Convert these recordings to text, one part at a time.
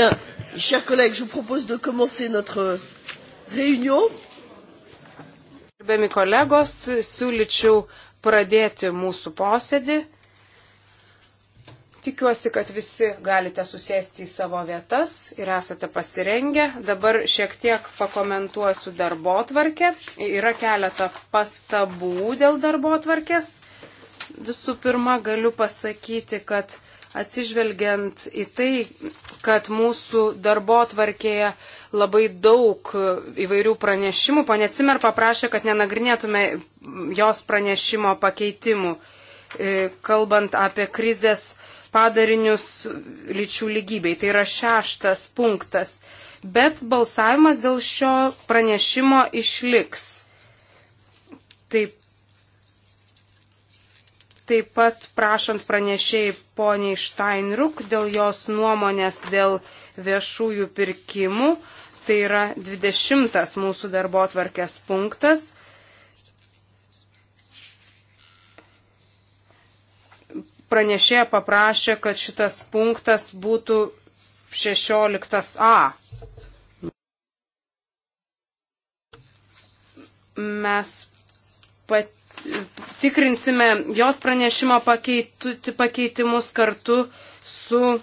Bien, chers collègues, je vous propose de commencer notre euh, réunion. Gerbiami kolegos, siūlyčiau pradėti mūsų posėdį. Tikiuosi, kad visi galite susėsti į savo vietas ir esate pasirengę. Dabar šiek tiek pakomentuosiu darbo tvarkę. Yra keletą pastabų dėl darbo tvarkės. Visų pirma, galiu pasakyti, kad atsižvelgiant į tai, kad mūsų darbo tvarkėje labai daug įvairių pranešimų. Pane Cimer paprašė, kad nenagrinėtume jos pranešimo pakeitimų, e, kalbant apie krizės padarinius lyčių lygybei. Tai yra šeštas punktas. Bet balsavimas dėl šio pranešimo išliks. Taip taip pat prašant pranešėjai poniai Steinruk dėl jos nuomonės dėl viešųjų pirkimų. Tai yra 20 mūsų darbo tvarkės punktas. Pranešėja paprašė, kad šitas punktas būtų 16a. Mes pat tikrinsime jos pranešimo pakeitimus kartu su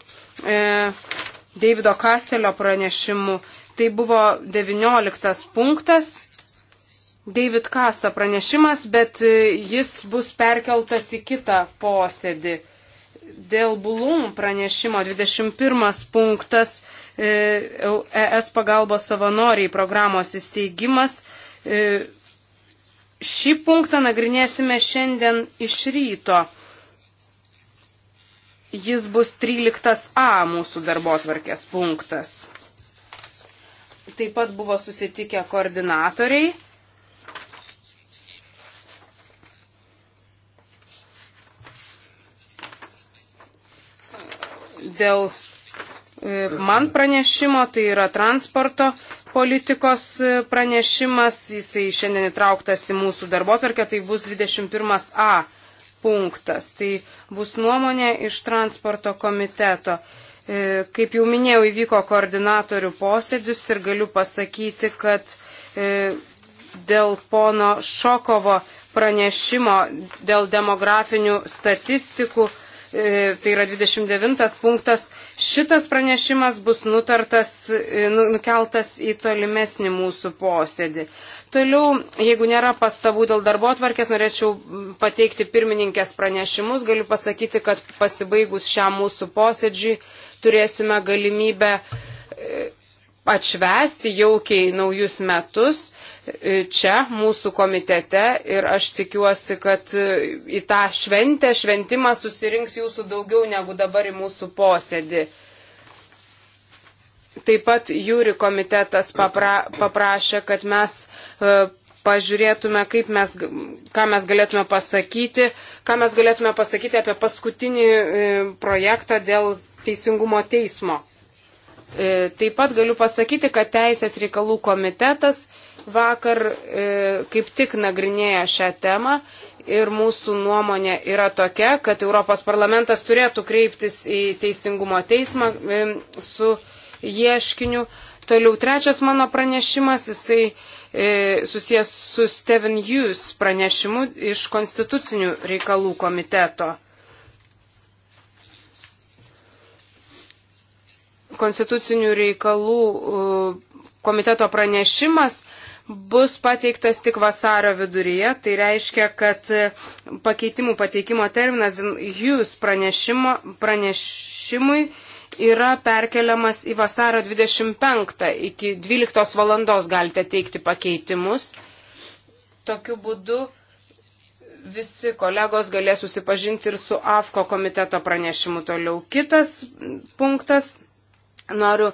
e, Davido Kaselio pranešimu. Tai buvo 19 punktas. David Kasa pranešimas, bet e, jis bus perkeltas į kitą posėdį. Dėl Bulum pranešimo 21 punktas ES e pagalbos savanoriai programos įsteigimas. E, Šį punktą nagrinėsime šiandien iš ryto. Jis bus 13a mūsų darbo tvarkės punktas. Taip pat buvo susitikę koordinatoriai. Dėl e, man pranešimo, tai yra transporto politikos pranešimas, jisai šiandien įtrauktas į mūsų darbo tvarkę, tai bus 21a punktas. Tai bus nuomonė iš transporto komiteto. E, kaip jau minėjau, įvyko koordinatorių posėdis ir galiu pasakyti, kad e, dėl pono Šokovo pranešimo dėl demografinių statistikų E, tai yra 29 punktas, šitas pranešimas bus nutartas, e, nu, nukeltas į tolimesnį mūsų posėdį. Toliau, jeigu nėra pastabų dėl darbo atvarkės, norėčiau pateikti pirmininkės pranešimus. Galiu pasakyti, kad pasibaigus šiam mūsų posėdžiui turėsime galimybę e, atšvesti jaukiai naujus metus čia mūsų komitete ir aš tikiuosi, kad į tą šventę, šventimą susirinks jūsų daugiau negu dabar į mūsų posėdį. Taip pat jūri komitetas papra, paprašė, kad mes e, pažiūrėtume, kaip mes, ką mes galėtume pasakyti, ką mes galėtume pasakyti apie paskutinį e, projektą dėl teisingumo teismo. E, taip pat galiu pasakyti, kad Teisės reikalų komitetas vakar e, kaip tik nagrinėja šią temą ir mūsų nuomonė yra tokia, kad Europos parlamentas turėtų kreiptis į Teisingumo teismą e, su ieškiniu. Toliau trečias mano pranešimas, jisai e, susijęs su Steven Hughes pranešimu iš Konstitucinių reikalų komiteto. Konstitucinių reikalų komiteto pranešimas bus pateiktas tik vasario viduryje. Tai reiškia, kad pakeitimų pateikimo terminas jūs pranešimui yra perkeliamas į vasario 25. Iki 12 valandos galite teikti pakeitimus. Tokiu būdu visi kolegos galės susipažinti ir su AFKO komiteto pranešimu toliau. Kitas punktas. Noriu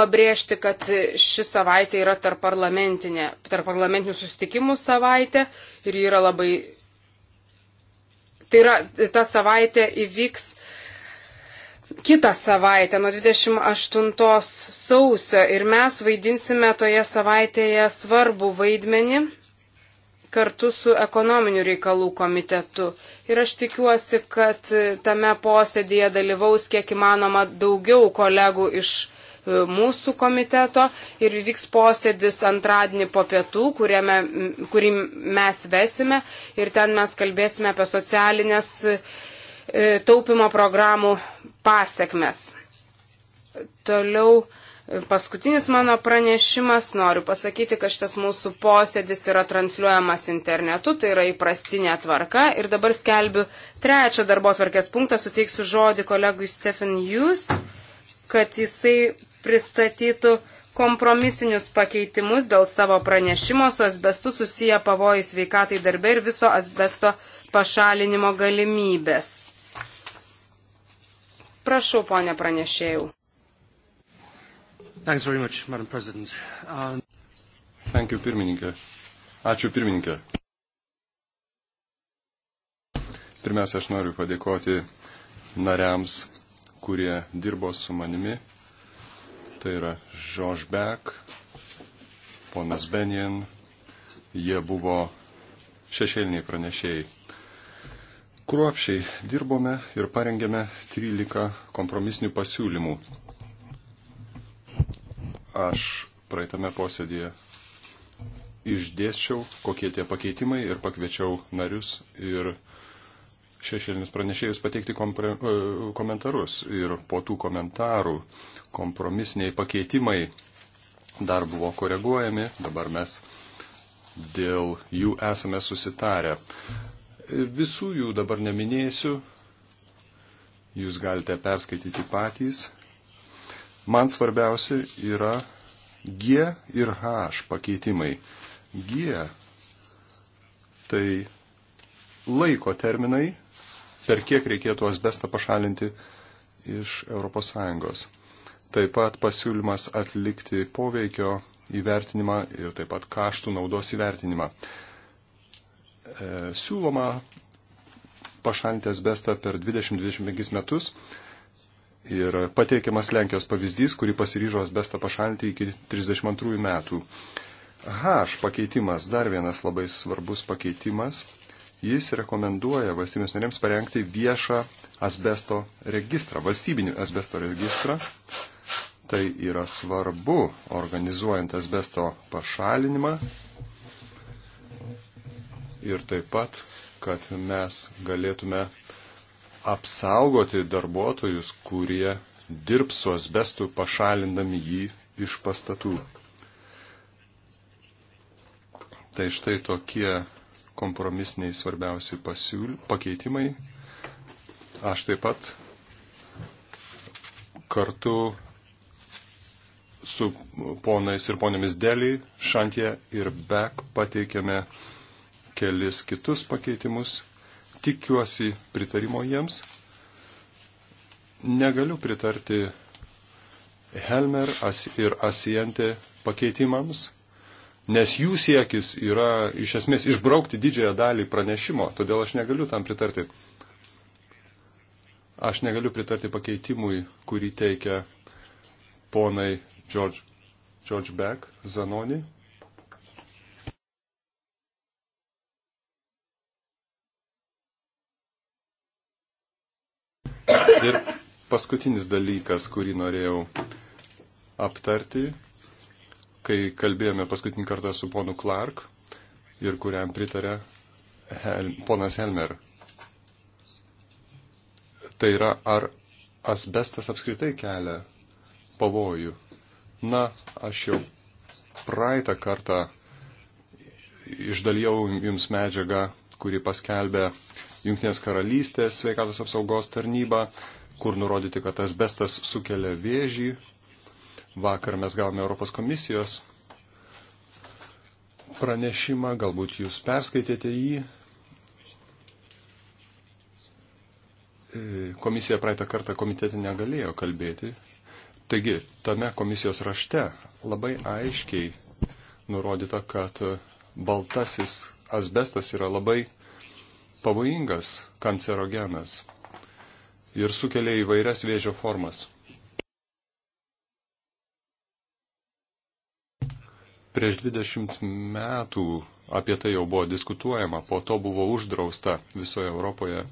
pabrėžti, kad ši savaitė yra tarp, tarp parlamentinių susitikimų savaitė ir yra labai. Tai yra, ta savaitė įvyks kitą savaitę, nuo 28 sausio, ir mes vaidinsime toje savaitėje svarbų vaidmenį kartu su ekonominių reikalų komitetu. Ir aš tikiuosi, kad tame posėdėje dalyvaus kiek įmanoma daugiau kolegų iš E, mūsų komiteto ir vyks posėdis antradienį po pietų, kuriame, kurį mes vesime ir ten mes kalbėsime apie socialinės e, taupimo programų pasiekmes. Toliau e, paskutinis mano pranešimas, noriu pasakyti, kad šitas mūsų posėdis yra transliuojamas internetu, tai yra įprastinė tvarka. Ir dabar skelbiu trečią darbo tvarkės punktą, suteiksiu žodį kolegui Stephen Hughes, kad jisai pristatytų kompromisinius pakeitimus dėl savo pranešimo su asbestu susiję pavojai sveikatai darbe ir viso asbesto pašalinimo galimybės. Prašau, ponė pranešėjau. Much, um... Thank you, pirmininkė. Ačiū, pirmininkė. Pirmiausia, aš noriu padėkoti nariams, kurie dirbo su manimi tai yra George Beck, ponas Benjen, jie buvo šešėliniai pranešėjai. Kruopšiai dirbome ir parengėme 13 kompromisinių pasiūlymų. Aš praeitame posėdėje išdėščiau, kokie tie pakeitimai ir pakviečiau narius ir šešėlinius pranešėjus pateikti kompre, e, komentarus ir po tų komentarų kompromisiniai pakeitimai dar buvo koreguojami, dabar mes dėl jų esame susitarę. E, visų jų dabar neminėsiu, jūs galite perskaityti patys. Man svarbiausia yra G ir H pakeitimai. G tai laiko terminai, per kiek reikėtų asbestą pašalinti iš ES. Taip pat pasiūlymas atlikti poveikio įvertinimą ir taip pat kaštų naudos įvertinimą. E, siūloma pašalinti asbestą per 20-25 metus ir pateikiamas Lenkijos pavyzdys, kurį pasiryžo asbestą pašalinti iki 32 metų. H pakeitimas, dar vienas labai svarbus pakeitimas Jis rekomenduoja valstybėms narėms parengti viešą asbesto registrą, valstybinių asbesto registrą. Tai yra svarbu organizuojant asbesto pašalinimą ir taip pat, kad mes galėtume apsaugoti darbuotojus, kurie dirbs su asbestu pašalindami jį iš pastatų. Tai štai tokie kompromisiniai svarbiausi pasiūl, pakeitimai. Aš taip pat kartu su ponais ir ponėmis Deli, Šantė ir Bek pateikėme kelis kitus pakeitimus. Tikiuosi pritarimo jiems. Negaliu pritarti Helmer ir Asiente pakeitimams nes jų siekis yra iš esmės išbraukti didžiąją dalį pranešimo, todėl aš negaliu tam pritarti. Aš negaliu pritarti pakeitimui, kurį teikia ponai George, George Beck, Zanoni. Ir paskutinis dalykas, kurį norėjau aptarti, kai kalbėjome paskutinį kartą su ponu Clark ir kuriam pritarė Hel ponas Helmer. Tai yra, ar asbestas apskritai kelia pavojų. Na, aš jau praeitą kartą išdalijau jums medžiagą, kuri paskelbė Junktinės karalystės sveikatos apsaugos tarnyba, kur nurodyti, kad asbestas sukelia vėžį, Vakar mes gavome Europos komisijos pranešimą, galbūt jūs perskaitėte jį. E, komisija praeitą kartą komitete negalėjo kalbėti. Taigi, tame komisijos rašte labai aiškiai nurodyta, kad baltasis asbestas yra labai pavojingas kancerogenas ir sukelia įvairias vėžio formas. Prieš 20 metų apie tai jau buvo diskutuojama, po to buvo uždrausta visoje Europoje,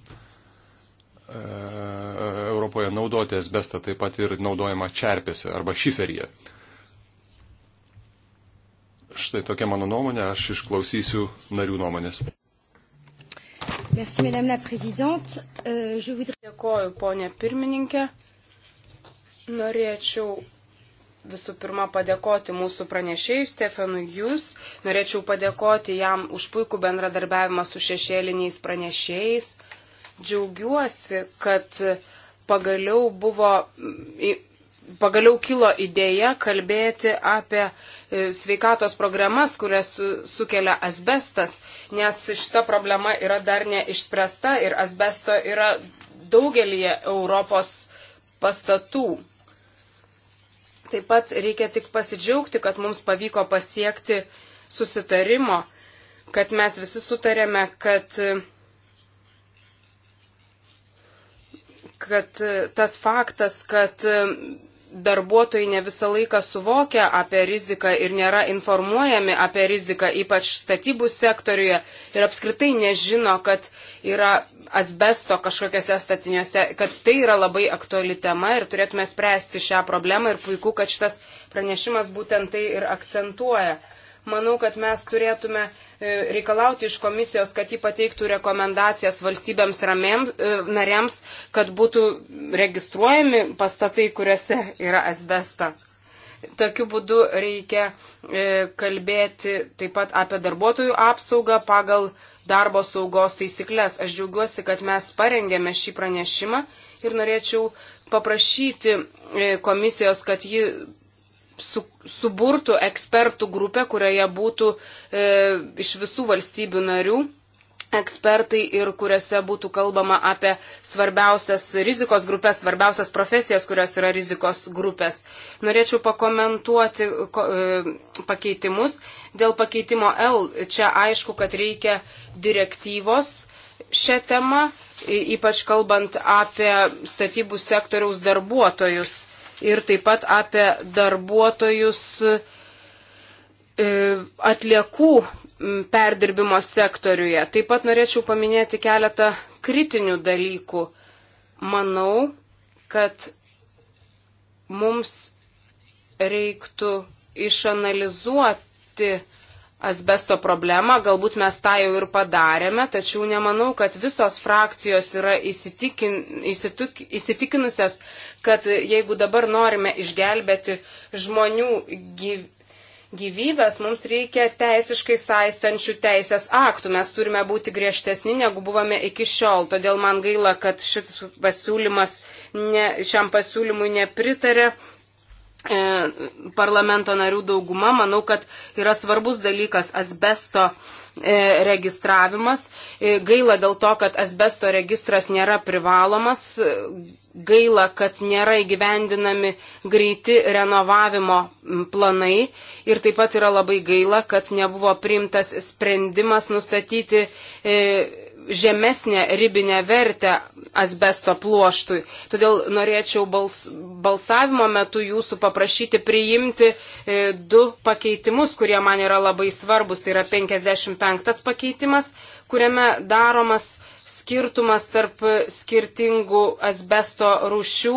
e, Europoje naudoti esbestą, taip pat ir naudojama čerpėse arba šiferyje. Štai tokia mano nuomonė, aš išklausysiu narių nuomonės. Merci, Madame la Présidente. Euh, je voudrais... Dėkoju, ponė pirmininkė. Norėčiau visų pirma padėkoti mūsų pranešėjui Stefanui Jūs. Norėčiau padėkoti jam už puikų bendradarbiavimą su šešėliniais pranešėjais. Džiaugiuosi, kad pagaliau buvo. Pagaliau kilo idėja kalbėti apie e, sveikatos programas, kurias sukelia asbestas, nes šita problema yra dar neišspręsta ir asbesto yra daugelį Europos pastatų. Taip pat reikia tik pasidžiaugti, kad mums pavyko pasiekti susitarimo, kad mes visi sutarėme, kad, kad tas faktas, kad darbuotojai ne visą laiką suvokia apie riziką ir nėra informuojami apie riziką, ypač statybų sektoriuje ir apskritai nežino, kad yra asbesto kažkokiose statiniuose, kad tai yra labai aktuali tema ir turėtume spręsti šią problemą ir puiku, kad šitas pranešimas būtent tai ir akcentuoja manau, kad mes turėtume e, reikalauti iš komisijos, kad ji pateiktų rekomendacijas valstybėms ramėm, e, narėms, kad būtų registruojami pastatai, kuriuose yra asbesta. Tokiu būdu reikia e, kalbėti taip pat apie darbuotojų apsaugą pagal darbo saugos taisyklės. Aš džiaugiuosi, kad mes parengėme šį pranešimą ir norėčiau paprašyti komisijos, kad ji su, suburtų ekspertų grupę, kurioje būtų e, iš visų valstybių narių ekspertai ir kuriuose būtų kalbama apie svarbiausias rizikos grupės, svarbiausias profesijas, kurios yra rizikos grupės. Norėčiau pakomentuoti ko, e, pakeitimus. Dėl pakeitimo L čia aišku, kad reikia direktyvos šią temą, ypač kalbant apie statybų sektoriaus darbuotojus ir taip pat apie darbuotojus e, atliekų perdirbimo sektoriuje. Taip pat norėčiau paminėti keletą kritinių dalykų. Manau, kad mums reiktų išanalizuoti asbesto problemą, galbūt mes tą jau ir padarėme, tačiau nemanau, kad visos frakcijos yra įsitikin, įsituk, įsitikinusios, kad jeigu dabar norime išgelbėti žmonių gyv, gyvybės, mums reikia teisiškai saistančių teisės aktų, mes turime būti griežtesni, negu buvome iki šiol, todėl man gaila, kad šis pasiūlymas ne, šiam pasiūlymui nepritarė E, parlamento narių dauguma, manau, kad yra svarbus dalykas asbesto e, registravimas. E, gaila dėl to, kad asbesto registras nėra privalomas, gaila, kad nėra įgyvendinami greiti renovavimo planai ir taip pat yra labai gaila, kad nebuvo priimtas sprendimas nustatyti žemesnę ribinę vertę asbesto pluoštui. Todėl norėčiau bals, balsavimo metu jūsų paprašyti priimti e, du pakeitimus, kurie man yra labai svarbus. Tai yra 55 pakeitimas, kuriame daromas skirtumas tarp skirtingų asbesto rūšių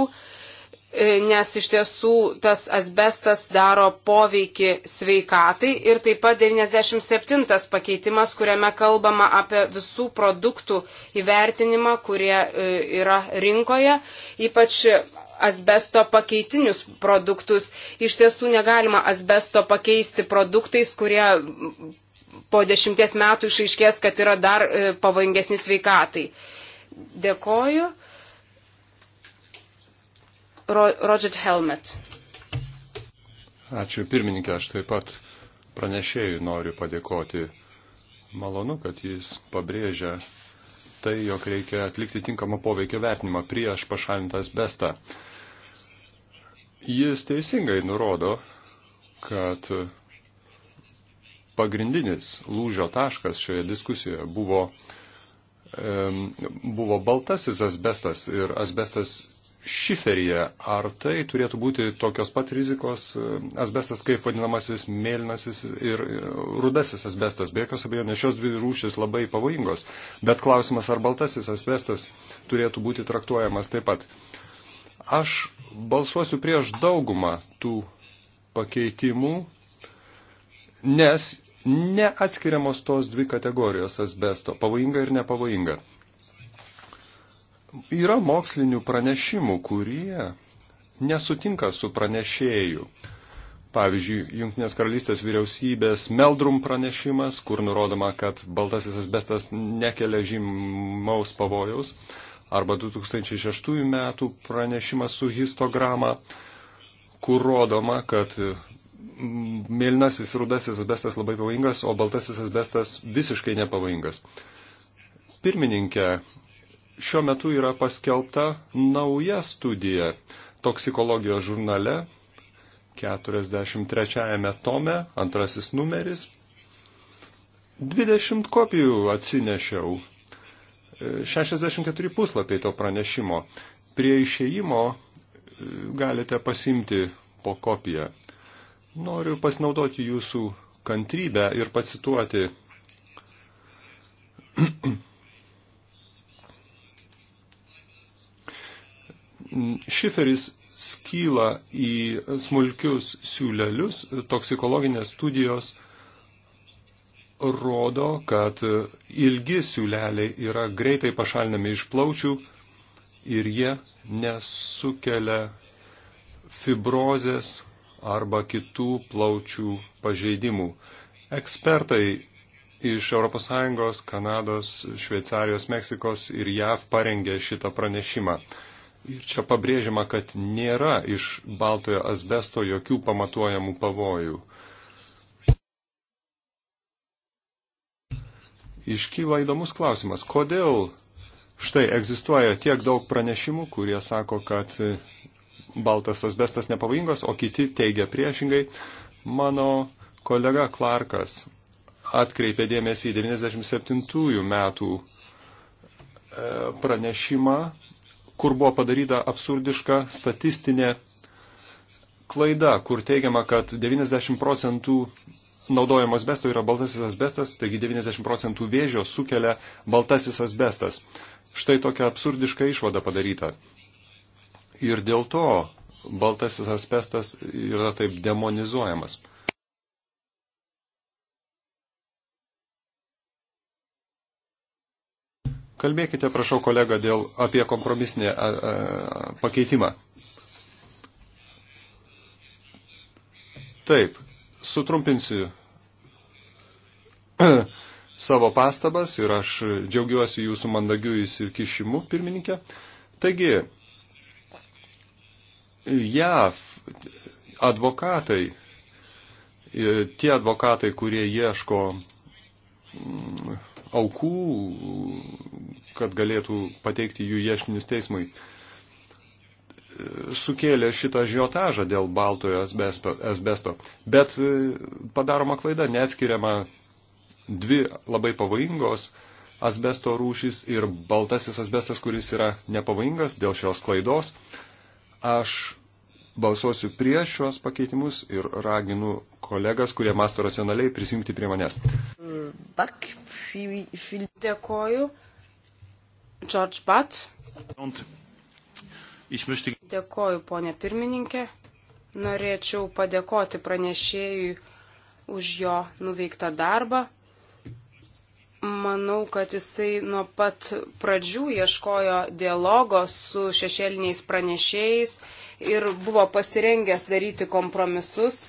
E, nes iš tiesų tas asbestas daro poveikį sveikatai ir taip pat 97 pakeitimas, kuriame kalbama apie visų produktų įvertinimą, kurie e, yra rinkoje, ypač asbesto pakeitinius produktus. Iš tiesų negalima asbesto pakeisti produktais, kurie po dešimties metų išaiškės, kad yra dar e, pavojingesni sveikatai. Dėkoju. Ro Roger Helmet. Ačiū pirmininkė, aš taip pat pranešėjui noriu padėkoti. Malonu, kad jis pabrėžia tai, jog reikia atlikti tinkamą poveikio vertinimą prieš pašalintas bestą. Jis teisingai nurodo, kad pagrindinis lūžio taškas šioje diskusijoje buvo, um, buvo baltasis asbestas ir asbestas šiferyje. Ar tai turėtų būti tokios pat rizikos e, asbestas, kaip vadinamasis mėlynasis ir e, rudasis asbestas? Be jokios abejonės šios dvi rūšis labai pavojingos. Bet klausimas, ar baltasis asbestas turėtų būti traktuojamas taip pat. Aš balsuosiu prieš daugumą tų pakeitimų, nes neatskiriamos tos dvi kategorijos asbesto - pavojinga ir nepavojinga. Yra mokslinių pranešimų, kurie nesutinka su pranešėju. Pavyzdžiui, Junktinės karalystės vyriausybės Meldrum pranešimas, kur nurodoma, kad baltasis asbestas nekelia žymaus pavojaus, arba 2006 metų pranešimas su histograma, kur rodoma, kad mėlynasis rudasis asbestas labai pavojingas, o baltasis asbestas visiškai nepavojingas. Pirmininkė, šiuo metu yra paskelbta nauja studija toksikologijos žurnale 43 tome, antrasis numeris. 20 kopijų atsinešiau. 64 e, puslapiai to pranešimo. Prie išėjimo e, galite pasimti po kopiją. Noriu pasinaudoti jūsų kantrybę ir pacituoti šiferis skyla į smulkius siūlelius, toksikologinės studijos rodo, kad ilgi siūleliai yra greitai pašalinami iš plaučių ir jie nesukelia fibrozės arba kitų plaučių pažeidimų. Ekspertai iš ES, Kanados, Šveicarijos, Meksikos ir JAV parengė šitą pranešimą. Ir čia pabrėžiama, kad nėra iš baltojo asbesto jokių pamatuojamų pavojų. Iškyla įdomus klausimas, kodėl štai egzistuoja tiek daug pranešimų, kurie sako, kad baltas asbestas nepavojingas, o kiti teigia priešingai. Mano kolega Klarkas atkreipė dėmesį į 97 metų e, pranešimą kur buvo padaryta absurdiška statistinė klaida, kur teigiama, kad 90 procentų naudojamo asbesto yra baltasis asbestas, taigi 90 procentų vėžio sukelia baltasis asbestas. Štai tokia absurdiška išvada padaryta. Ir dėl to baltasis asbestas yra taip demonizuojamas. Kalbėkite, prašau, kolega, dėl, apie kompromisinį a, a, pakeitimą. Taip, sutrumpinsiu savo pastabas ir aš džiaugiuosi jūsų mandagių įsikišimu, pirmininkė. Taigi, JAV advokatai, e, tie advokatai, kurie ieško mm, aukų, kad galėtų pateikti jų ieškinius teismui, sukėlė šitą žiotažą dėl baltojo asbesto. Bet e, padaroma klaida, neatskiriama dvi labai pavojingos asbesto rūšys ir baltasis asbestas, kuris yra nepavojingas dėl šios klaidos. Aš balsuosiu prieš šios pakeitimus ir raginu kolegas, kurie masto racionaliai, prisijungti prie manęs. Bak. Dėkoju. George Bat. Dėkoju, ponė pirmininkė. Norėčiau padėkoti pranešėjui už jo nuveiktą darbą. Manau, kad jisai nuo pat pradžių ieškojo dialogo su šešėliniais pranešėjais ir buvo pasirengęs daryti kompromisus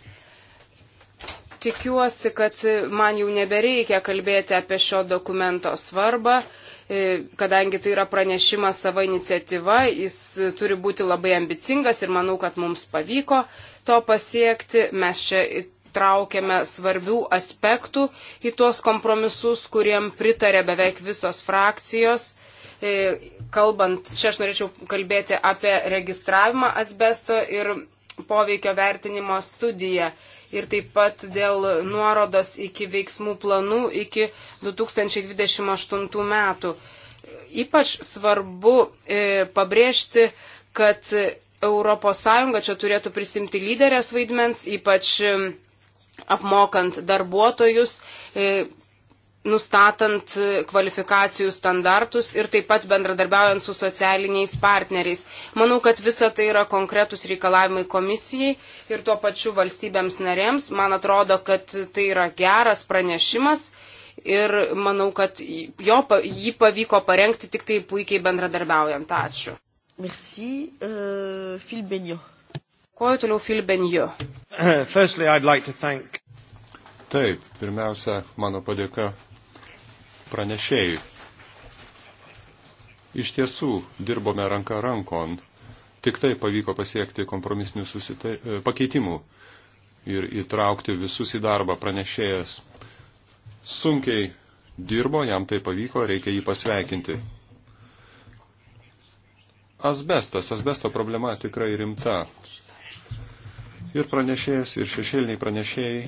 tikiuosi, kad man jau nebereikia kalbėti apie šio dokumento svarbą, e, kadangi tai yra pranešimas savo iniciatyva, jis turi būti labai ambicingas ir manau, kad mums pavyko to pasiekti. Mes čia traukiame svarbių aspektų į tuos kompromisus, kuriem pritarė beveik visos frakcijos. E, kalbant, čia aš norėčiau kalbėti apie registravimą asbesto ir poveikio vertinimo studiją ir taip pat dėl nuorodos iki veiksmų planų iki 2028 metų. Ypač svarbu e, pabrėžti, kad ES čia turėtų prisimti lyderės vaidmens, ypač e, apmokant darbuotojus, e, nustatant kvalifikacijų standartus ir taip pat bendradarbiaujant su socialiniais partneriais. Manau, kad visa tai yra konkretus reikalavimai komisijai ir tuo pačiu valstybėms narėms. Man atrodo, kad tai yra geras pranešimas ir manau, kad jo, jį pavyko parengti tik tai puikiai bendradarbiaujant. Ačiū. Merci, uh, Phil Benio. Kuo toliau Phil Benio? Firstly, I'd like to thank Taip, pirmiausia, mano padėka pranešėjui. Iš tiesų dirbome ranka rankon, tik tai pavyko pasiekti kompromisinių susita... E, pakeitimų ir įtraukti visus į darbą pranešėjas. Sunkiai dirbo, jam tai pavyko, reikia jį pasveikinti. Asbestas, asbesto problema tikrai rimta. Ir pranešėjas, ir šešėliniai pranešėjai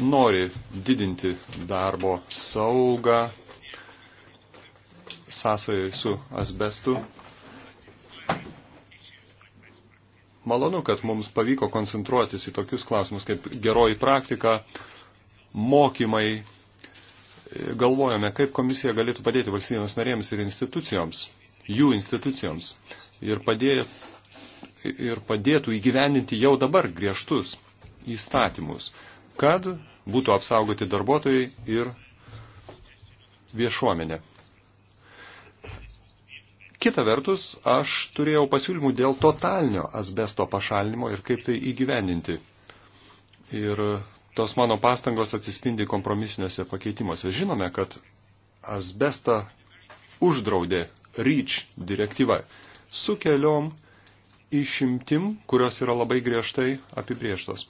nori didinti darbo saugą sąsajai su asbestu. Malonu, kad mums pavyko koncentruotis į tokius klausimus kaip geroji praktika, mokymai. Galvojame, kaip komisija galėtų padėti valstybėms narėms ir institucijoms, jų institucijoms, ir, padė, ir padėtų įgyvendinti jau dabar griežtus įstatymus, kad būtų apsaugoti darbuotojai ir viešuomenė. Kita vertus, aš turėjau pasiūlymų dėl totalinio asbesto pašalinimo ir kaip tai įgyvendinti. Ir tos mano pastangos atsispindi kompromisiniuose pakeitimuose. Žinome, kad asbestą uždraudė REACH direktyva su keliom išimtim, kurios yra labai griežtai apibrieštos.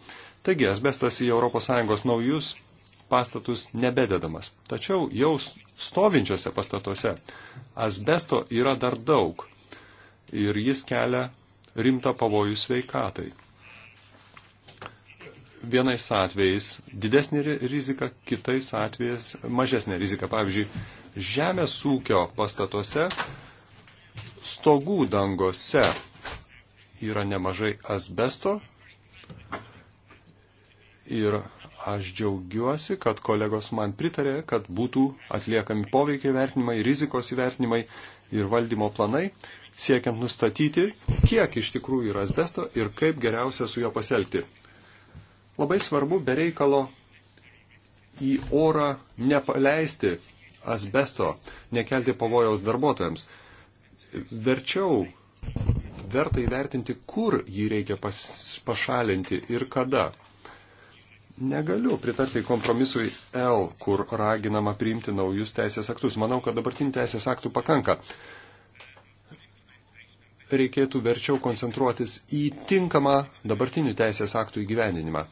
Taigi, asbestas į ES naujus pastatus nebededamas. Tačiau jau stovinčiose pastatuose asbesto yra dar daug ir jis kelia rimtą pavojų sveikatai. Vienais atvejais didesnė rizika, kitais atvejais mažesnė rizika. Pavyzdžiui, žemės ūkio pastatuose stogų dangose yra nemažai asbesto Ir aš džiaugiuosi, kad kolegos man pritarė, kad būtų atliekami poveikiai vertinimai, rizikos įvertinimai ir valdymo planai, siekiant nustatyti, kiek iš tikrųjų yra asbesto ir kaip geriausia su juo pasielgti. Labai svarbu bereikalo į orą nepaleisti asbesto, nekelti pavojaus darbuotojams. Verčiau verta įvertinti, kur jį reikia pas, pašalinti ir kada. Negaliu pritarti kompromisui L, kur raginama priimti naujus teisės aktus. Manau, kad dabartinių teisės aktų pakanka. Reikėtų verčiau koncentruotis į tinkamą dabartinių teisės aktų įgyvendinimą.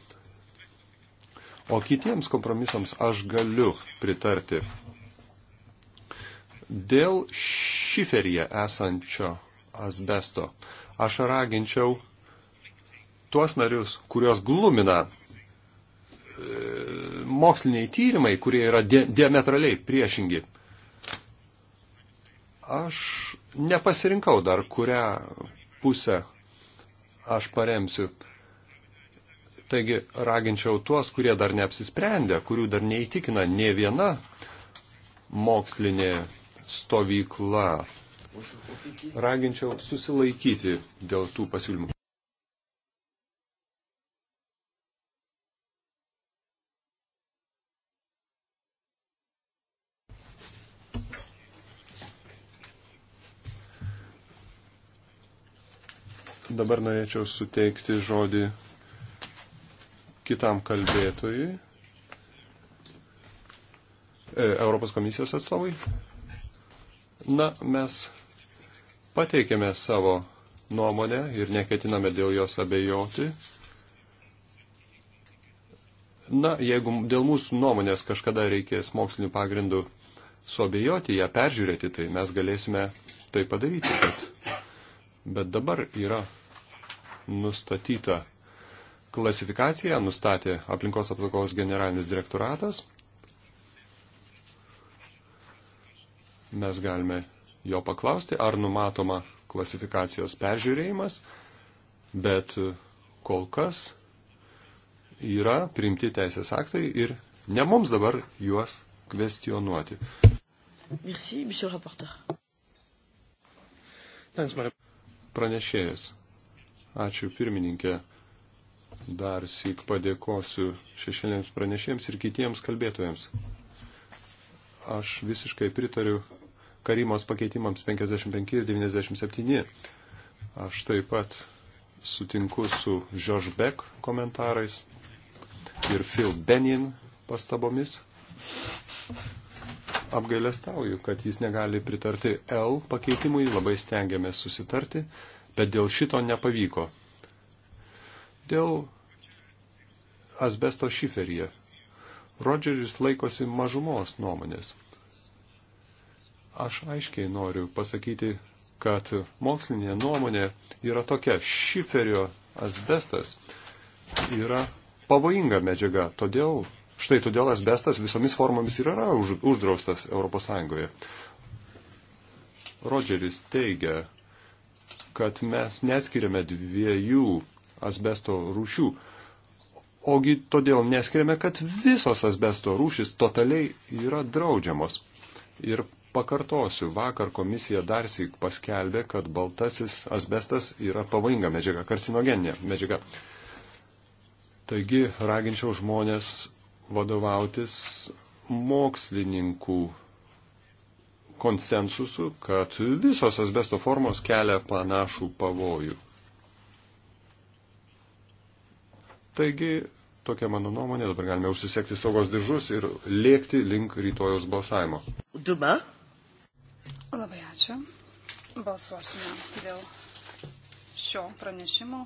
O kitiems kompromisams aš galiu pritarti. Dėl šiferyje esančio asbesto aš raginčiau tuos narius, kurios glumina moksliniai tyrimai, kurie yra diametraliai priešingi. Aš nepasirinkau dar, kurią pusę aš paremsiu. Taigi raginčiau tuos, kurie dar neapsisprendė, kurių dar neįtikina ne viena mokslinė stovykla. Raginčiau susilaikyti dėl tų pasiūlymų. Dabar norėčiau suteikti žodį kitam kalbėtojui, e, Europos komisijos atstovui. Na, mes pateikėme savo nuomonę ir neketiname dėl jos abejoti. Na, jeigu dėl mūsų nuomonės kažkada reikės mokslinių pagrindų suabejoti, ją peržiūrėti, tai mes galėsime tai padaryti. Bet, bet dabar yra nustatyta klasifikacija, nustatė aplinkos apsaugos generalinis direktoratas. Mes galime jo paklausti, ar numatoma klasifikacijos peržiūrėjimas, bet kol kas yra priimti teisės aktai ir ne mums dabar juos kvestionuoti. Merci, Pranešėjas. Ačiū pirmininkė. Dar sik padėkosiu šešėlėms pranešėjams ir kitiems kalbėtojams. Aš visiškai pritariu Karimos pakeitimams 55 ir 97. Aš taip pat sutinku su George Beck komentarais ir Phil Benin pastabomis. Apgailestauju, kad jis negali pritarti L pakeitimui, labai stengiamės susitarti bet dėl šito nepavyko. Dėl asbesto šiferyje. Rodžeris laikosi mažumos nuomonės. Aš aiškiai noriu pasakyti, kad mokslinė nuomonė yra tokia. Šiferio asbestas yra pavojinga medžiaga, todėl Štai todėl asbestas visomis formomis ir yra už, uždraustas ES. Rodžeris teigia, kad mes neskiriame dviejų asbesto rūšių. Ogi todėl neskiriame, kad visos asbesto rūšis totaliai yra draudžiamos. Ir pakartosiu, vakar komisija dar sik paskelbė, kad baltasis asbestas yra pavojinga medžiaga, karcinogeninė medžiaga. Taigi raginčiau žmonės vadovautis mokslininkų konsensusu, kad visos asbesto formos kelia panašų pavojų. Taigi, tokia mano nuomonė, dabar galime užsisekti saugos diržus ir lėkti link rytojos balsavimo. Duba. Labai ačiū. Balsuosime dėl šio pranešimo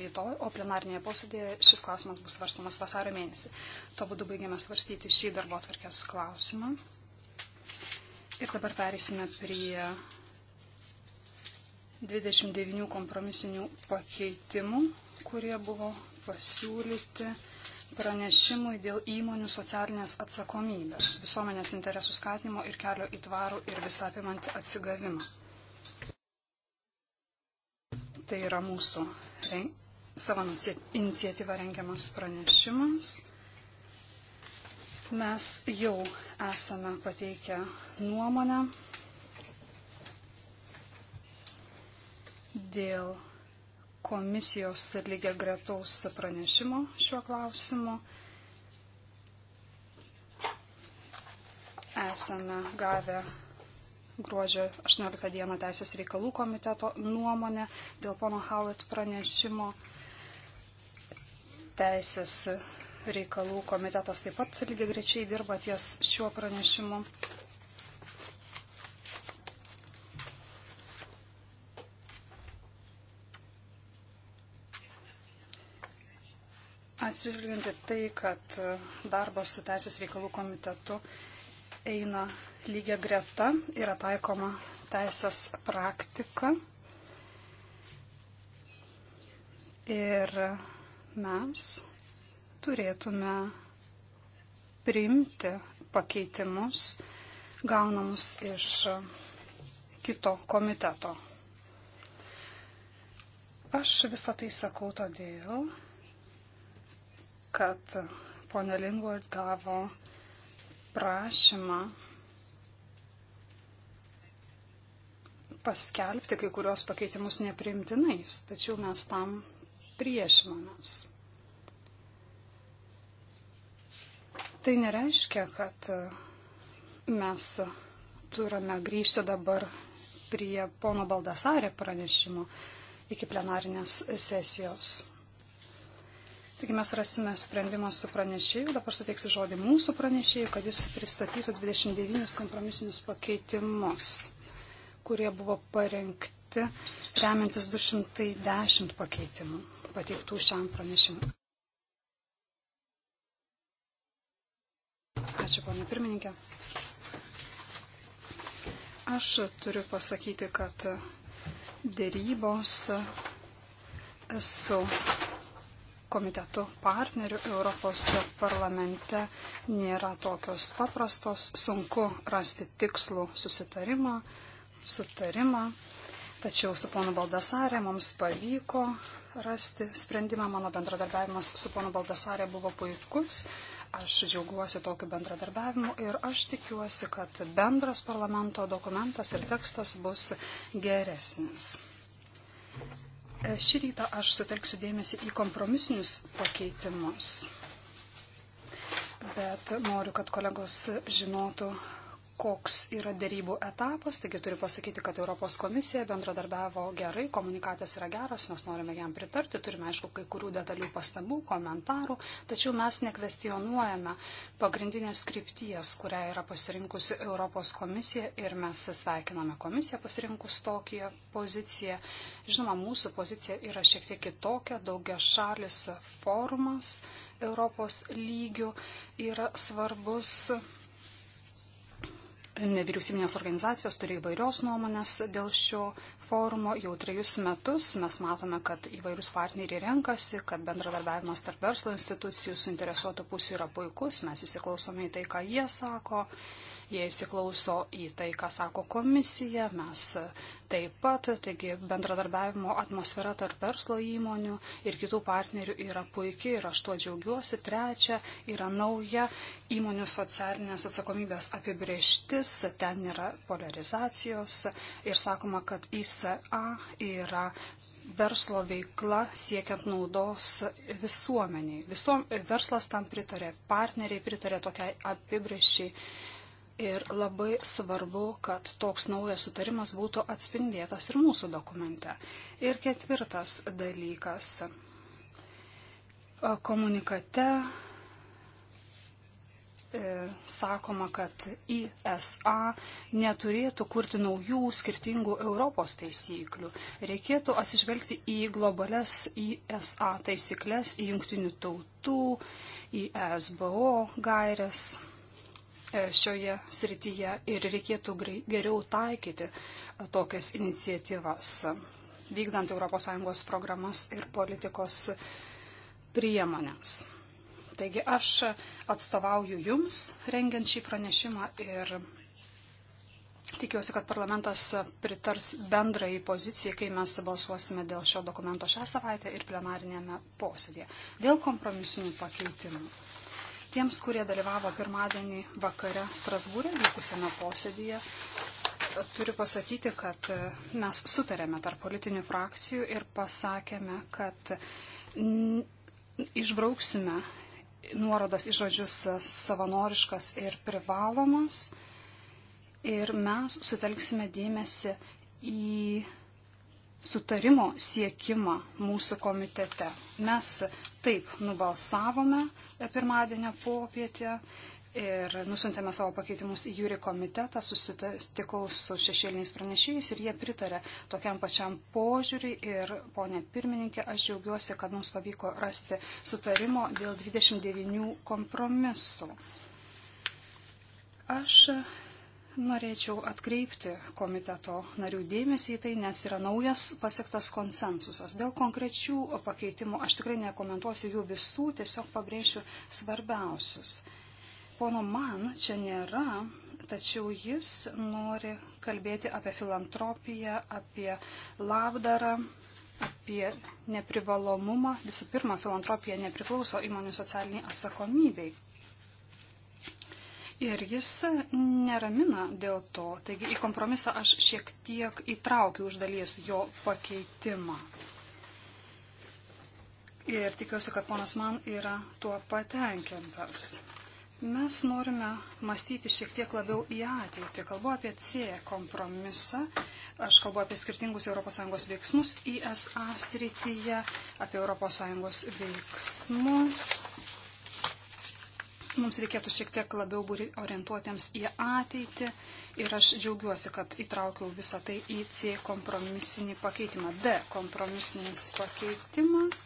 rytoj, o plenarnėje posėdėje šis klausimas bus svarstomas vasario mėnesį. Tuo būdu baigiame svarstyti šį darbo atvarkės klausimą. Ir dabar perėsime prie 29 kompromisinių pakeitimų, kurie buvo pasiūlyti pranešimui dėl įmonių socialinės atsakomybės, visuomenės interesų skatinimo ir kelio į tvarų ir visapimantį atsigavimą. Tai yra mūsų reng... savo iniciatyva rengiamas pranešimas. Mes jau esame pateikę nuomonę dėl komisijos lygia gretaus pranešimo šiuo klausimu. Esame gavę gruodžio 18 dieną Teisės reikalų komiteto nuomonę dėl pono Howlett pranešimo Teisės reikalų komitetas taip pat lygiai grečiai dirba ties šiuo pranešimu. Atsižvelginti tai, kad darbas su Teisės reikalų komitetu eina lygia greta, yra taikoma teisės praktika. Ir mes turėtume priimti pakeitimus gaunamus iš kito komiteto. Aš visą tai sakau todėl, kad ponė Lingvard gavo prašymą paskelbti kai kurios pakeitimus neprimtinais, tačiau mes tam priešinamės. Tai nereiškia, kad e, mes turime grįžti dabar prie pono Baldasarė pranešimo iki plenarinės sesijos. Taigi mes rasime sprendimą su pranešėju. Dabar suteiksiu žodį mūsų pranešėjui, kad jis pristatytų 29 kompromisinius pakeitimus, kurie buvo parengti remiantis 210 pakeitimų pateiktų šiam pranešimui. Ačiū, ponė pirmininkė. Aš turiu pasakyti, kad dėrybos su komitetu partneriu Europos parlamente nėra tokios paprastos, sunku rasti tikslų susitarimą, sutarimą, tačiau su ponu Baldasarė mums pavyko rasti sprendimą, mano bendradarbiavimas su ponu Baldasarė buvo puikus, Aš džiaugiuosi tokiu bendradarbiavimu ir aš tikiuosi, kad bendras parlamento dokumentas ir tekstas bus geresnis. E, šį rytą aš sutelksiu dėmesį į kompromisinius pakeitimus, bet noriu, kad kolegos žinotų, koks yra dėrybų etapas, taigi turiu pasakyti, kad Europos komisija bendradarbiavo gerai, komunikatas yra geras, mes norime jam pritarti, turime aišku kai kurių detalių pastabų, komentarų, tačiau mes nekvestionuojame pagrindinės krypties, kurią yra pasirinkusi Europos komisija ir mes sveikiname komisiją pasirinkus tokią poziciją. Žinoma, mūsų pozicija yra šiek tiek kitokia, daugia šalis formas Europos lygių yra svarbus Nevyriausybinės organizacijos turi įvairios nuomonės dėl šio forumo. Jau trejus metus mes matome, kad įvairius partneriai renkasi, kad bendradarbiavimas tarp verslo institucijų suinteresuotų pusių yra puikus. Mes įsiklausome į tai, ką jie sako jie įsiklauso į tai, ką sako komisija, mes taip pat, taigi bendradarbiavimo atmosfera tarp verslo įmonių ir kitų partnerių yra puikiai ir aš tuo džiaugiuosi. Trečia, yra nauja įmonių socialinės atsakomybės apibrieštis, ten yra polarizacijos ir sakoma, kad ISA yra verslo veikla siekiant naudos visuomeniai. Visom, verslas tam pritarė, partneriai pritarė tokiai apibrišiai Ir labai svarbu, kad toks naujas sutarimas būtų atspindėtas ir mūsų dokumente. Ir ketvirtas dalykas. Komunikate e, sakoma, kad ISA neturėtų kurti naujų skirtingų Europos taisyklių. Reikėtų atsižvelgti į globales ISA taisyklės, į jungtinių tautų, į e SBO gairias E, šioje srityje ir reikėtų geriau taikyti e, tokias iniciatyvas, vykdant ES programas ir politikos priemonės. Taigi aš atstovauju Jums rengiant šį pranešimą ir tikiuosi, kad parlamentas pritars bendrai pozicijai, kai mes balsuosime dėl šio dokumento šią savaitę ir plenarinėme posėdėje. Dėl kompromisinių pakeitimų. Tiems, kurie dalyvavo pirmadienį vakare Strasbūrė vykusiame posėdėje, turiu pasakyti, kad e, mes sutarėme tarp politinių frakcijų ir pasakėme, kad išbrauksime nuorodas į žodžius savanoriškas ir privalomas ir mes sutelksime dėmesį į sutarimo siekimą mūsų komitete. Mes Taip, nubalsavome pirmadienio popietę ir nusintėme savo pakeitimus į jūri komitetą, susitikau su šešėliniais pranešėjais ir jie pritarė tokiam pačiam požiūriui ir, ponė pirmininkė, aš džiaugiuosi, kad mums pavyko rasti sutarimo dėl 29 kompromisų. Aš Norėčiau atkreipti komiteto narių dėmesį į tai, nes yra naujas pasiektas konsensusas. Dėl konkrečių pakeitimų aš tikrai nekomentuosiu jų visų, tiesiog pabrėšiu svarbiausius. Pono man čia nėra, tačiau jis nori kalbėti apie filantropiją, apie labdarą, apie neprivalomumą. Visų pirma, filantropija nepriklauso įmonių socialiniai atsakomybei. Ir jis neramina dėl to. Taigi į kompromisą aš šiek tiek įtraukiu už dalies jo pakeitimą. Ir tikiuosi, kad ponas man yra tuo patenkintas. Mes norime mąstyti šiek tiek labiau į ateitį. Kalbu apie C kompromisą, aš kalbu apie skirtingus ES veiksmus ISA srityje, apie ES veiksmus Mums reikėtų šiek tiek labiau būti orientuotiems į ateitį ir aš džiaugiuosi, kad įtraukiau visą tai į C kompromisinį pakeitimą. D kompromisinis pakeitimas.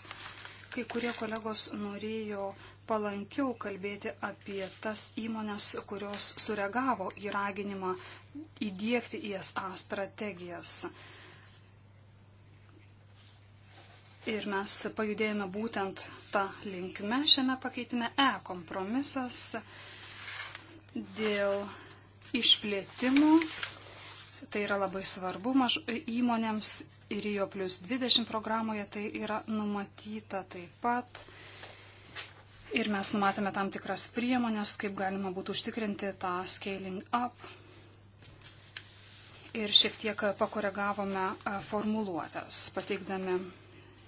Kai kurie kolegos norėjo palankiau kalbėti apie tas įmonės, kurios sureagavo į raginimą įdėkti ISA strategijas. Ir mes pajudėjome būtent tą linkme šiame pakeitime E kompromisas dėl išplėtimų. Tai yra labai svarbu maž, įmonėms ir jo plus 20 programoje tai yra numatyta taip pat. Ir mes numatėme tam tikras priemonės, kaip galima būtų užtikrinti tą scaling up. Ir šiek tiek pakoregavome e, formuluotės, pateikdami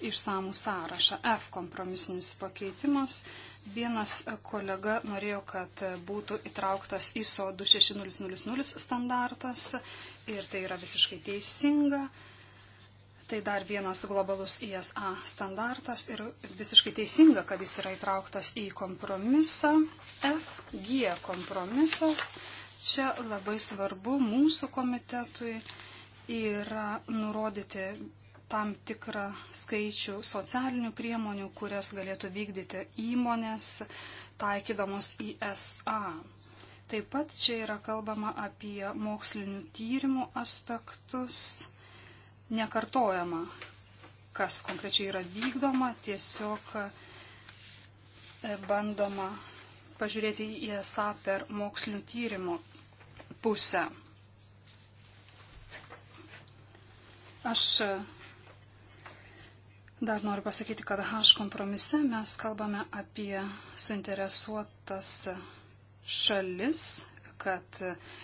išsamų sąrašą. F kompromisinis pakeitimas. Vienas kolega norėjo, kad būtų įtrauktas ISO 26000 standartas ir tai yra visiškai teisinga. Tai dar vienas globalus ISA standartas ir visiškai teisinga, kad jis yra įtrauktas į kompromisą. FG kompromisas. Čia labai svarbu mūsų komitetui yra nurodyti tam tikrą skaičių socialinių priemonių, kurias galėtų vykdyti įmonės taikydamos ISA. Taip pat čia yra kalbama apie mokslinių tyrimų aspektus, nekartojama, kas konkrečiai yra vykdoma, tiesiog e, bandoma pažiūrėti į ISA per mokslinių tyrimų pusę. Aš Dar noriu pasakyti, kad H kompromise mes kalbame apie suinteresuotas šalis, kad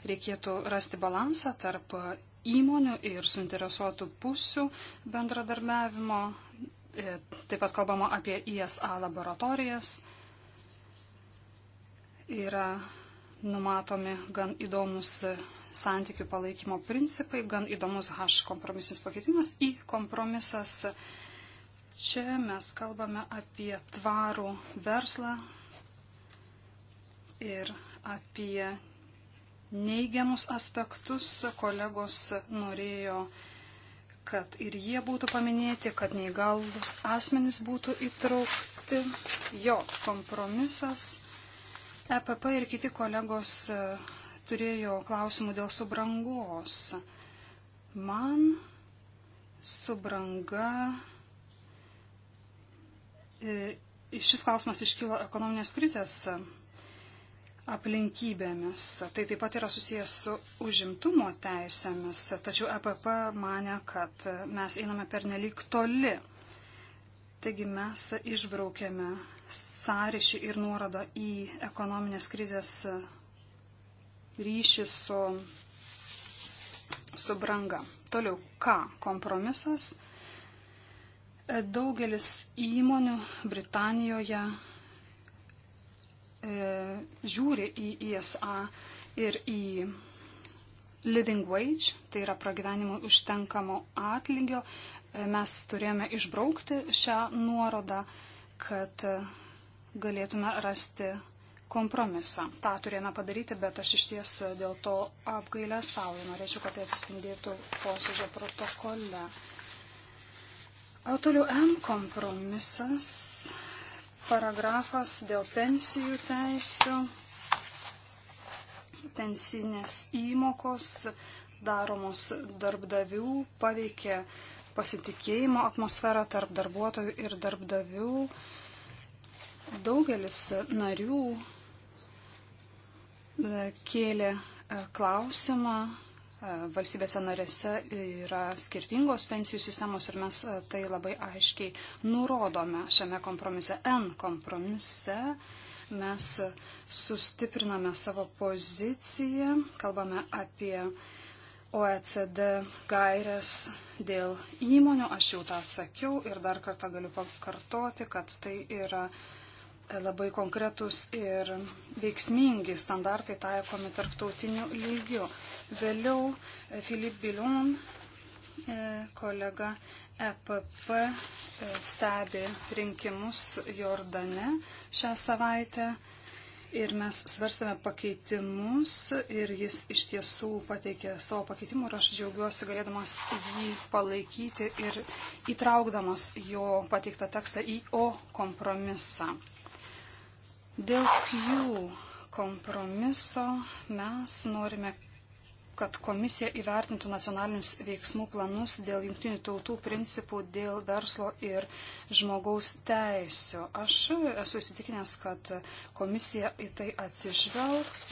reikėtų rasti balansą tarp įmonių ir suinteresuotų pusių bendradarbiavimo. E, taip pat kalbama apie ISA laboratorijas. Yra numatomi gan įdomus santykių palaikymo principai, gan įdomus H kompromisinis pakeitimas, I kompromisas. kompromisas Čia mes kalbame apie tvarų verslą ir apie neigiamus aspektus. Kolegos norėjo, kad ir jie būtų paminėti, kad neįgalus asmenys būtų įtraukti. Jot kompromisas. EPP ir kiti kolegos e, turėjo klausimų dėl subrangos. Man subranga E, šis klausimas iškilo ekonominės krizės aplinkybėmis. Tai taip pat yra susijęs su užimtumo teisėmis, tačiau EPP mane, kad mes einame per nelik toli. Taigi mes išbraukėme sąryšį ir nuorodą į ekonominės krizės ryšį su, su branga. Toliau, ką kompromisas Daugelis įmonių Britanijoje e, žiūri į ISA e ir į living wage, tai yra pragyvenimui užtenkamo atlygio. E, mes turėjome išbraukti šią nuorodą, kad e, galėtume rasti kompromisą. Ta turėjome padaryti, bet aš iš ties dėl to apgailę savo. Norėčiau, kad tai atsispindėtų posėdžio protokole. O toliau M kompromisas, paragrafas dėl pensijų teisų, pensinės įmokos daromos darbdavių paveikia pasitikėjimo atmosferą tarp darbuotojų ir darbdavių. Daugelis narių e, kėlė e, klausimą E, valstybėse narėse yra skirtingos pensijų sistemos ir mes e, tai labai aiškiai nurodome šiame kompromise. N kompromise mes sustipriname savo poziciją, kalbame apie OECD gairias dėl įmonių, aš jau tą sakiau ir dar kartą galiu pakartoti, kad tai yra e, labai konkretus ir veiksmingi standartai taikomi tarptautiniu lygiu. Vėliau e, Filip Bilon, e, kolega EPP, e, stebi rinkimus Jordane šią savaitę. Ir mes svarstame pakeitimus ir jis iš tiesų pateikė savo pakeitimų ir aš džiaugiuosi galėdamas jį palaikyti ir įtraukdamas jo pateiktą tekstą į O kompromisą. Dėl Q kompromiso mes norime kad komisija įvertintų nacionalinius veiksmų planus dėl jungtinių tautų principų, dėl verslo ir žmogaus teisų. Aš esu įsitikinęs, kad komisija į tai atsižvelgs.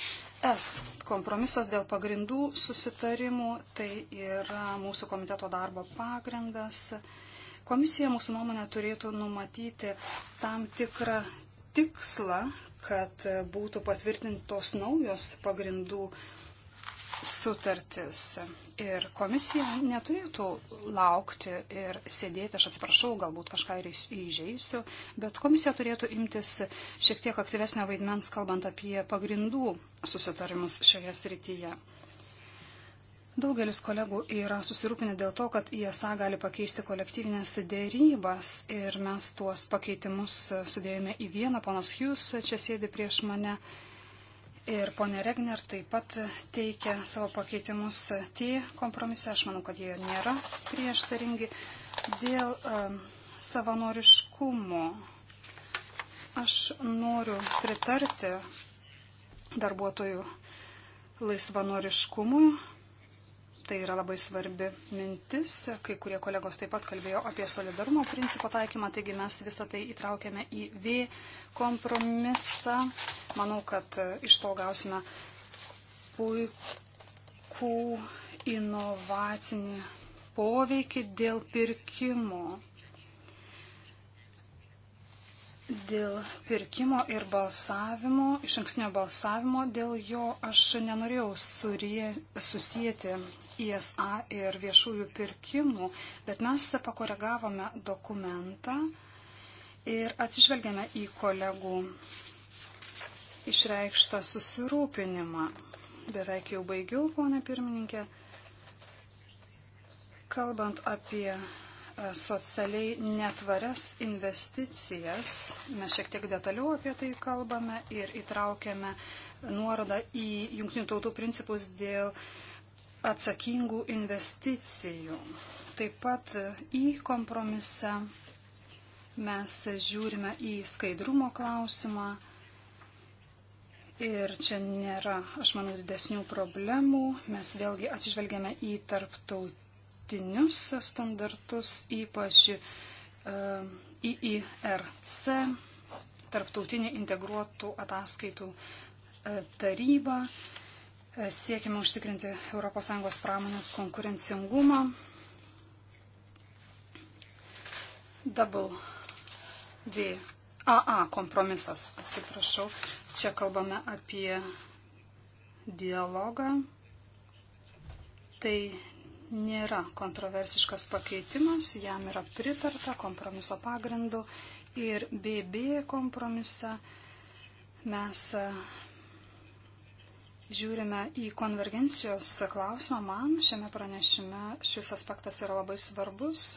S. Kompromisas dėl pagrindų susitarimų, tai yra mūsų komiteto darbo pagrindas. Komisija mūsų nuomonė turėtų numatyti tam tikrą tikslą, kad būtų patvirtintos naujos pagrindų sutartis. Ir komisija neturėtų laukti ir sėdėti, aš atsiprašau, galbūt kažką ir įžeisiu, bet komisija turėtų imtis šiek tiek aktyvesnio vaidmens, kalbant apie pagrindų susitarimus šioje srityje. Daugelis kolegų yra susirūpinę dėl to, kad ISA gali pakeisti kolektyvinės dėrybas ir mes tuos pakeitimus sudėjome į vieną, ponas Hughes čia sėdi prieš mane Ir ponė Regner taip pat teikia savo pakeitimus T kompromise. Aš manau, kad jie nėra prieštaringi. Dėl um, savanoriškumo aš noriu pritarti darbuotojų laisvanoriškumui, Tai yra labai svarbi mintis. Kai kurie kolegos taip pat kalbėjo apie solidarumo principo taikymą, taigi mes visą tai įtraukėme į V kompromisą. Manau, kad iš to gausime puikų inovacinį poveikį dėl pirkimo dėl pirkimo ir balsavimo, iš anksnio balsavimo, dėl jo aš nenorėjau surie, susijęti ISA ir viešųjų pirkimų, bet mes pakoregavome dokumentą ir atsižvelgėme į kolegų išreikštą susirūpinimą. Beveik jau baigiau, ponė pirmininkė. Kalbant apie socialiai netvarias investicijas. Mes šiek tiek detaliau apie tai kalbame ir įtraukiame nuorodą į jungtinių tautų principus dėl atsakingų investicijų. Taip pat į kompromisą mes žiūrime į skaidrumo klausimą. Ir čia nėra, aš manau, didesnių problemų. Mes vėlgi atsižvelgiame į tarptautinį tarptautinius standartus, ypač e, IIRC, tarptautinį integruotų ataskaitų e, tarybą. E, Siekime užtikrinti ES pramonės konkurencingumą. Double V. AA kompromisas, atsiprašau. Čia kalbame apie dialogą. Tai nėra kontroversiškas pakeitimas, jam yra pritarta kompromiso pagrindu ir BB kompromise mes e, žiūrime į konvergencijos klausimą, man šiame pranešime šis aspektas yra labai svarbus.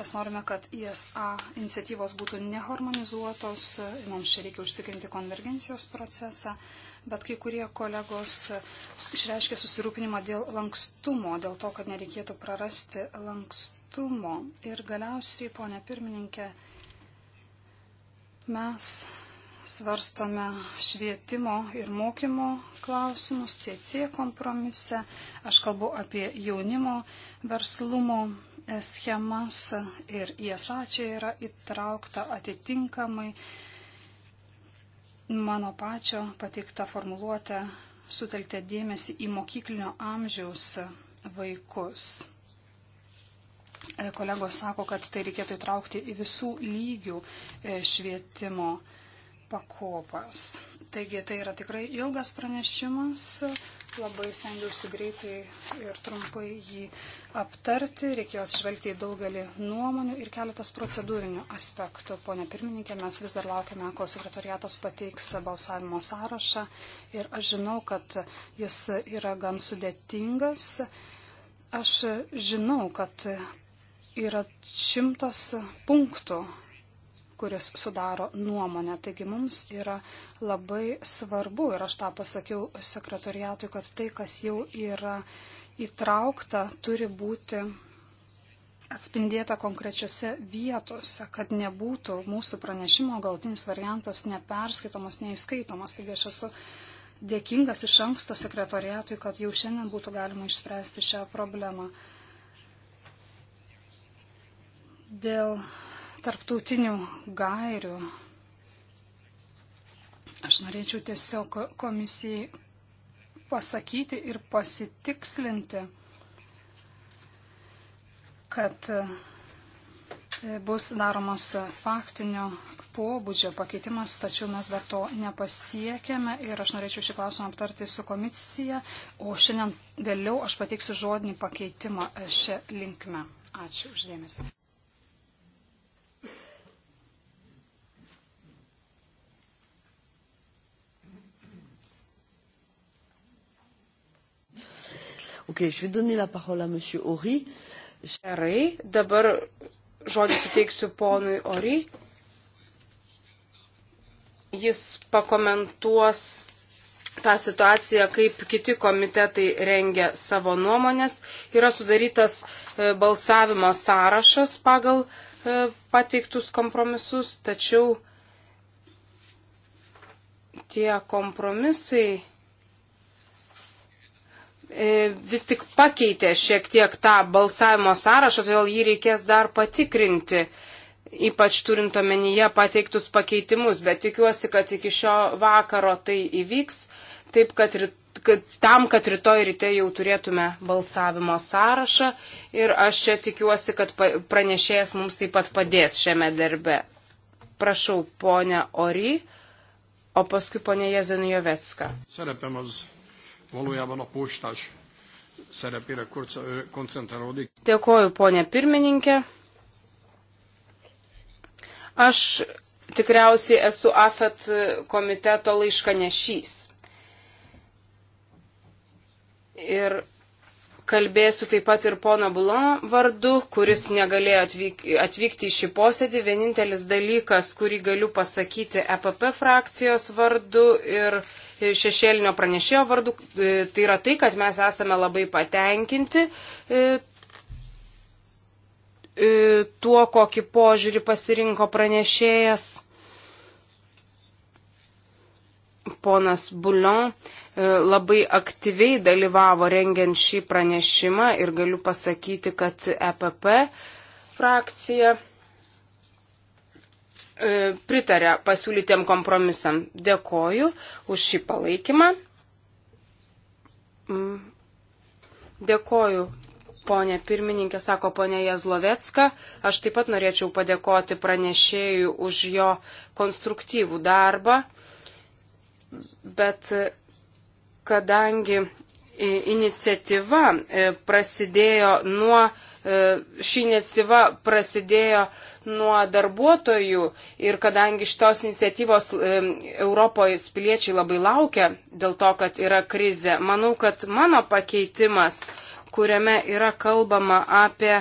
Mes norime, kad ISA iniciatyvos būtų neharmonizuotos, mums čia reikia užtikrinti konvergencijos procesą bet kai kurie kolegos išreiškė susirūpinimą dėl lankstumo, dėl to, kad nereikėtų prarasti lankstumo. Ir galiausiai, ponė pirmininkė, mes svarstome švietimo ir mokymo klausimus CC kompromise. Aš kalbu apie jaunimo verslumo e, schemas ir ISA čia yra įtraukta atitinkamai mano pačio pateikta formuluotė sutelkė dėmesį į mokyklinio amžiaus vaikus. Kolegos sako, kad tai reikėtų įtraukti į visų lygių e, švietimo pakopas. Taigi tai yra tikrai ilgas pranešimas, labai stengiausi greitai ir trumpai jį aptarti, reikėjo atsižvelgti į daugelį nuomonių ir keletas procedūrinių aspektų. Pone pirmininkė, mes vis dar laukiame, kol sekretariatas pateiks balsavimo sąrašą ir aš žinau, kad jis yra gan sudėtingas. Aš žinau, kad yra šimtas punktų, kuris sudaro nuomonę. Taigi mums yra labai svarbu, ir aš tą pasakiau sekretoriatui, kad tai, kas jau yra įtraukta turi būti atspindėta konkrečiose vietose, kad nebūtų mūsų pranešimo galtinis variantas neperskaitomas, neįskaitomas. Taigi aš esu dėkingas iš anksto sekretoriatui, kad jau šiandien būtų galima išspręsti šią problemą. Dėl tarptautinių gairių aš norėčiau tiesiog komisijai pasakyti ir pasitikslinti, kad e, bus daromas faktinio pobūdžio pakeitimas, tačiau mes dar to nepasiekėme ir aš norėčiau šį klausimą aptarti su komisija, o šiandien vėliau aš pateiksiu žodinį pakeitimą e, šią linkmę. Ačiū uždėmesi. Okay, je vais donner la parole à monsieur Ori. Gerai, dabar žodį suteiksiu ponui Ori. Jis pakomentuos tą situaciją, kaip kiti komitetai rengia savo nuomonės. Yra sudarytas e, balsavimo sąrašas pagal e, pateiktus kompromisus, tačiau tie kompromisai E, vis tik pakeitė šiek tiek tą balsavimo sąrašą, todėl jį reikės dar patikrinti, ypač turint omenyje pateiktus pakeitimus, bet tikiuosi, kad iki šio vakaro tai įvyks, taip kad, kad tam, kad rytoj ryte jau turėtume balsavimo sąrašą ir aš čia tikiuosi, kad pranešėjas mums taip pat padės šiame darbe. Prašau, ponia Ori, o paskui ponia Jezenujovetska. Sėra, pėmos valójában a postás szerepére koncentrálódik. Dėkoju, ponė pirmininkė. Aš tikriausiai esu AFET komiteto laiškanešys. Ir kalbėsiu taip pat ir pono Bulon vardu, kuris negalėjo atvyk, atvykti į šį posėdį. Vienintelis dalykas, kurį galiu pasakyti EPP frakcijos vardu ir uh, šešėlinio pranešėjo vardu, e, tai yra tai, kad mes esame labai patenkinti e, e, tuo, kokį požiūrį pasirinko pranešėjas. Ponas Bulion labai aktyviai dalyvavo rengiant šį pranešimą ir galiu pasakyti, kad EPP frakcija E, pritarė pasiūlytėm kompromisam. Dėkoju už šį palaikymą. Mm. Dėkoju, ponė pirmininkė, sako ponė Jazlovecka. Aš taip pat norėčiau padėkoti pranešėjui už jo konstruktyvų darbą, bet e, kadangi iniciatyva e, prasidėjo nuo E, ši iniciatyva prasidėjo nuo darbuotojų ir kadangi šitos iniciatyvos e, Europos piliečiai labai laukia dėl to, kad yra krizė, manau, kad mano pakeitimas, kuriame yra kalbama apie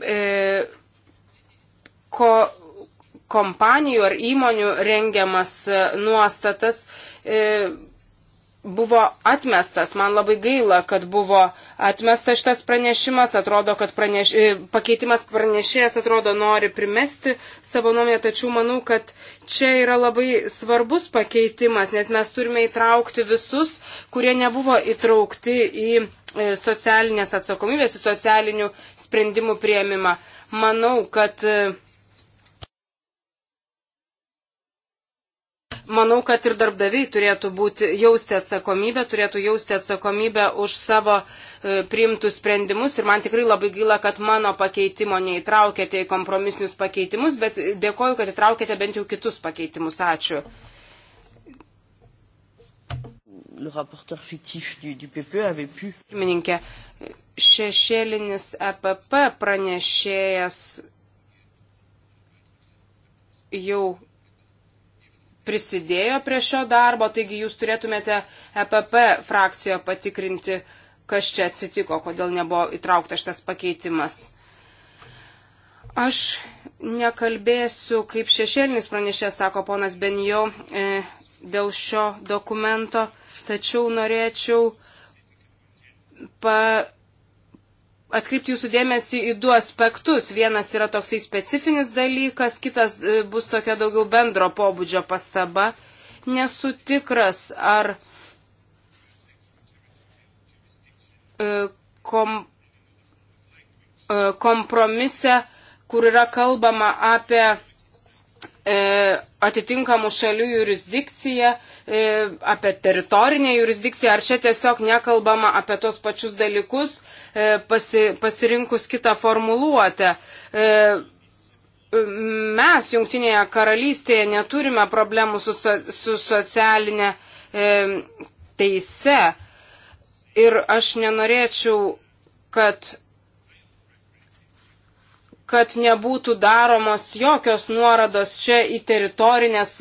e, ko, kompanijų ar įmonių rengiamas e, nuostatas, e, buvo atmestas. Man labai gaila, kad buvo atmestas šitas pranešimas. Atrodo, kad praneš, e, pakeitimas pranešėjas atrodo nori primesti savo nuomonę, tačiau manau, kad čia yra labai svarbus pakeitimas, nes mes turime įtraukti visus, kurie nebuvo įtraukti į e, socialinės atsakomybės, į socialinių sprendimų prieimimą. Manau, kad e, manau, kad ir darbdaviai turėtų būti, jausti atsakomybę, turėtų jausti atsakomybę už savo e, priimtus sprendimus. Ir man tikrai labai gaila, kad mano pakeitimo neįtraukėte į kompromisinius pakeitimus, bet dėkoju, kad įtraukėte bent jau kitus pakeitimus. Ačiū. Pirmininkė, šešėlinis EPP pranešėjas jau prisidėjo prie šio darbo, taigi jūs turėtumėte EPP frakcijoje patikrinti, kas čia atsitiko, kodėl nebuvo įtrauktas šitas pakeitimas. Aš nekalbėsiu, kaip šešėlinis pranešė, sako ponas Benijau, e, dėl šio dokumento, tačiau norėčiau pa, atkreipti jūsų dėmesį į du aspektus. Vienas yra toksai specifinis dalykas, kitas e, bus tokia daugiau bendro pobūdžio pastaba. Nesu tikras, ar e, kom, e, kompromise, kur yra kalbama apie E, atitinkamų šalių jurisdikciją, e, apie teritorinę jurisdikciją, ar čia tiesiog nekalbama apie tos pačius dalykus, e, pasi, pasirinkus kitą formuluotę. Mes Junktinėje karalystėje neturime problemų su, su socialinė teise ir aš nenorėčiau, kad kad nebūtų daromos jokios nuorados čia į teritorinės,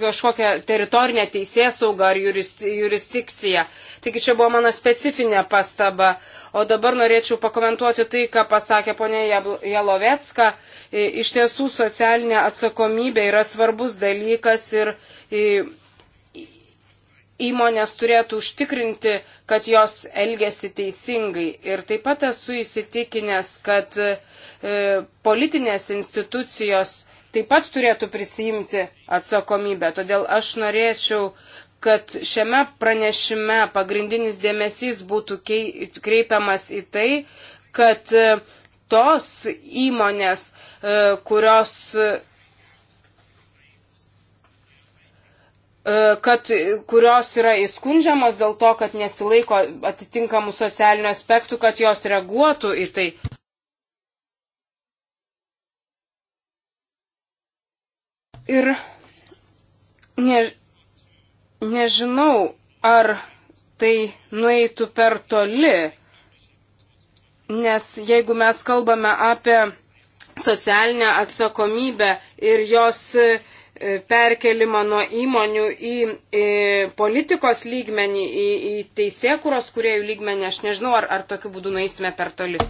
kažkokią teritorinę teisėsaugą ar jurisdikciją. Taigi čia buvo mano specifinė pastaba. O dabar norėčiau pakomentuoti tai, ką pasakė ponė Jalovecka. Iš tiesų socialinė atsakomybė yra svarbus dalykas ir įmonės turėtų užtikrinti, kad jos elgesi teisingai. Ir taip pat esu įsitikinęs, kad e, politinės institucijos taip pat turėtų prisijimti atsakomybę. Todėl aš norėčiau, kad šiame pranešime pagrindinis dėmesys būtų kreipiamas į tai, kad e, tos įmonės, e, kurios E, kad, kurios yra įskundžiamos dėl to, kad nesilaiko atitinkamų socialinių aspektų, kad jos reaguotų į tai. Ir ne, nežinau, ar tai nueitų per toli, nes jeigu mes kalbame apie socialinę atsakomybę ir jos E, perkelimą nuo įmonių į, į e, politikos lygmenį, į, į teisėkuros kuriejų lygmenį. Aš nežinau, ar, ar tokiu būdu naisime per toli.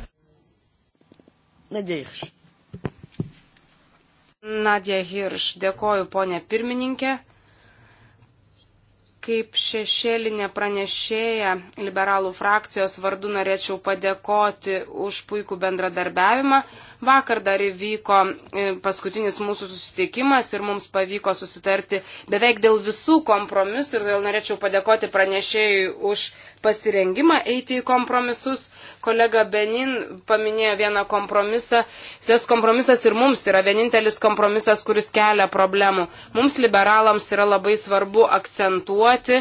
Nadė Hirš. Nadė Hirš, dėkoju ponė pirmininkė. Kaip šešėlinė pranešėja liberalų frakcijos vardu norėčiau padėkoti už puikų bendradarbiavimą. Vakar dar įvyko e, paskutinis mūsų susitikimas ir mums pavyko susitarti beveik dėl visų kompromisų ir todėl norėčiau padėkoti pranešėjui už pasirengimą eiti į kompromisus. Kolega Benin paminėjo vieną kompromisą. Tas kompromisas ir mums yra vienintelis kompromisas, kuris kelia problemų. Mums liberalams yra labai svarbu akcentuoti,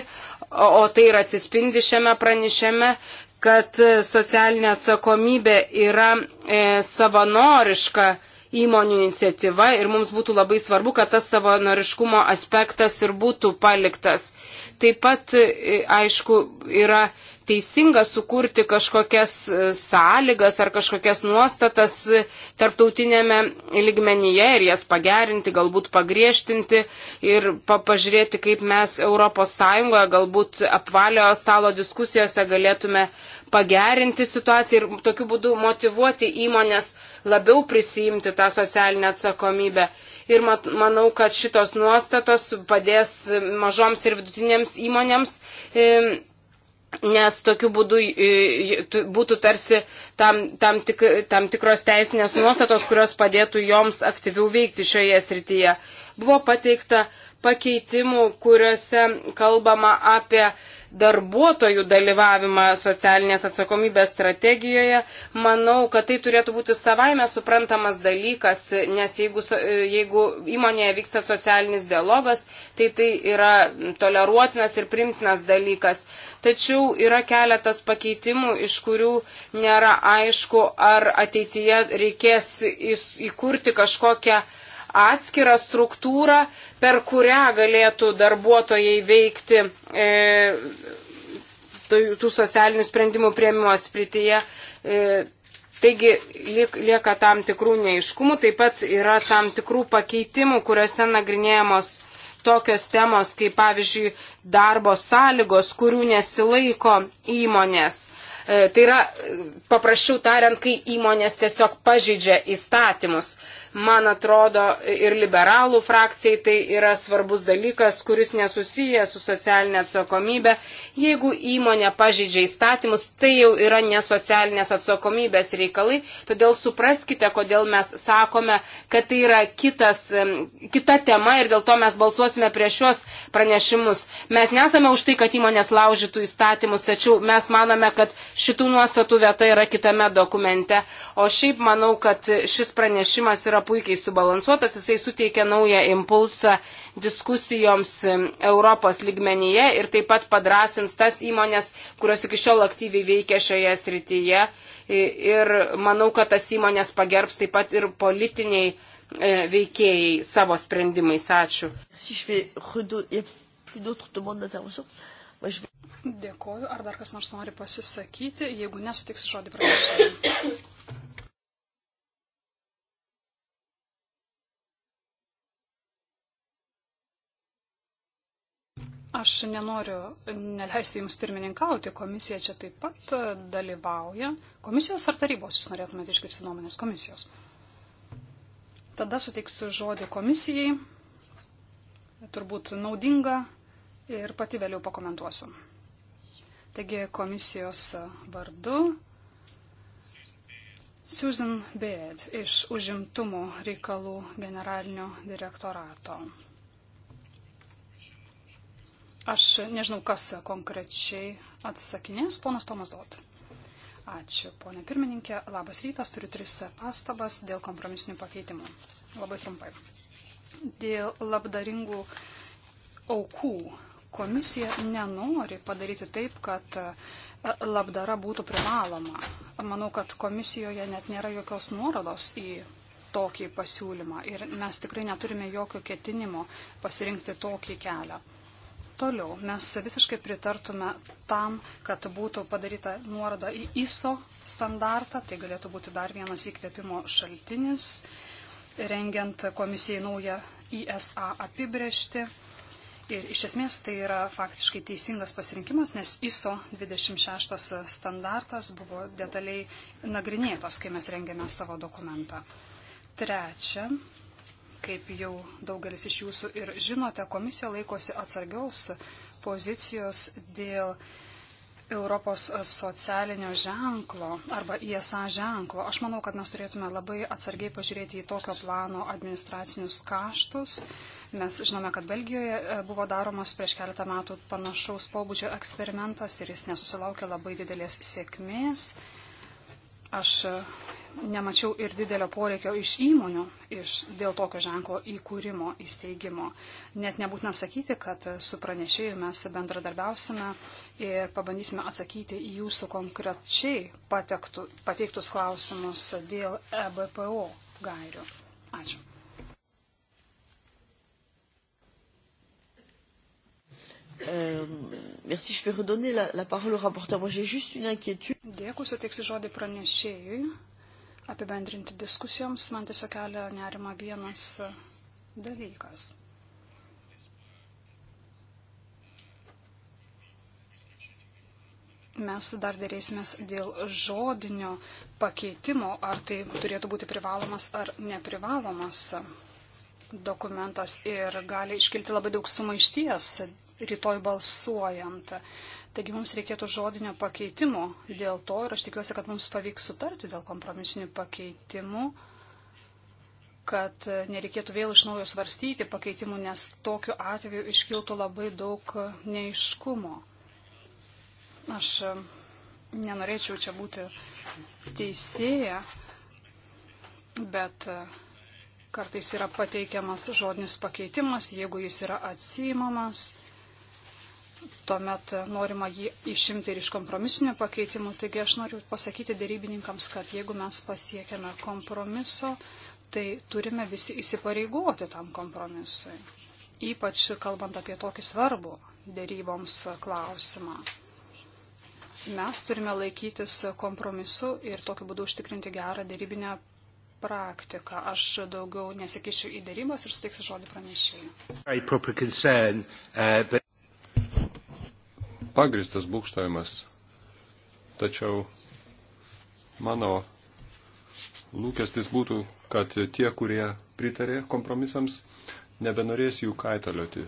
o, o tai ir atsispindi šiame pranešime, kad e, socialinė atsakomybė yra e, savanoriška įmonių iniciatyva ir mums būtų labai svarbu, kad tas savanoriškumo aspektas ir būtų paliktas. Taip pat, e, aišku, yra teisinga sukurti kažkokias e, sąlygas ar kažkokias nuostatas e, tarptautinėme ligmenyje ir jas pagerinti, galbūt pagriežtinti ir pažiūrėti, kaip mes ES galbūt apvalio stalo diskusijose galėtume pagerinti situaciją ir tokiu būdu motivuoti įmonės labiau prisijimti tą socialinę atsakomybę ir mat, manau, kad šitos nuostatos padės mažoms ir vidutinėms įmonėms e, nes tokiu būdu e, e, būtų tarsi tam, tam, tik, tam tikros teisinės nuostatos, kurios padėtų joms aktyviau veikti šioje srityje. Buvo pateikta pakeitimų, kuriuose kalbama apie darbuotojų dalyvavimą socialinės atsakomybės strategijoje, manau, kad tai turėtų būti savaime suprantamas dalykas, nes jeigu, jeigu įmonėje vyksta socialinis dialogas, tai tai yra toleruotinas ir primtinas dalykas. Tačiau yra keletas pakeitimų, iš kurių nėra aišku, ar ateityje reikės įkurti kažkokią atskirą struktūrą, per kurią galėtų darbuotojai veikti e, tų socialinių sprendimų prieimimo sprityje. E, Taigi lieka tam tikrų neiškumų, taip pat yra tam tikrų pakeitimų, kuriuose nagrinėjamos tokios temos, kaip pavyzdžiui darbo sąlygos, kurių nesilaiko įmonės. E, tai yra, paprasčiau tariant, kai įmonės tiesiog pažydžia įstatymus. Man atrodo, ir liberalų frakcijai tai yra svarbus dalykas, kuris nesusiję su socialinė atsakomybė. Jeigu įmonė pažydžia įstatymus, tai jau yra nesocialinės atsakomybės reikalai. Todėl supraskite, kodėl mes sakome, kad tai yra kitas, kita tema ir dėl to mes balsuosime prieš šios pranešimus. Mes nesame už tai, kad įmonės laužytų įstatymus, tačiau mes manome, kad šitų nuostatų vieta yra kitame dokumente. O šiaip manau, kad šis pranešimas yra yra puikiai subalansuotas, jisai suteikia naują impulsą diskusijoms Europos lygmenyje ir taip pat padrasins tas įmonės, kurios iki šiol aktyviai veikia šioje srityje. Ir manau, kad tas įmonės pagerbs taip pat ir politiniai e, veikėjai savo sprendimais. Ačiū. Dėkoju. Ar dar kas nors nori pasisakyti? Jeigu nesutiksiu žodį pranešėjai. Aš nenoriu neleisti Jums pirmininkauti, komisija čia taip pat e, dalyvauja. Komisijos ar tarybos Jūs norėtumėte išgirsti nuomonės komisijos? Tada suteiksiu žodį komisijai, turbūt naudinga ir pati vėliau pakomentuosiu. Taigi komisijos vardu Susan Bėd iš užimtumo reikalų generalinio direktorato. Aš nežinau, kas konkrečiai atsakinės, ponas Tomas Dot. Ačiū, ponė pirmininkė. Labas rytas, turiu tris pastabas dėl kompromisinių pakeitimų. Labai trumpai. Dėl labdaringų aukų komisija nenori padaryti taip, kad e, labdara būtų privaloma. Manau, kad komisijoje net nėra jokios nuorodos į tokį pasiūlymą ir mes tikrai neturime jokio ketinimo pasirinkti tokį kelią. Toliau mes visiškai pritartume tam, kad būtų padaryta nuoroda į ISO standartą, tai galėtų būti dar vienas įkvėpimo šaltinis, rengiant komisijai naują ISA apibrėžti. Ir iš esmės tai yra faktiškai teisingas pasirinkimas, nes ISO 26 standartas buvo detaliai nagrinėtas, kai mes rengėme savo dokumentą. Trečia, Kaip jau daugelis iš jūsų ir žinote, komisija laikosi atsargiaus pozicijos dėl Europos socialinio ženklo arba ISA ženklo. Aš manau, kad mes turėtume labai atsargiai pažiūrėti į tokio plano administracinius kaštus. Mes žinome, kad Belgijoje e, buvo daromas prieš keletą metų panašaus pobūdžio eksperimentas ir jis nesusilaukė labai didelės sėkmės. Aš nemačiau ir didelio poreikio iš įmonių iš dėl tokio ženklo įkūrimo, įsteigimo. Net nebūtina sakyti, kad su pranešėju mes bendradarbiausime ir pabandysime atsakyti į jūsų konkrečiai patektų, pateiktus klausimus dėl EBPO gairių. Ačiū. Euh, merci, je vais redonner la, la parole au rapporteur. Moi, j'ai juste une inquiétude. Dėkui, suteiksiu žodį pranešėjui apibendrinti diskusijoms, man tiesiog kelia nerima vienas e, dalykas. Mes dar dėrėsimės dėl žodinio pakeitimo, ar tai turėtų būti privalomas ar neprivalomas dokumentas ir gali iškilti labai daug sumaišties rytoj balsuojant. Taigi mums reikėtų žodinio pakeitimo dėl to ir aš tikiuosi, kad mums pavyks sutarti dėl kompromisinių pakeitimų, kad nereikėtų vėl iš naujo svarstyti pakeitimų, nes tokiu atveju iškiltų labai daug neiškumo. Aš e, nenorėčiau čia būti teisėja, bet e, kartais yra pateikiamas žodinis pakeitimas, jeigu jis yra atsimamas tuomet norima jį išimti ir iš kompromisinių pakeitimų. Taigi aš noriu pasakyti dėrybininkams, kad jeigu mes pasiekėme kompromiso, tai turime visi įsipareigoti tam kompromisui. Ypač kalbant apie tokį svarbų dėryboms klausimą. Mes turime laikytis kompromisu ir tokiu būdu užtikrinti gerą dėrybinę praktiką. Aš daugiau nesikišiu į dėrybas ir suteiksiu žodį pranešėjai pagristas būkštavimas. Tačiau mano lūkestis būtų, kad tie, kurie pritarė kompromisams, nebenorės jų kaitalioti.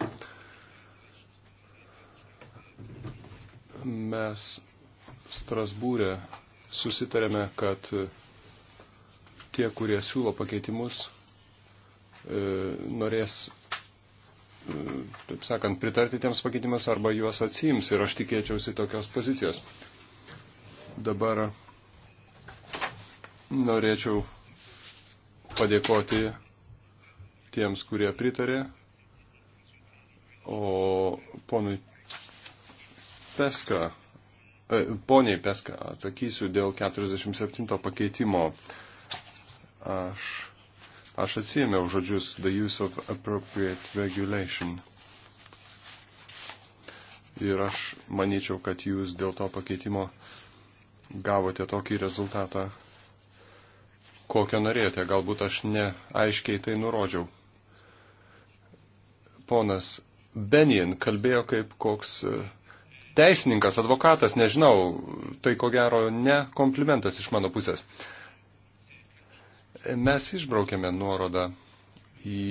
Mes Strasbūrė susitarėme, kad tie, kurie siūlo pakeitimus, e, norės taip sakant, pritarti tiems pakeitimams arba juos atsiims ir aš tikėčiausi tokios pozicijos. Dabar norėčiau padėkoti tiems, kurie pritarė, o ponui Peska, e, poniai Peska atsakysiu dėl 47 pakeitimo. Aš Aš atsijėmiau žodžius the use of appropriate regulation. Ir aš manyčiau, kad jūs dėl to pakeitimo gavote tokį rezultatą, kokio norėjote. Galbūt aš neaiškiai tai nurodžiau. Ponas Benin kalbėjo kaip koks e, teisininkas, advokatas, nežinau, tai ko gero ne komplimentas iš mano pusės. Uh, Mes išbraukėme nuorodą į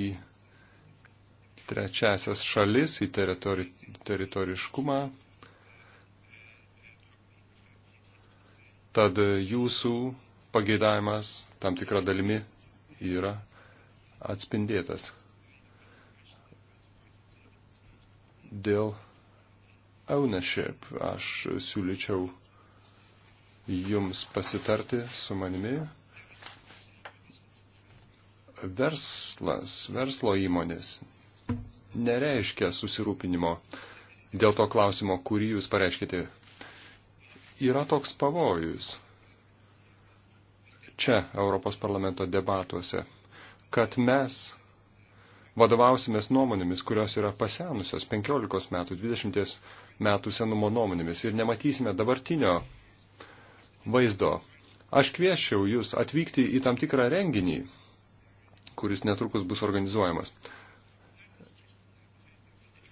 trečiasias šalis, į teritori, teritoriškumą. Tad jūsų pageidavimas tam tikrą dalimi yra atspindėtas. Dėl ownership aš siūlyčiau jums pasitarti su manimi verslas, verslo įmonės nereiškia susirūpinimo dėl to klausimo, kurį jūs pareiškite. Yra toks pavojus čia Europos parlamento debatuose, kad mes vadovausimės nuomonėmis, kurios yra pasenusios 15 metų, 20 metų senumo nuomonėmis ir nematysime dabartinio vaizdo. Aš kviečiau jūs atvykti į tam tikrą renginį, kuris netrukus bus organizuojamas.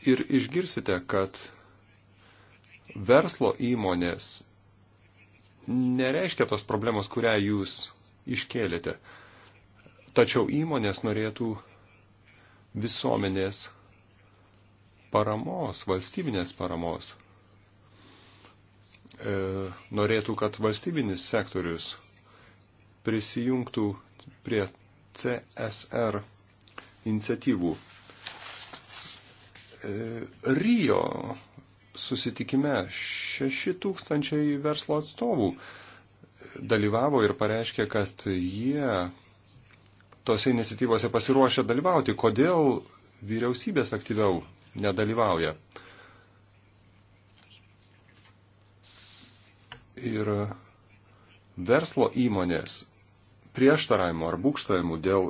Ir išgirsite, kad verslo įmonės nereiškia tos problemos, kurią jūs iškėlėte. Tačiau įmonės norėtų visuomenės paramos, valstybinės paramos. E, norėtų, kad valstybinis sektorius prisijungtų prie CSR iniciatyvų. E, Rio susitikime 6000 verslo atstovų dalyvavo ir pareiškė, kad jie tose iniciatyvose pasiruošę dalyvauti. Kodėl vyriausybės aktyviau nedalyvauja? Ir verslo įmonės prieštaravimų ar būkštavimų dėl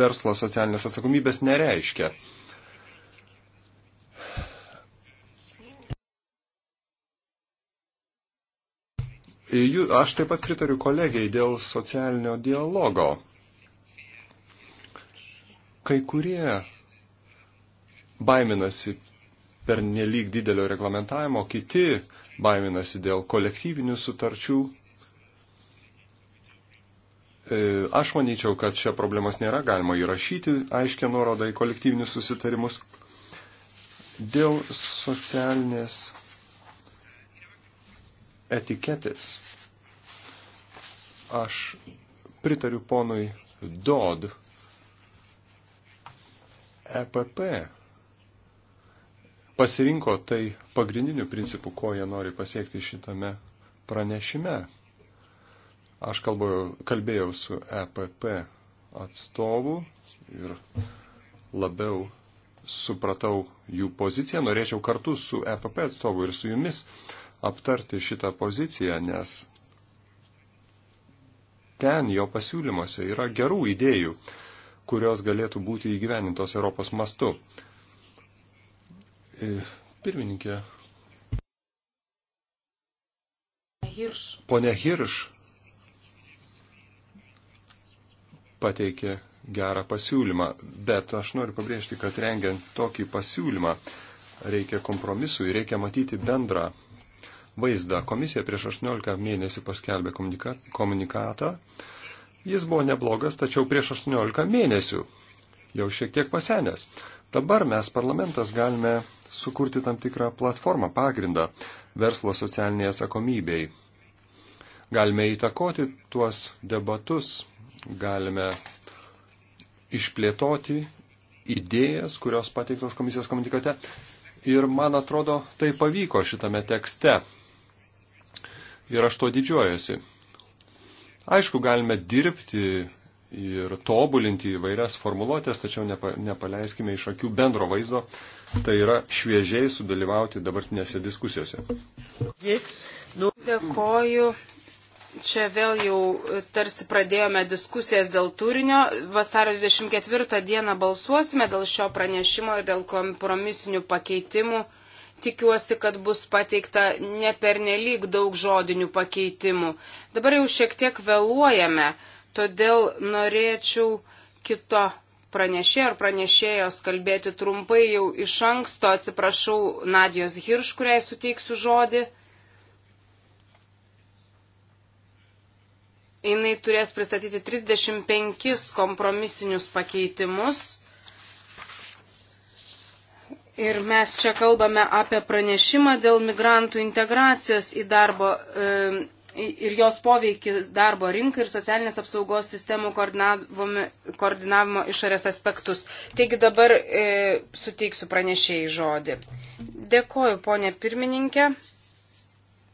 verslo socialinės atsakomybės nereiškia. Aš taip pat pritariu kolegiai dėl socialinio dialogo. Kai kurie baiminasi per nelik didelio reglamentavimo, kiti baiminasi dėl kolektyvinių sutarčių E, aš manyčiau, kad čia problemos nėra, galima įrašyti aiškę nuorodą į kolektyvinius susitarimus. Dėl socialinės etiketės aš pritariu ponui Dodd. EPP pasirinko tai pagrindiniu principu, ko jie nori pasiekti šitame pranešime. Aš kalbu, kalbėjau su EPP atstovu ir labiau supratau jų poziciją. Norėčiau kartu su EPP atstovu ir su jumis aptarti šitą poziciją, nes ten jo pasiūlymuose yra gerų idėjų, kurios galėtų būti įgyvenintos Europos mastu. E, pirmininkė. Hirš. Pone Hirš pateikė gerą pasiūlymą, bet aš noriu pabrėžti, kad rengiant tokį pasiūlymą reikia kompromisų ir reikia matyti bendrą vaizdą. Komisija prieš 18 mėnesių paskelbė komunika komunikatą. Jis buvo neblogas, tačiau prieš 18 mėnesių jau šiek tiek pasenęs. Dabar mes parlamentas galime sukurti tam tikrą platformą, pagrindą verslo socialiniai atsakomybei. Galime įtakoti tuos debatus, galime išplėtoti idėjas, kurios pateiktos komisijos komunikate. Ir man atrodo, tai pavyko šitame tekste. Ir aš to didžiuojasi. Aišku, galime dirbti ir tobulinti įvairias formuluotės, tačiau nepa, nepaleiskime iš akių bendro vaizdo, tai yra šviežiai sudalyvauti dabartinėse diskusijose. Dėkoju čia vėl jau e, tarsi pradėjome diskusijas dėl turinio. Vasario 24 dieną balsuosime dėl šio pranešimo ir dėl kompromisinių pakeitimų. Tikiuosi, kad bus pateikta ne pernelyg daug žodinių pakeitimų. Dabar jau šiek tiek vėluojame, todėl norėčiau kito pranešėjo ar pranešėjos kalbėti trumpai jau iš anksto. Atsiprašau Nadijos Hirš, kuriai suteiksiu žodį. jinai turės pristatyti 35 kompromisinius pakeitimus. Ir mes čia kalbame apie pranešimą dėl migrantų integracijos į darbo ir jos poveikį darbo rinkai ir socialinės apsaugos sistemų koordinavimo, koordinavimo išorės aspektus. Taigi dabar e, suteiksiu pranešėjai žodį. Dėkoju, ponė pirmininkė.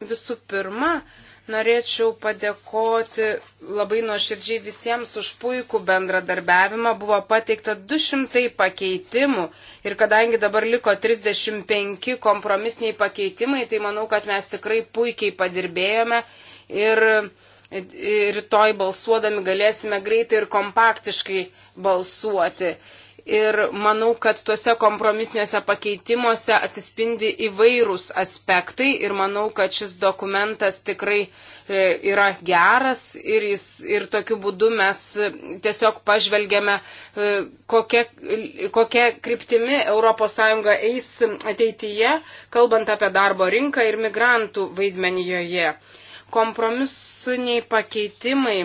Visų pirma, e, Norėčiau padėkoti labai nuoširdžiai visiems už puikų bendradarbiavimą. Buvo pateikta 200 pakeitimų ir kadangi dabar liko 35 kompromisiniai pakeitimai, tai manau, kad mes tikrai puikiai padirbėjome ir rytoj balsuodami galėsime greitai ir kompaktiškai balsuoti ir manau, kad tuose kompromisiniuose pakeitimuose atsispindi įvairūs aspektai ir manau, kad šis dokumentas tikrai e, yra geras ir, jis, ir tokiu būdu mes e, tiesiog pažvelgėme, e, kokia, kokia kryptimi ES eis ateityje, kalbant apie darbo rinką ir migrantų vaidmenį joje. Kompromisiniai pakeitimai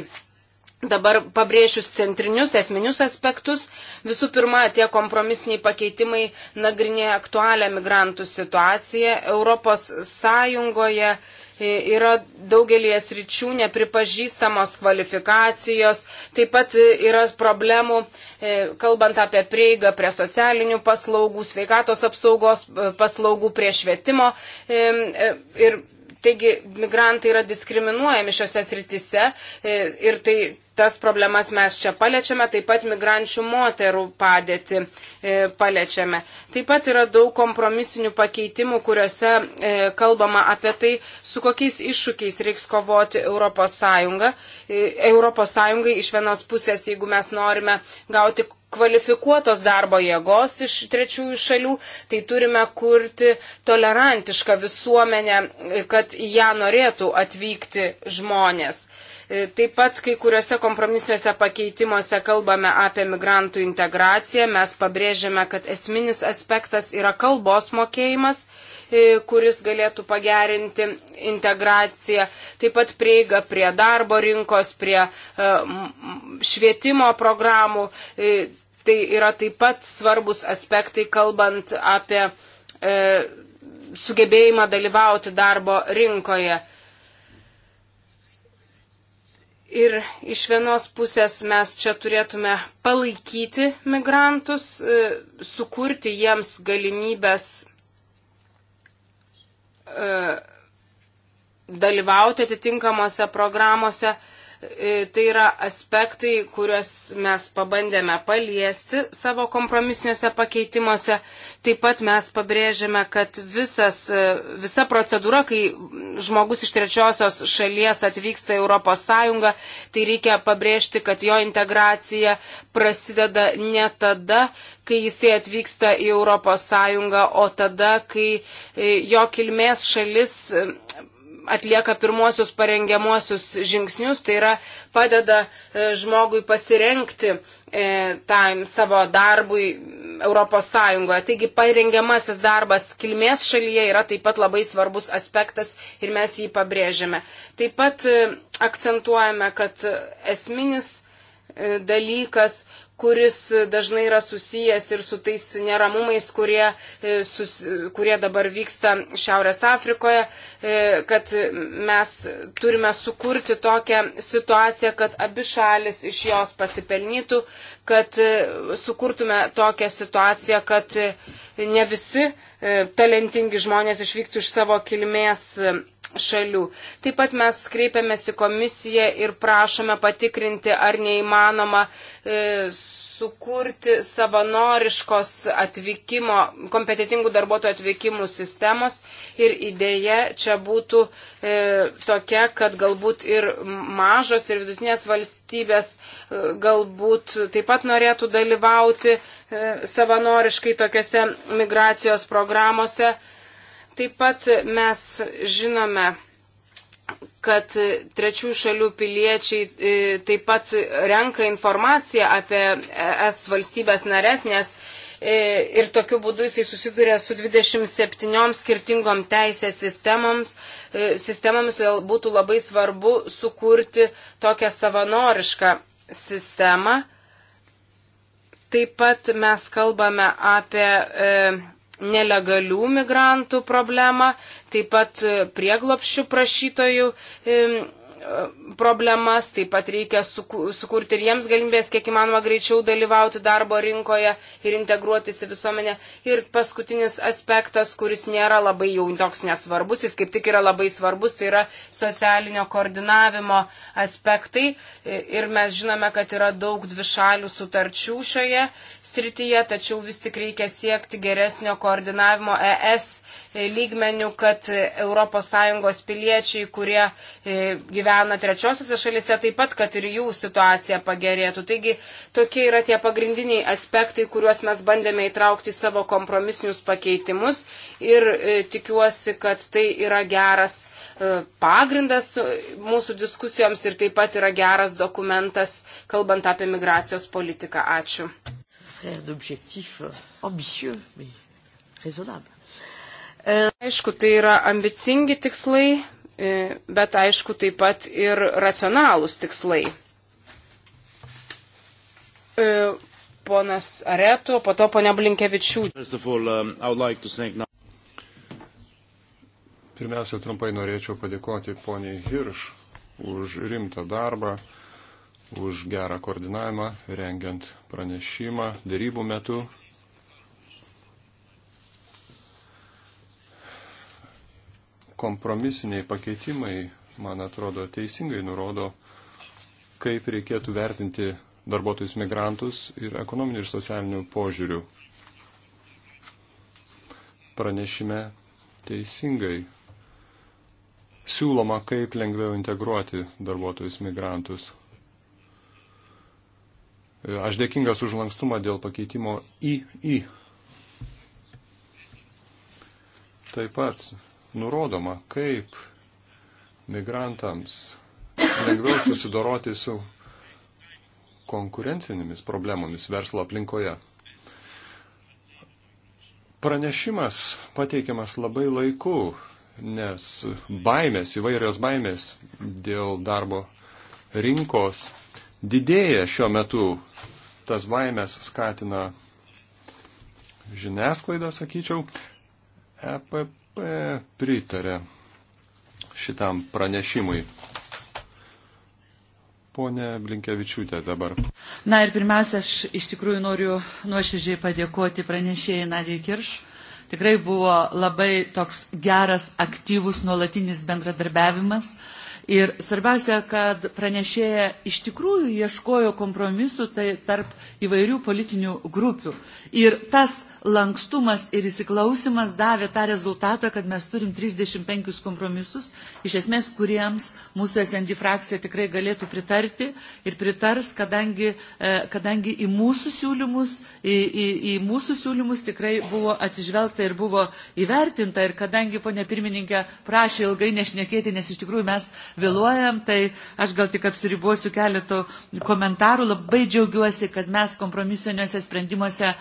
Dabar pabrėšius centrinius esminius aspektus. Visų pirma, tie kompromisiniai pakeitimai nagrinėja aktualią migrantų situaciją. Europos Sąjungoje e, yra daugelie sričių nepripažįstamos kvalifikacijos, taip pat e, yra problemų, e, kalbant apie prieigą prie socialinių paslaugų, sveikatos apsaugos paslaugų, prie švietimo. Ir Taigi migrantai yra diskriminuojami šiuose sritise ir tai tas problemas mes čia paliečiame, taip pat migrančių moterų padėti e, paliečiame. Taip pat yra daug kompromisinių pakeitimų, kuriuose e, kalbama apie tai, su kokiais iššūkiais reiks kovoti Europos, Sąjunga. E, Europos Sąjungai iš vienos pusės, jeigu mes norime gauti kvalifikuotos darbo jėgos iš trečiųjų šalių, tai turime kurti tolerantišką visuomenę, kad į ją norėtų atvykti žmonės. E, taip pat kai kuriuose kompromisiniuose pakeitimuose kalbame apie migrantų integraciją. Mes pabrėžiame, kad esminis aspektas yra kalbos mokėjimas, e, kuris galėtų pagerinti integraciją. Taip pat prieiga prie darbo rinkos, prie e, švietimo programų. Tai yra taip pat svarbus aspektai, kalbant apie sugebėjimą dalyvauti darbo rinkoje. Ir iš vienos pusės mes čia turėtume palaikyti migrantus, e, sukurti jiems galimybės e, dalyvauti atitinkamose programuose, E, tai yra aspektai, kuriuos mes pabandėme paliesti savo kompromisiniuose pakeitimuose. Taip pat mes pabrėžėme, kad visas, e, visa procedūra, kai žmogus iš trečiosios šalies atvyksta į ES, tai reikia pabrėžti, kad jo integracija prasideda ne tada, kai jisai atvyksta į ES, o tada, kai e, jo kilmės šalis atlieka pirmuosius parengiamuosius žingsnius, tai yra padeda e, žmogui pasirenkti e, tam savo darbui Europos Sąjungoje. Taigi parengiamasis darbas kilmės šalyje yra taip pat labai svarbus aspektas ir mes jį pabrėžiame. Taip pat e, akcentuojame, kad esminis dalykas kuris dažnai yra susijęs ir su tais neramumais, kurie, e, sus, kurie dabar vyksta Šiaurės Afrikoje, e, kad mes turime sukurti tokią situaciją, kad abi šalis iš jos pasipelnytų, kad e, sukurtume tokią situaciją, kad ne visi talentingi žmonės išvyktų iš savo kilmės šalių. Taip pat mes kreipiamės į komisiją ir prašome patikrinti, ar neįmanoma e, sukurti savanoriškos atvykimo, kompetitingų darbuotojų atvykimų sistemos. Ir idėja čia būtų e, tokia, kad galbūt ir mažos ir vidutinės valstybės e, galbūt taip pat norėtų dalyvauti e, savanoriškai tokiuose migracijos programuose. E, Taip pat mes žinome, kad trečių šalių piliečiai e, taip pat renka informaciją apie es valstybės narės, nes e, ir tokiu būdu jisai susiduria su 27 skirtingom teisės sistemoms, e, sistemoms todėl būtų labai svarbu sukurti tokią savanorišką sistemą. Taip pat mes kalbame apie nelegalių migrantų problemą, taip pat e, prieglopšių prašytojų e, problemas, taip pat reikia sukurti ir jiems galimybės, kiek įmanoma greičiau dalyvauti darbo rinkoje ir integruotis į visuomenę. Ir paskutinis aspektas, kuris nėra labai jau toks nesvarbus, jis kaip tik yra labai svarbus, tai yra socialinio koordinavimo aspektai. Ir mes žinome, kad yra daug dvišalių sutarčių šioje srityje, tačiau vis tik reikia siekti geresnio koordinavimo ES lygmenių, kad ES piliečiai, kurie e, gyvena trečiosiuose šalise, taip pat, kad ir jų situacija pagerėtų. Taigi tokie yra tie pagrindiniai aspektai, kuriuos mes bandėme įtraukti į savo kompromisinius pakeitimus ir e, tikiuosi, kad tai yra geras e, pagrindas mūsų diskusijoms ir taip pat yra geras dokumentas, kalbant apie migracijos politiką. Ačiū. Ce serait un objectif ambitieux, mais raisonnable. E, aišku, tai yra ambicingi tikslai, e, bet aišku, taip pat ir racionalūs tikslai. E, ponas Aretu, po to ponia Blinkevičių. Um, Pirmiausia, trumpai norėčiau padėkoti poniai Hirš už rimtą darbą, už gerą koordinavimą, rengiant pranešimą dėrybų metu kompromisiniai pakeitimai, man atrodo, teisingai nurodo, kaip reikėtų vertinti darbuotojus migrantus ir ekonominių ir socialinių požiūrių. Pranešime teisingai siūloma, kaip lengviau integruoti darbuotojus migrantus. Aš dėkingas už lankstumą dėl pakeitimo į į. Taip pat nurodoma, kaip migrantams lengviau susidoroti su konkurencinėmis problemomis verslo aplinkoje. Pranešimas pateikiamas labai laiku, nes baimės, įvairios baimės dėl darbo rinkos didėja šiuo metu. Tas baimės skatina žiniasklaida, sakyčiau. EPP pritarė šitam pranešimui. Pone Blinkevičiūtė dabar. Na ir pirmiausia, aš iš tikrųjų noriu nuoširdžiai padėkoti pranešėjai Nadė Kirš. Tikrai buvo labai toks geras, aktyvus, nuolatinis bendradarbiavimas. Ir svarbiausia, kad pranešėja iš tikrųjų ieškojo kompromisų tai tarp įvairių politinių grupių. Ir tas lankstumas ir įsiklausimas davė tą rezultatą, kad mes turim 35 kompromisus, iš esmės, kuriems mūsų SND frakcija tikrai galėtų pritarti ir pritars, kadangi, e, kadangi į, mūsų siūlymus, į, į, į mūsų siūlymus tikrai buvo atsižvelgta ir buvo įvertinta ir kadangi ponė pirmininkė prašė ilgai nešnekėti, nes iš tikrųjų mes vėluojam, tai aš gal tik apsiribuosiu keletą komentarų. Labai džiaugiuosi, kad mes kompromisiniuose sprendimuose e,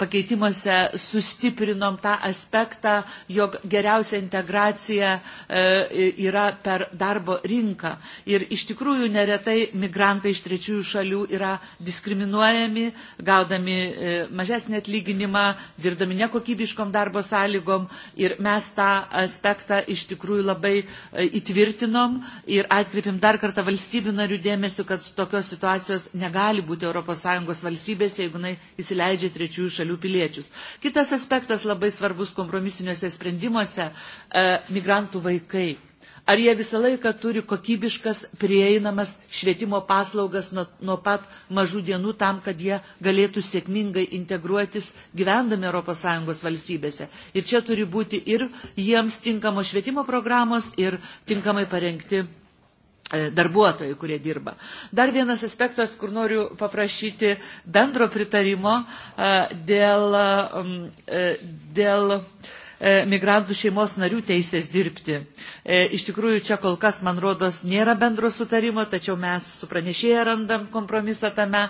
pakeitimuose pirmiausia, sustiprinom tą aspektą, jog geriausia integracija e, yra per darbo rinką. Ir iš tikrųjų neretai migrantai iš trečiųjų šalių yra diskriminuojami, gaudami e, mažesnį atlyginimą, dirbdami nekokybiškom darbo sąlygom ir mes tą aspektą iš tikrųjų labai e, įtvirtinom ir atkreipim dar kartą valstybių narių dėmesį, kad tokios situacijos negali būti ES valstybėse, jeigu jinai įsileidžia trečiųjų šalių piliečius. Kitas aspektas labai svarbus kompromisiniuose sprendimuose e, - migrantų vaikai. Ar jie visą laiką turi kokybiškas, prieinamas švietimo paslaugas nuo, nuo pat mažų dienų tam, kad jie galėtų sėkmingai integruotis gyvendami ES valstybėse. Ir čia turi būti ir jiems tinkamos švietimo programos, ir tinkamai parengti E, darbuotojų, kurie dirba. Dar vienas aspektas, kur noriu paprašyti bendro pritarimo e, dėl, e, dėl migrantų šeimos narių teisės dirbti. Iš tikrųjų, čia kol kas, man rodos, nėra bendro sutarimo, tačiau mes su pranešėja randam kompromisą tame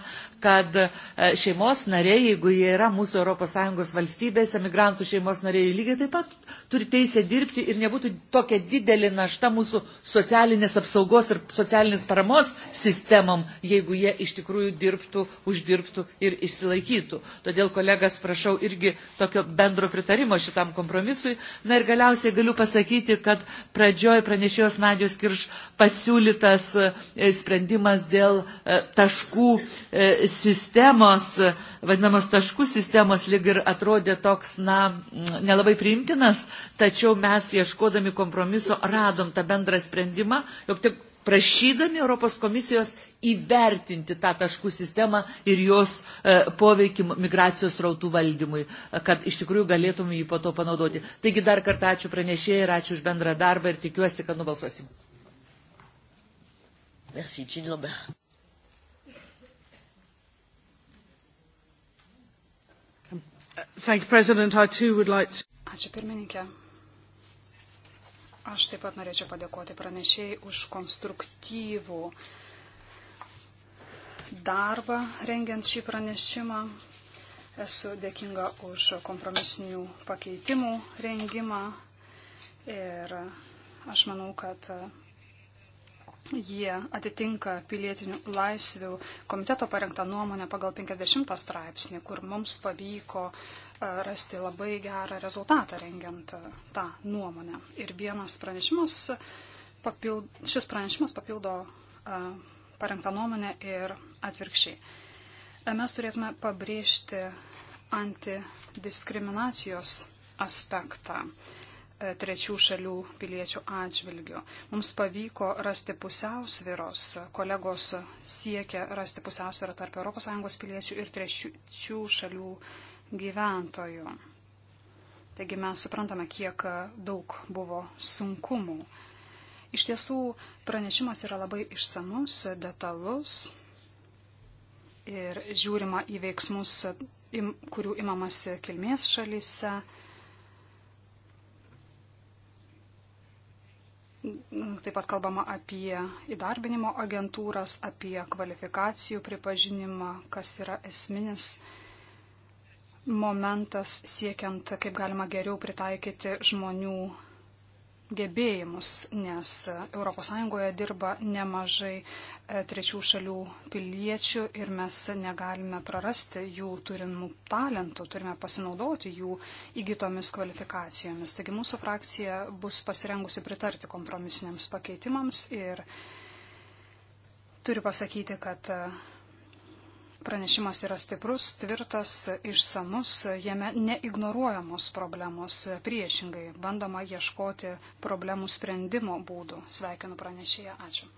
kad e, šeimos nariai, jeigu jie yra mūsų ES valstybėse, migrantų šeimos nariai lygiai taip pat turi teisę dirbti ir nebūtų tokia didelė našta mūsų socialinės apsaugos ir socialinės paramos sistemam, jeigu jie iš tikrųjų dirbtų, uždirbtų ir išsilaikytų. Todėl kolegas prašau irgi tokio bendro pritarimo šitam kompromisui. Na ir galiausiai galiu pasakyti, kad pradžioj pranešėjos Nadijos Kirš pasiūlytas e, sprendimas dėl e, taškų sistemos, vadinamos taškų sistemos lyg ir atrodė toks, na, nelabai priimtinas, tačiau mes ieškodami kompromiso radom tą bendrą sprendimą, jog tik prašydami Europos komisijos įvertinti tą taškų sistemą ir jos e, poveikį migracijos rautų valdymui, kad iš tikrųjų galėtume jį po to panaudoti. Taigi dar kartą ačiū pranešėjai ir ačiū už bendrą darbą ir tikiuosi, kad nubalsuosim. Merci, Jean Lambert. Thank you, President. I too would like to... Ačiū pirmininkė. Aš taip pat norėčiau padėkoti pranešėjai už konstruktyvų darbą rengiant šį pranešimą. Esu dėkinga už kompromisinių pakeitimų rengimą ir aš manau, kad Jie atitinka pilietinių laisvių komiteto parengtą nuomonę pagal 50 straipsnį, kur mums pavyko e, rasti labai gerą rezultatą rengiant e, tą nuomonę. Ir vienas pranešimas, papild, šis pranešimas papildo e, parengtą nuomonę ir atvirkščiai. Mes turėtume pabrėžti antidiskriminacijos aspektą. E, trečių šalių piliečių atžvilgių. Mums pavyko rasti pusiausviros, kolegos siekia rasti pusiausvirą tarp ES piliečių ir trečių šalių gyventojų. Taigi mes suprantame, kiek daug buvo sunkumų. Iš tiesų, pranešimas yra labai išsamus, detalus ir žiūrima į veiksmus, kurių imamasi kilmės šalyse Taip pat kalbama apie įdarbinimo agentūras, apie kvalifikacijų pripažinimą, kas yra esminis momentas siekiant, kaip galima geriau pritaikyti žmonių gebėjimus, nes ES dirba nemažai e, trečių šalių piliečių ir mes negalime prarasti jų turimų talentų, turime pasinaudoti jų įgytomis kvalifikacijomis. Taigi mūsų frakcija bus pasirengusi pritarti kompromisiniams pakeitimams ir turiu pasakyti, kad e, Pranešimas yra stiprus, tvirtas, išsamus, jame neignoruojamos problemos, priešingai bandoma ieškoti problemų sprendimo būdų. Sveikinu pranešėją, ačiū.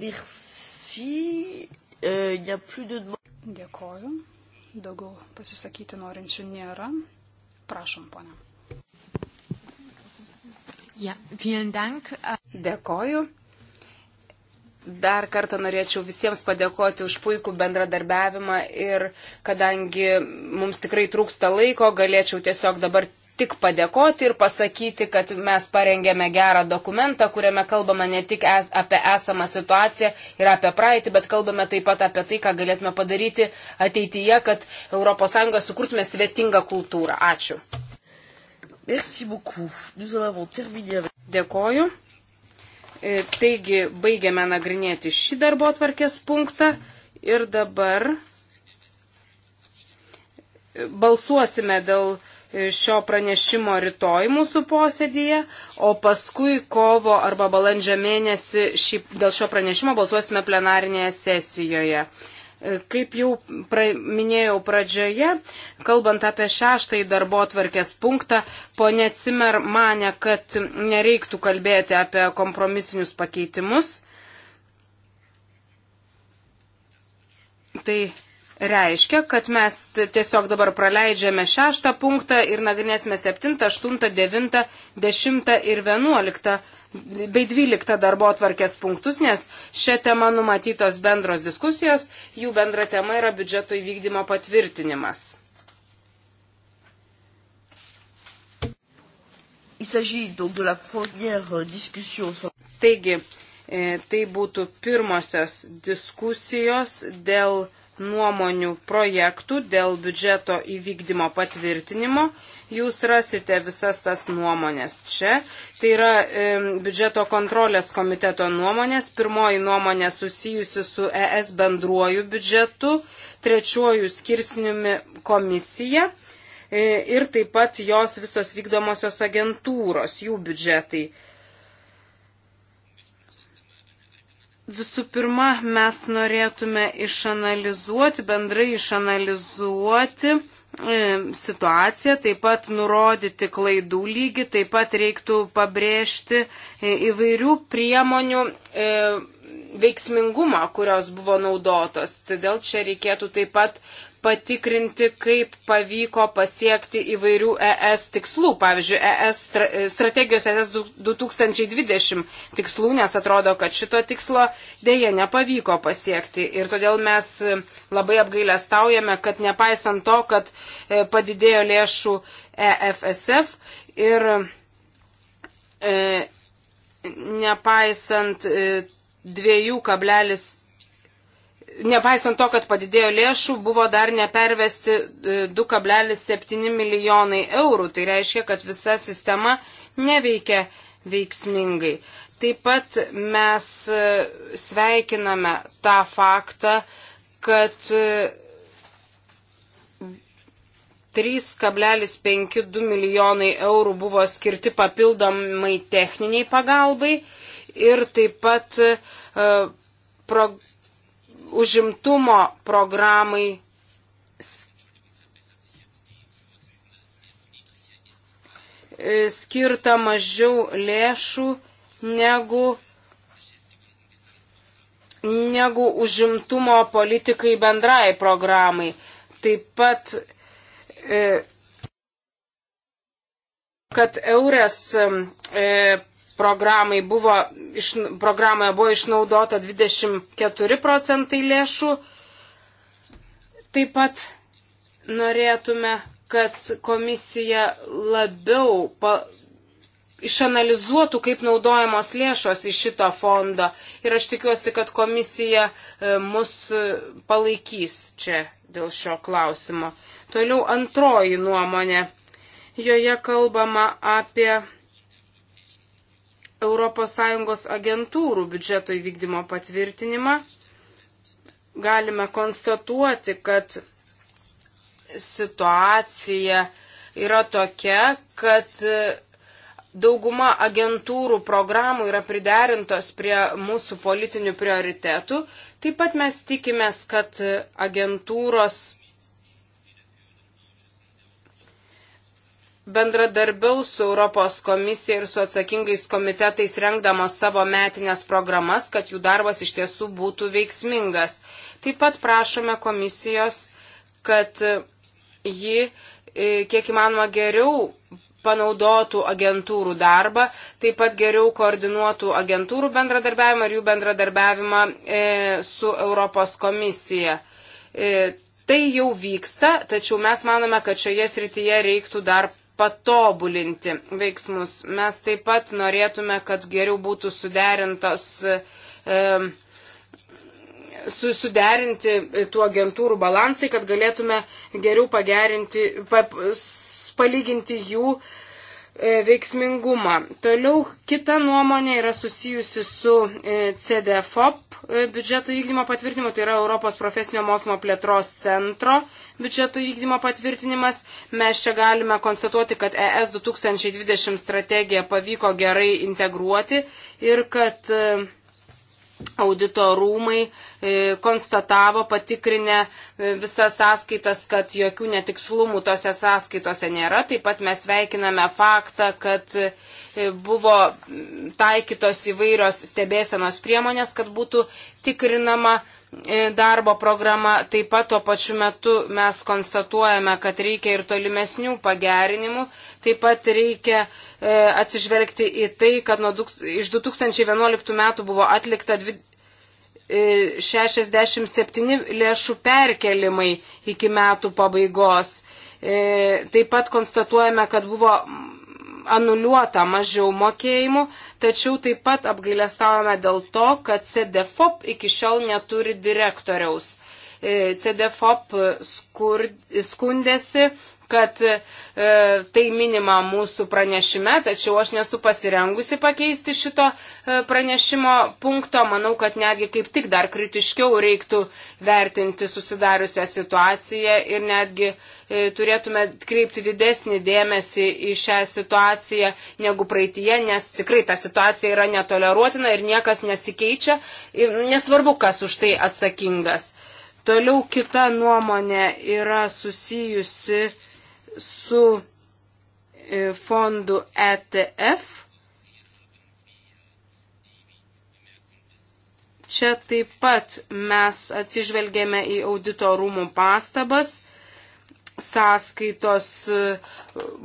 Merci. Euh, Dėkoju. Daugiau pasisakyti norinčių nėra. Prašom, ponia. Ja, Dėkoju. Dar kartą norėčiau visiems padėkoti už puikų bendradarbiavimą ir kadangi mums tikrai trūksta laiko, galėčiau tiesiog dabar tik padėkoti ir pasakyti, kad mes parengėme gerą dokumentą, kuriame kalbame ne tik es, apie esamą situaciją ir apie praeitį, bet kalbame taip pat apie tai, ką galėtume padaryti ateityje, kad ES sukurtume svetingą kultūrą. Ačiū. Dėkoju. E, taigi, baigiame nagrinėti šį darbo atvarkės punktą ir dabar e, balsuosime dėl e, šio pranešimo rytoj mūsų posėdėje, o paskui kovo arba balandžio mėnesį šį, dėl šio pranešimo balsuosime plenarinėje sesijoje. E, kaip jau pra, minėjau pradžioje, kalbant apie šeštąjį darbo atvarkės punktą, ponė Cimer mane, kad nereiktų kalbėti apie kompromisinius pakeitimus. Tai reiškia, kad mes tiesiog dabar praleidžiame šeštą punktą ir nagrinėsime septintą, aštuntą, devintą, dešimtą ir vienuoliktą punktą bei 12 darbo atvarkės punktus, nes šią temą numatytos bendros diskusijos, jų bendra tema yra biudžeto įvykdymo patvirtinimas. Euh, Taigi, e, tai būtų pirmosios diskusijos dėl nuomonių projektų, dėl biudžeto įvykdymo patvirtinimo jūs rasite visas tas nuomonės čia. Tai yra e, biudžeto kontrolės komiteto nuomonės. Pirmoji nuomonė susijusi su ES bendruoju biudžetu, trečiuoju skirsniumi komisija e, ir taip pat jos visos vykdomosios agentūros, jų biudžetai. Visų pirma, mes norėtume išanalizuoti, bendrai išanalizuoti e, situaciją, taip pat nurodyti klaidų lygį, taip pat reiktų pabrėžti e, įvairių priemonių e, veiksmingumą, kurios buvo naudotos. Todėl čia reikėtų taip pat patikrinti, kaip pavyko pasiekti įvairių ES tikslų, pavyzdžiui, ES strategijos ES 2020 tikslų, nes atrodo, kad šito tikslo dėje nepavyko pasiekti. Ir todėl mes e, labai apgailę staujame, kad nepaisant to, kad e, padidėjo lėšų EFSF ir e, nepaisant 2,5 e, nepaisant to, kad padidėjo lėšų, buvo dar nepervesti 2,7 e, milijonai eurų. Tai reiškia, kad visa sistema neveikia veiksmingai. Taip pat mes e, sveikiname tą faktą, kad 3,52 e, milijonai eurų buvo skirti papildomai techniniai pagalbai ir taip pat pro, užimtumo programai skirta mažiau lėšų negu, negu užimtumo politikai bendrai programai. Taip pat, e, kad eurės e, programai buvo, iš, programoje buvo išnaudota 24 procentai lėšų. Taip pat norėtume, kad komisija labiau pa, išanalizuotų, kaip naudojamos lėšos iš šito fondo. Ir aš tikiuosi, kad komisija e, mus e, palaikys čia dėl šio klausimo. Toliau antroji nuomonė. Joje kalbama apie ES agentūrų biudžeto įvykdymo patvirtinimą, galime konstatuoti, kad situacija yra tokia, kad dauguma agentūrų programų yra priderintos prie mūsų politinių prioritetų. Taip pat mes tikimės, kad agentūros bendradarbiau su Europos komisija ir su atsakingais komitetais rengdamos savo metinės programas, kad jų darbas iš tiesų būtų veiksmingas. Taip pat prašome komisijos, kad ji e, kiek įmanoma geriau panaudotų agentūrų darbą, taip pat geriau koordinuotų agentūrų bendradarbiavimą ir jų bendradarbiavimą e, su Europos komisija. E, tai jau vyksta, tačiau mes manome, kad šioje srityje reiktų dar patobulinti veiksmus. Mes taip pat norėtume, kad geriau būtų suderintos. E, su, suderinti tų agentūrų balansai, kad galėtume geriau pagerinti, pa, palyginti jų uh, E, veiksmingumą. Toliau kita nuomonė yra susijusi su e, CDFOP e, biudžeto įgymo patvirtinimu, tai yra Europos profesinio mokymo plėtros centro biudžeto įgymo patvirtinimas. Mes čia galime konstatuoti, kad ES 2020 strategiją pavyko gerai integruoti ir kad audito rūmai e, konstatavo patikrinę e, visas sąskaitas, kad jokių netikslumų tose sąskaitose nėra. Taip pat mes veikiname faktą, kad e, buvo taikytos įvairios stebėsenos priemonės, kad būtų tikrinama E, darbo programa. Taip pat tuo pačiu metu mes konstatuojame, kad reikia ir tolimesnių pagerinimų. Taip pat reikia e, atsižvelgti į tai, kad nuo, iš 2011 metų buvo atlikta 67 e, lėšų perkelimai iki metų pabaigos. E, taip pat konstatuojame, kad buvo anuliuota mažiau mokėjimų, tačiau taip pat apgailestavome dėl to, kad CDFOP iki šiol neturi direktoriaus. E, CDFOP skur, skundėsi, kad e, tai minima mūsų pranešime, tačiau aš nesu pasirengusi pakeisti šito e, pranešimo punkto. Manau, kad netgi kaip tik dar kritiškiau reiktų vertinti susidariusią situaciją ir netgi e, turėtume kreipti didesnį dėmesį į šią situaciją negu praeitie, nes tikrai ta situacija yra netoleruotina ir niekas nesikeičia. Ir nesvarbu, kas už tai atsakingas. Toliau kita nuomonė yra susijusi su e, fondu ETF. Čia taip pat mes atsižvelgėme į audito rūmų pastabas. Sąskaitos e,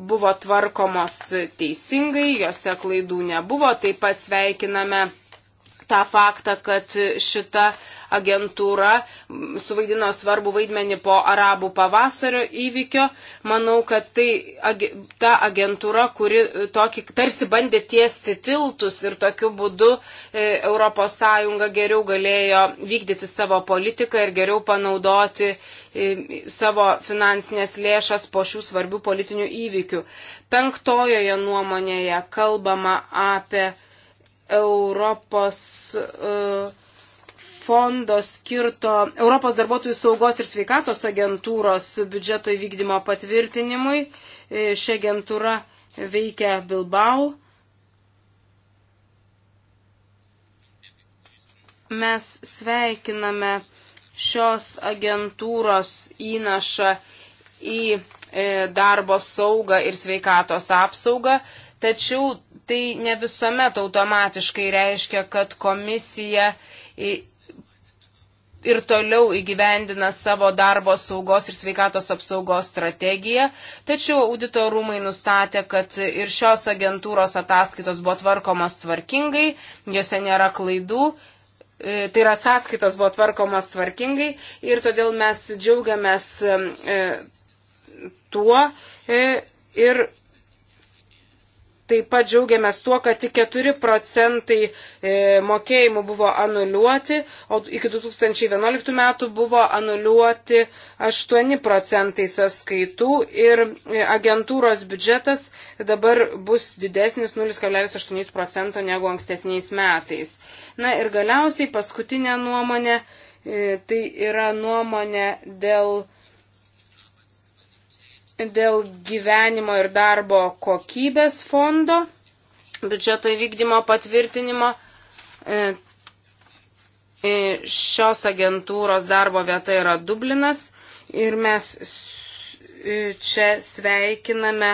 buvo tvarkomos teisingai, jose klaidų nebuvo. Taip pat sveikiname tą faktą, kad šita agentūra suvaidino svarbu vaidmenį po arabų pavasario įvykio. Manau, kad tai ag, ta agentūra, kuri tokį, tarsi bandė tiesti tiltus ir tokiu būdu e, ES geriau galėjo vykdyti savo politiką ir geriau panaudoti e, savo finansinės lėšas po šių svarbių politinių įvykių. Penktojoje nuomonėje kalbama apie Europos e, fondo skirto Europos darbuotojų saugos ir sveikatos agentūros biudžeto įvykdymo patvirtinimui. E, ši agentūra veikia Bilbao. Mes sveikiname šios agentūros įnašą į e, darbo saugą ir sveikatos apsaugą, tačiau tai ne visuomet automatiškai reiškia, kad komisija ir toliau įgyvendina savo darbo saugos ir sveikatos apsaugos strategiją, tačiau audito rūmai nustatė, kad ir šios agentūros ataskaitos buvo tvarkomos tvarkingai, juose nėra klaidų, e, tai yra sąskaitos buvo tvarkomos tvarkingai ir todėl mes džiaugiamės e, tuo e, ir Taip pat džiaugiamės tuo, kad tik 4 procentai e, mokėjimų buvo anuliuoti, o iki 2011 metų buvo anuliuoti 8 procentai sąskaitų ir e, agentūros biudžetas dabar bus didesnis 0,8 procento negu ankstesniais metais. Na ir galiausiai paskutinė nuomonė, e, tai yra nuomonė dėl dėl gyvenimo ir darbo kokybės fondo, biudžeto įvykdymo patvirtinimo. E, e, šios agentūros darbo vieta yra Dublinas ir mes e, čia sveikiname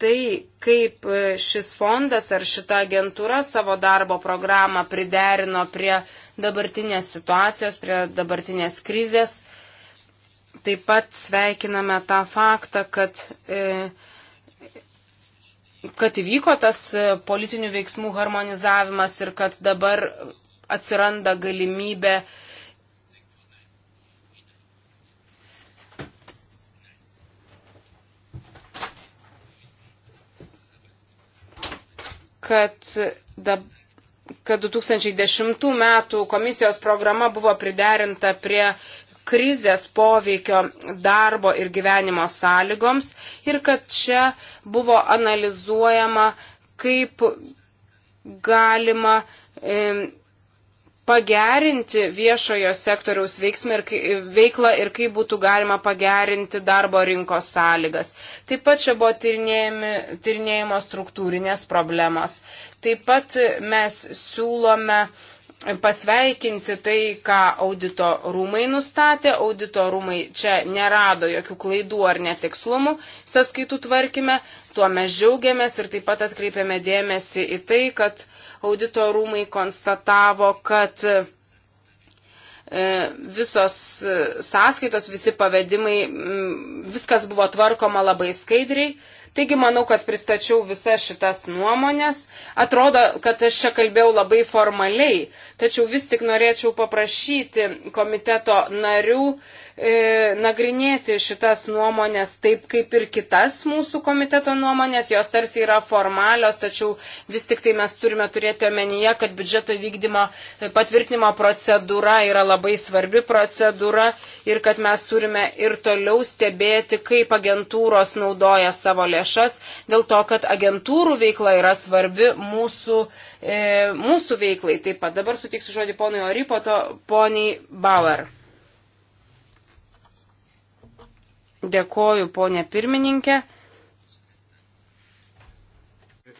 tai, kaip šis fondas ar šita agentūra savo darbo programą priderino prie dabartinės situacijos, prie dabartinės krizės Taip pat sveikiname tą faktą, kad, e, kad įvyko tas e, politinių veiksmų harmonizavimas ir kad dabar atsiranda galimybė kad, da, kad 2010 metų komisijos programa buvo priderinta prie krizės poveikio darbo ir gyvenimo sąlygoms ir kad čia buvo analizuojama, kaip galima e, pagerinti viešojo sektoriaus ir, veiklą ir kaip būtų galima pagerinti darbo rinkos sąlygas. Taip pat čia buvo tyrinėjimo struktūrinės problemos. Taip pat mes siūlome pasveikinti tai, ką audito rūmai nustatė. Audito rūmai čia nerado jokių klaidų ar netikslumų sąskaitų tvarkime. Tuo mes džiaugiamės ir taip pat atkreipėme dėmesį į tai, kad audito rūmai konstatavo, kad e, visos e, sąskaitos, visi pavedimai, viskas buvo tvarkoma labai skaidriai Taigi manau, kad pristačiau visas šitas nuomonės. Atrodo, kad aš čia kalbėjau labai formaliai, tačiau vis tik norėčiau paprašyti komiteto narių E, nagrinėti šitas nuomonės taip kaip ir kitas mūsų komiteto nuomonės. Jos tarsi yra formalios, tačiau vis tik tai mes turime turėti omenyje, kad biudžeto vykdymo e, patvirtinimo procedūra yra labai svarbi procedūra ir kad mes turime ir toliau stebėti, kaip agentūros naudoja savo lėšas, dėl to, kad agentūrų veikla yra svarbi mūsų, e, mūsų veiklai. Taip pat dabar sutiksiu žodį ponui Ori, po to poniai Bauer. Dėkoju, ponė pirmininkė.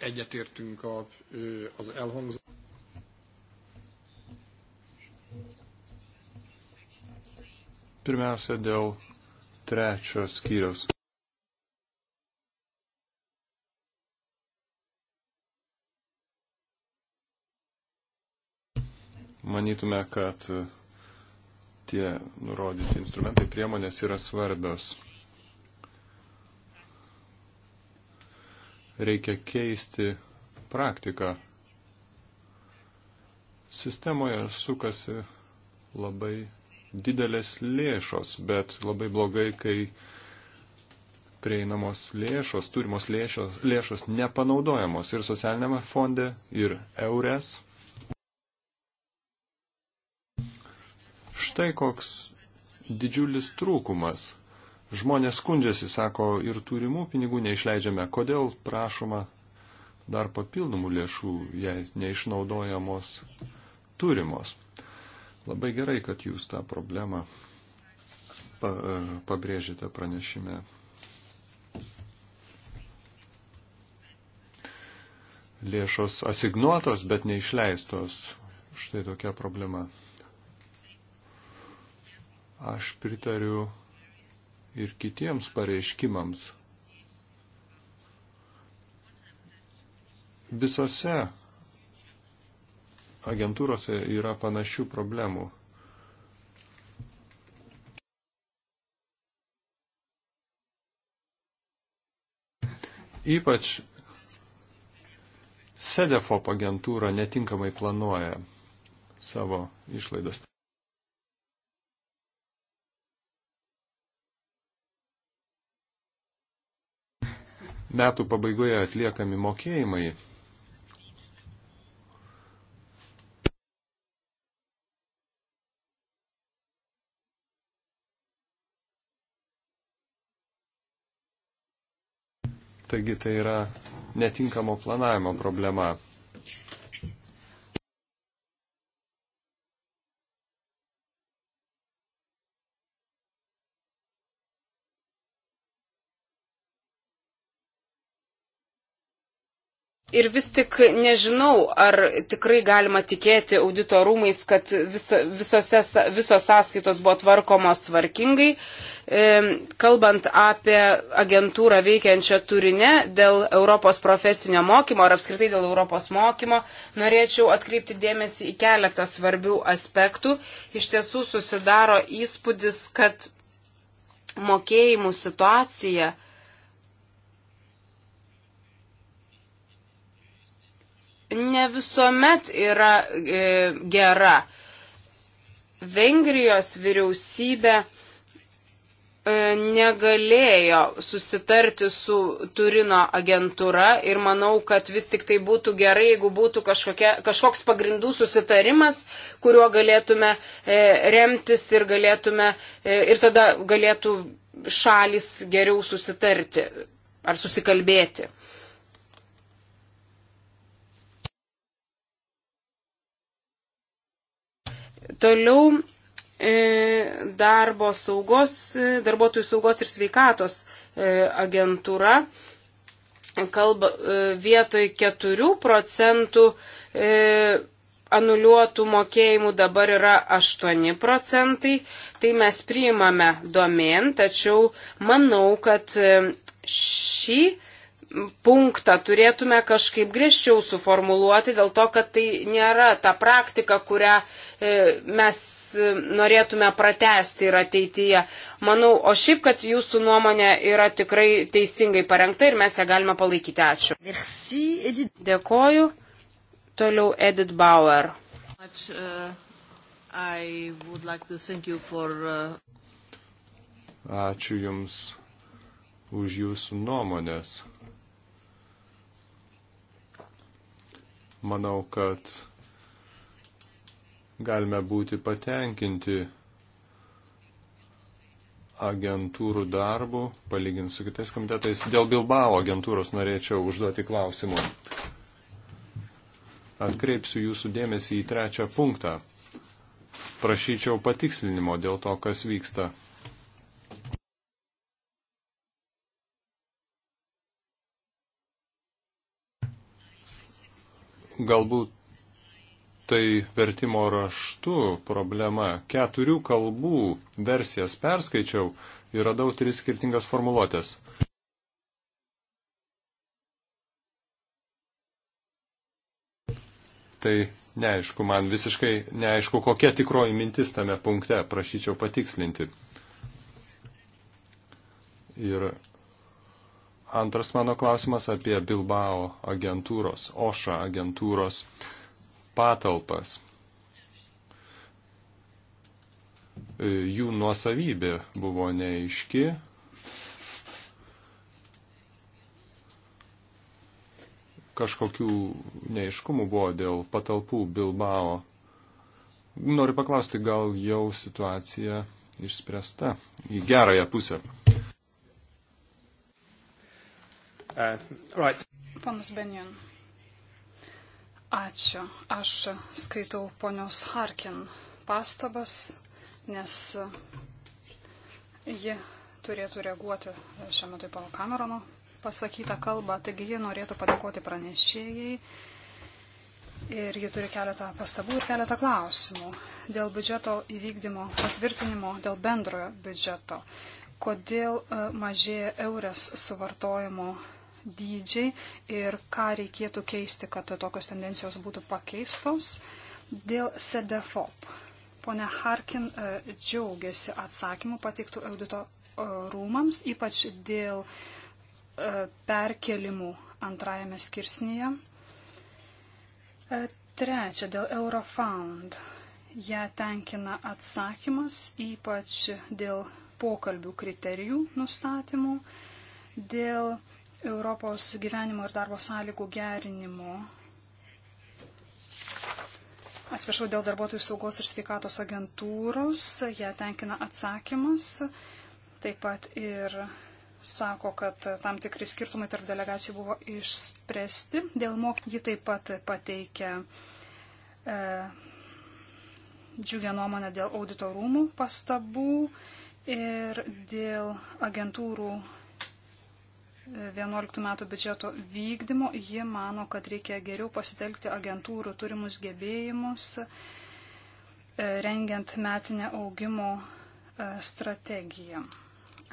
Egyetértünk az elhangzott. Pirmiausia, dėl trečio skyriaus. Manytume, kad e, tie nurodyti instrumentai priemonės yra svarbios. reikia keisti praktiką. Sistemoje sukasi labai didelės lėšos, bet labai blogai, kai prieinamos lėšos, turimos lėšos, lėšos nepanaudojamos ir socialinėme fonde, ir eures. Štai koks didžiulis trūkumas Žmonės skundžiasi, sako, ir turimų pinigų neišleidžiame. Kodėl prašoma dar papildomų lėšų, jei neišnaudojamos turimos? Labai gerai, kad jūs tą problemą pa, e, pabrėžite pranešime. Lėšos asignuotos, bet neišleistos. Štai tokia problema. Aš pritariu ir kitiems pareiškimams. Visose agentūrose yra panašių problemų. Ypač SEDEFOP agentūra netinkamai planuoja savo išlaidas. metų pabaigoje atliekami mokėjimai. Taigi tai yra netinkamo planavimo problema. Ir vis tik nežinau, ar tikrai galima tikėti audito rūmais, kad visa, visose, visos sąskaitos buvo tvarkomos tvarkingai. E, kalbant apie agentūrą veikiančią turinę dėl Europos profesinio mokymo ar apskritai dėl Europos mokymo, norėčiau atkreipti dėmesį į keletą svarbių aspektų. Iš tiesų susidaro įspūdis, kad mokėjimų situacija. E, ne visuomet yra e, gera. Vengrijos vyriausybė e, negalėjo susitarti su Turino agentūra ir manau, kad vis tik tai būtų gerai, jeigu būtų kažkokia, kažkoks pagrindų susitarimas, kuriuo galėtume e, remtis ir galėtume e, ir tada galėtų šalis geriau susitarti ar susikalbėti. Toliau e, darbo saugos, e, darbuotojų saugos ir sveikatos e, agentūra kalba vietoj 4 procentų anuliuotų mokėjimų dabar yra 8 procentai, tai mes priimame domen, tačiau manau, kad šį punktą turėtume kažkaip griežčiau suformuluoti, dėl to, kad tai nėra ta praktika, kurią e, mes e, norėtume pratesti ir ateityje. Manau, o šiaip, kad jūsų nuomonė yra tikrai teisingai parengta ir mes ją galime palaikyti. Ačiū. Merci, Dėkoju. Toliau Edith Bauer. Much, uh, like for, uh... Ačiū Jums už Jūsų nuomonės. Manau, kad galime būti patenkinti agentūrų darbu, palyginti su kitais komitetais. Dėl Bilbao agentūros norėčiau užduoti klausimų. Atkreipsiu jūsų dėmesį į trečią punktą. Prašyčiau patikslinimo dėl to, kas vyksta Galbūt tai vertimo raštu problema. Keturių kalbų versijas perskaičiau ir radau tris skirtingas formuluotės. Tai neaišku, man visiškai neaišku, kokia tikroji mintis tame punkte, prašyčiau patikslinti. Ir Antras mano klausimas apie Bilbao agentūros, OŠA agentūros patalpas. Jų nuosavybė buvo neaiški. Kažkokių neiškumų buvo dėl patalpų Bilbao. Noriu paklausti, gal jau situacija išspręsta į gerąją pusę. Uh, right. Panas Benjon. Ačiū. Aš skaitau ponios Harkin pastabas, nes ji turėtų reaguoti šiuo metu į Paulo Kamerono pasakytą kalbą. Taigi ji norėtų padėkoti pranešėjai ir ji turi keletą pastabų ir keletą klausimų dėl biudžeto įvykdymo patvirtinimo, dėl bendrojo biudžeto. Kodėl e, mažėja eurės suvartojimo dydžiai ir ką reikėtų keisti, kad tokios tendencijos būtų pakeistos. Dėl SEDEFOP. Pone Harkin e, džiaugiasi atsakymu pateiktų audito e, rūmams, ypač dėl e, perkelimų antrajame skirsnyje. Trečia, dėl Eurofound. Ja tenkina atsakymas, ypač dėl pokalbių kriterijų nustatymų, dėl Europos gyvenimo ir darbo sąlygų gerinimo. Atsiprašau dėl darbuotojų saugos ir sveikatos agentūros, jie tenkina atsakymas, taip pat ir sako, kad tam tikri skirtumai tarp delegacijų buvo išspręsti. Dėl mokymų ji taip pat pateikia e, džiugę nuomonę dėl audito rūmų pastabų ir dėl agentūrų 2011 metų biudžeto vykdymo. Ji mano, kad reikia geriau pasitelkti agentūrų turimus gebėjimus, e, rengiant metinę augimo e, strategiją.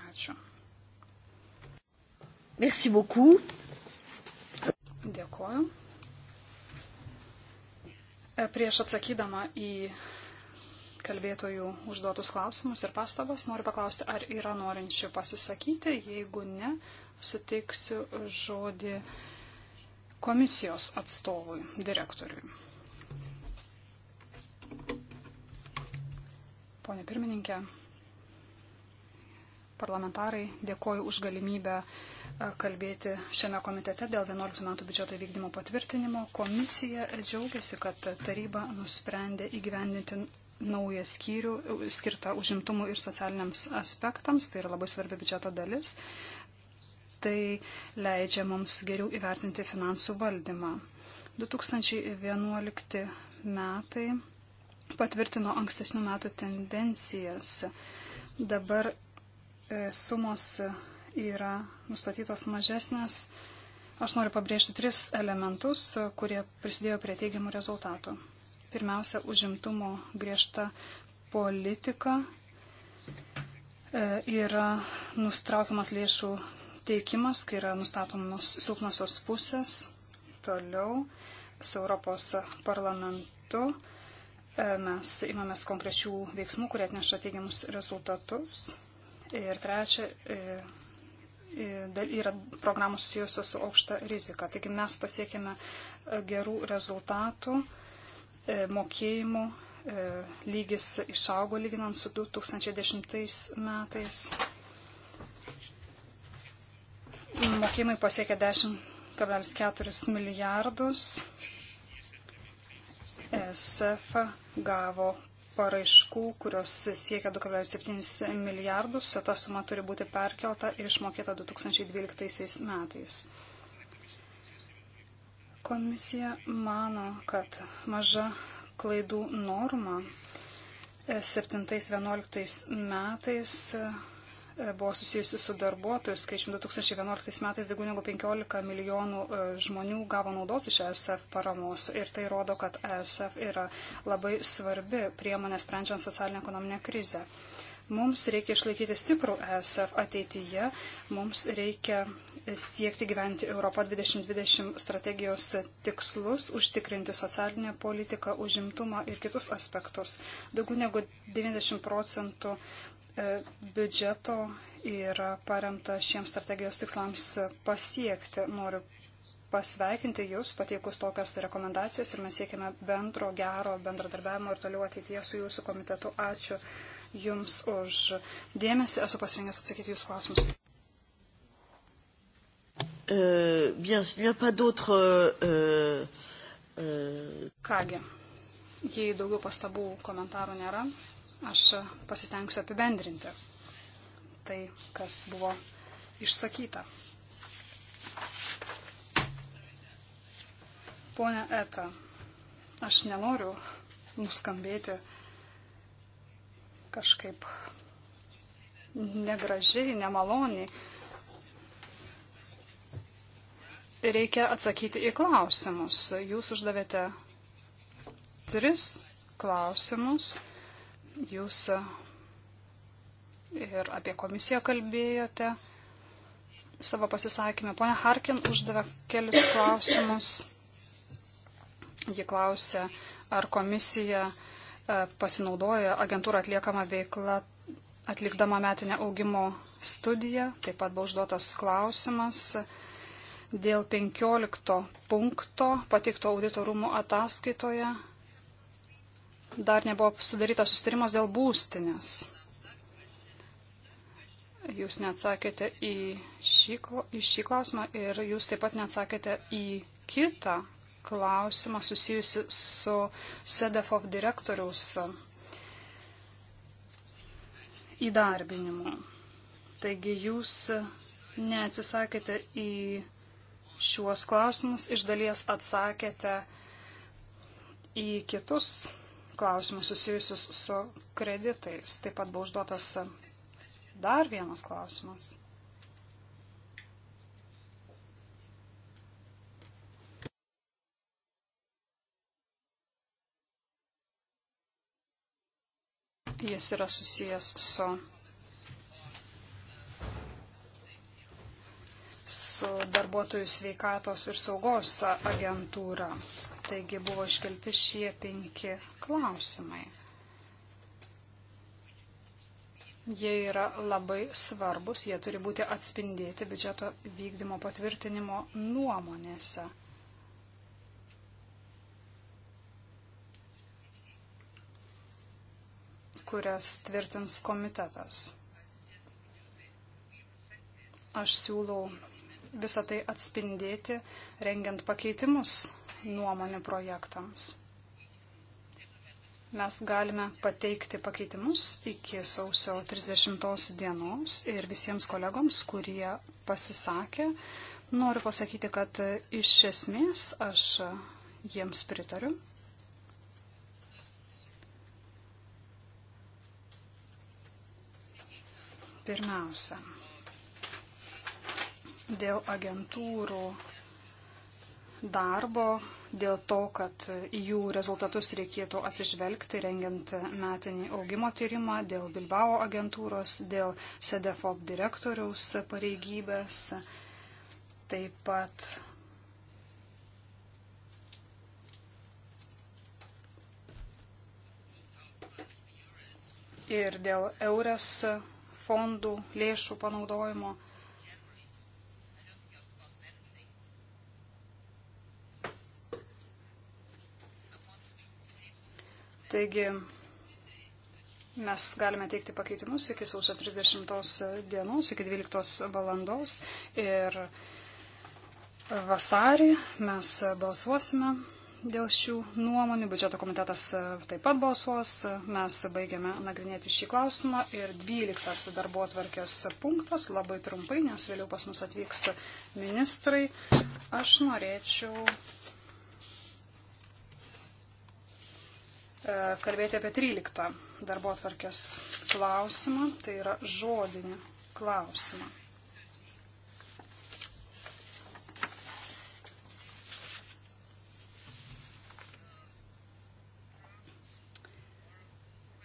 Ačiū. Merci beaucoup. Dėkoju. E, prieš atsakydama į kalbėtojų užduotus klausimus ir pastabas, noriu paklausti, ar yra norinčių pasisakyti. Jeigu ne, suteiksiu žodį komisijos atstovui, direktoriui. Pone pirmininkė, parlamentarai, dėkoju už galimybę e, kalbėti šiame komitete dėl 11 metų biudžeto įvykdymo patvirtinimo. Komisija džiaugiasi, kad taryba nusprendė įgyvendinti naują skyrių skirtą užimtumų ir socialiniams aspektams. Tai yra labai svarbi biudžeto dalis tai leidžia mums geriau įvertinti finansų valdymą. 2011 metai patvirtino ankstesnių metų tendencijas. Dabar e, sumos yra nustatytos mažesnės. Aš noriu pabrėžti tris elementus, kurie prisidėjo prie teigiamų rezultatų. Pirmiausia, užimtumo griežta politika e, yra nustraukiamas lėšų teikimas, kai yra nustatomos silpnosios pusės, toliau su Europos parlamentu e, mes imamės konkrečių veiksmų, kurie atneša teigiamus rezultatus. Ir trečia, e, e, yra programos susijusios su aukšta rizika. Taigi mes pasiekėme gerų rezultatų, mokėjimų lygis išaugo lyginant su 2010 metais mokėjimai pasiekė 10,4 milijardus. ESF gavo paraiškų, kurios siekia 2,7 milijardus. Ta suma turi būti perkelta ir išmokėta 2012 metais. Komisija mano, kad maža klaidų norma 7-11 metais buvo susijusi su darbuotojų skaičiumi. 2011 metais daugiau negu 15 milijonų e, žmonių gavo naudos iš ESF paramos ir tai rodo, kad ESF yra labai svarbi priemonė sprendžiant socialinę ekonominę krizę. Mums reikia išlaikyti stiprų ESF ateityje, mums reikia siekti gyventi Europo 2020 strategijos tikslus, užtikrinti socialinę politiką, užimtumą ir kitus aspektus. Daugiau negu 90 procentų E, biudžeto yra paremta šiems strategijos tikslams pasiekti. Noriu pasveikinti Jūs, pateikus tokias rekomendacijas ir mes siekime bendro, gero bendradarbiavimo ir toliau ateityje su Jūsų komitetu. Ačiū Jums už dėmesį. Esu pasirengęs atsakyti Jūsų klausimus. Uh, bien, uh, uh... Kągi, jei daugiau pastabų komentarų nėra, Aš pasistengsiu apibendrinti tai, kas buvo išsakyta. Pone Eta, aš nenoriu nuskambėti kažkaip negražiai, nemaloniai. Reikia atsakyti į klausimus. Jūs uždavėte tris klausimus. Jūs e, ir apie komisiją kalbėjote savo pasisakymę. Pone Harkin uždavė kelis klausimus. Ji klausė, ar komisija e, pasinaudoja agentūrą atliekamą veiklą atlikdama metinę augimo studiją. Taip pat buvo užduotas klausimas dėl 15 punkto pateikto auditorumo ataskaitoje dar nebuvo sudarytas sustarimas dėl būstinės. Jūs neatsakėte į šį, į šį klausimą ir jūs taip pat neatsakėte į kitą klausimą susijusi su SEDEFOV direktoriaus įdarbinimu. Taigi jūs neatsisakėte į šiuos klausimus, iš dalies atsakėte į kitus klausimus susijusius su kreditais. Taip pat buvo užduotas dar vienas klausimas. Jis yra susijęs su, su darbuotojų sveikatos ir saugos agentūra. Taigi buvo iškelti šie penki klausimai. Jie yra labai svarbus, jie turi būti atspindėti biudžeto vykdymo patvirtinimo nuomonėse. kurias tvirtins komitetas. Aš siūlau visą tai atspindėti, rengiant pakeitimus nuomonių projektams. Mes galime pateikti pakeitimus iki sausio 30 dienos ir visiems kolegoms, kurie pasisakė, noriu pasakyti, kad iš esmės aš jiems pritariu. Pirmiausia, dėl agentūrų darbo dėl to, kad į jų rezultatus reikėtų atsižvelgti, rengiant metinį augimo tyrimą dėl Bilbao agentūros, dėl SEDEFOP direktoriaus pareigybės, taip pat ir dėl EURES fondų lėšų panaudojimo. Taigi mes galime teikti pakeitimus iki sausio 30 dienos, iki 12 valandos ir vasarį mes balsuosime dėl šių nuomonių. Biudžeto komitetas taip pat balsuos. Mes baigiame nagrinėti šį klausimą. Ir 12 darbo atvarkės punktas, labai trumpai, nes vėliau pas mus atvyks ministrai. Aš norėčiau E, kalbėti apie 13 darbo atvarkės klausimą, tai yra žodinį klausimą.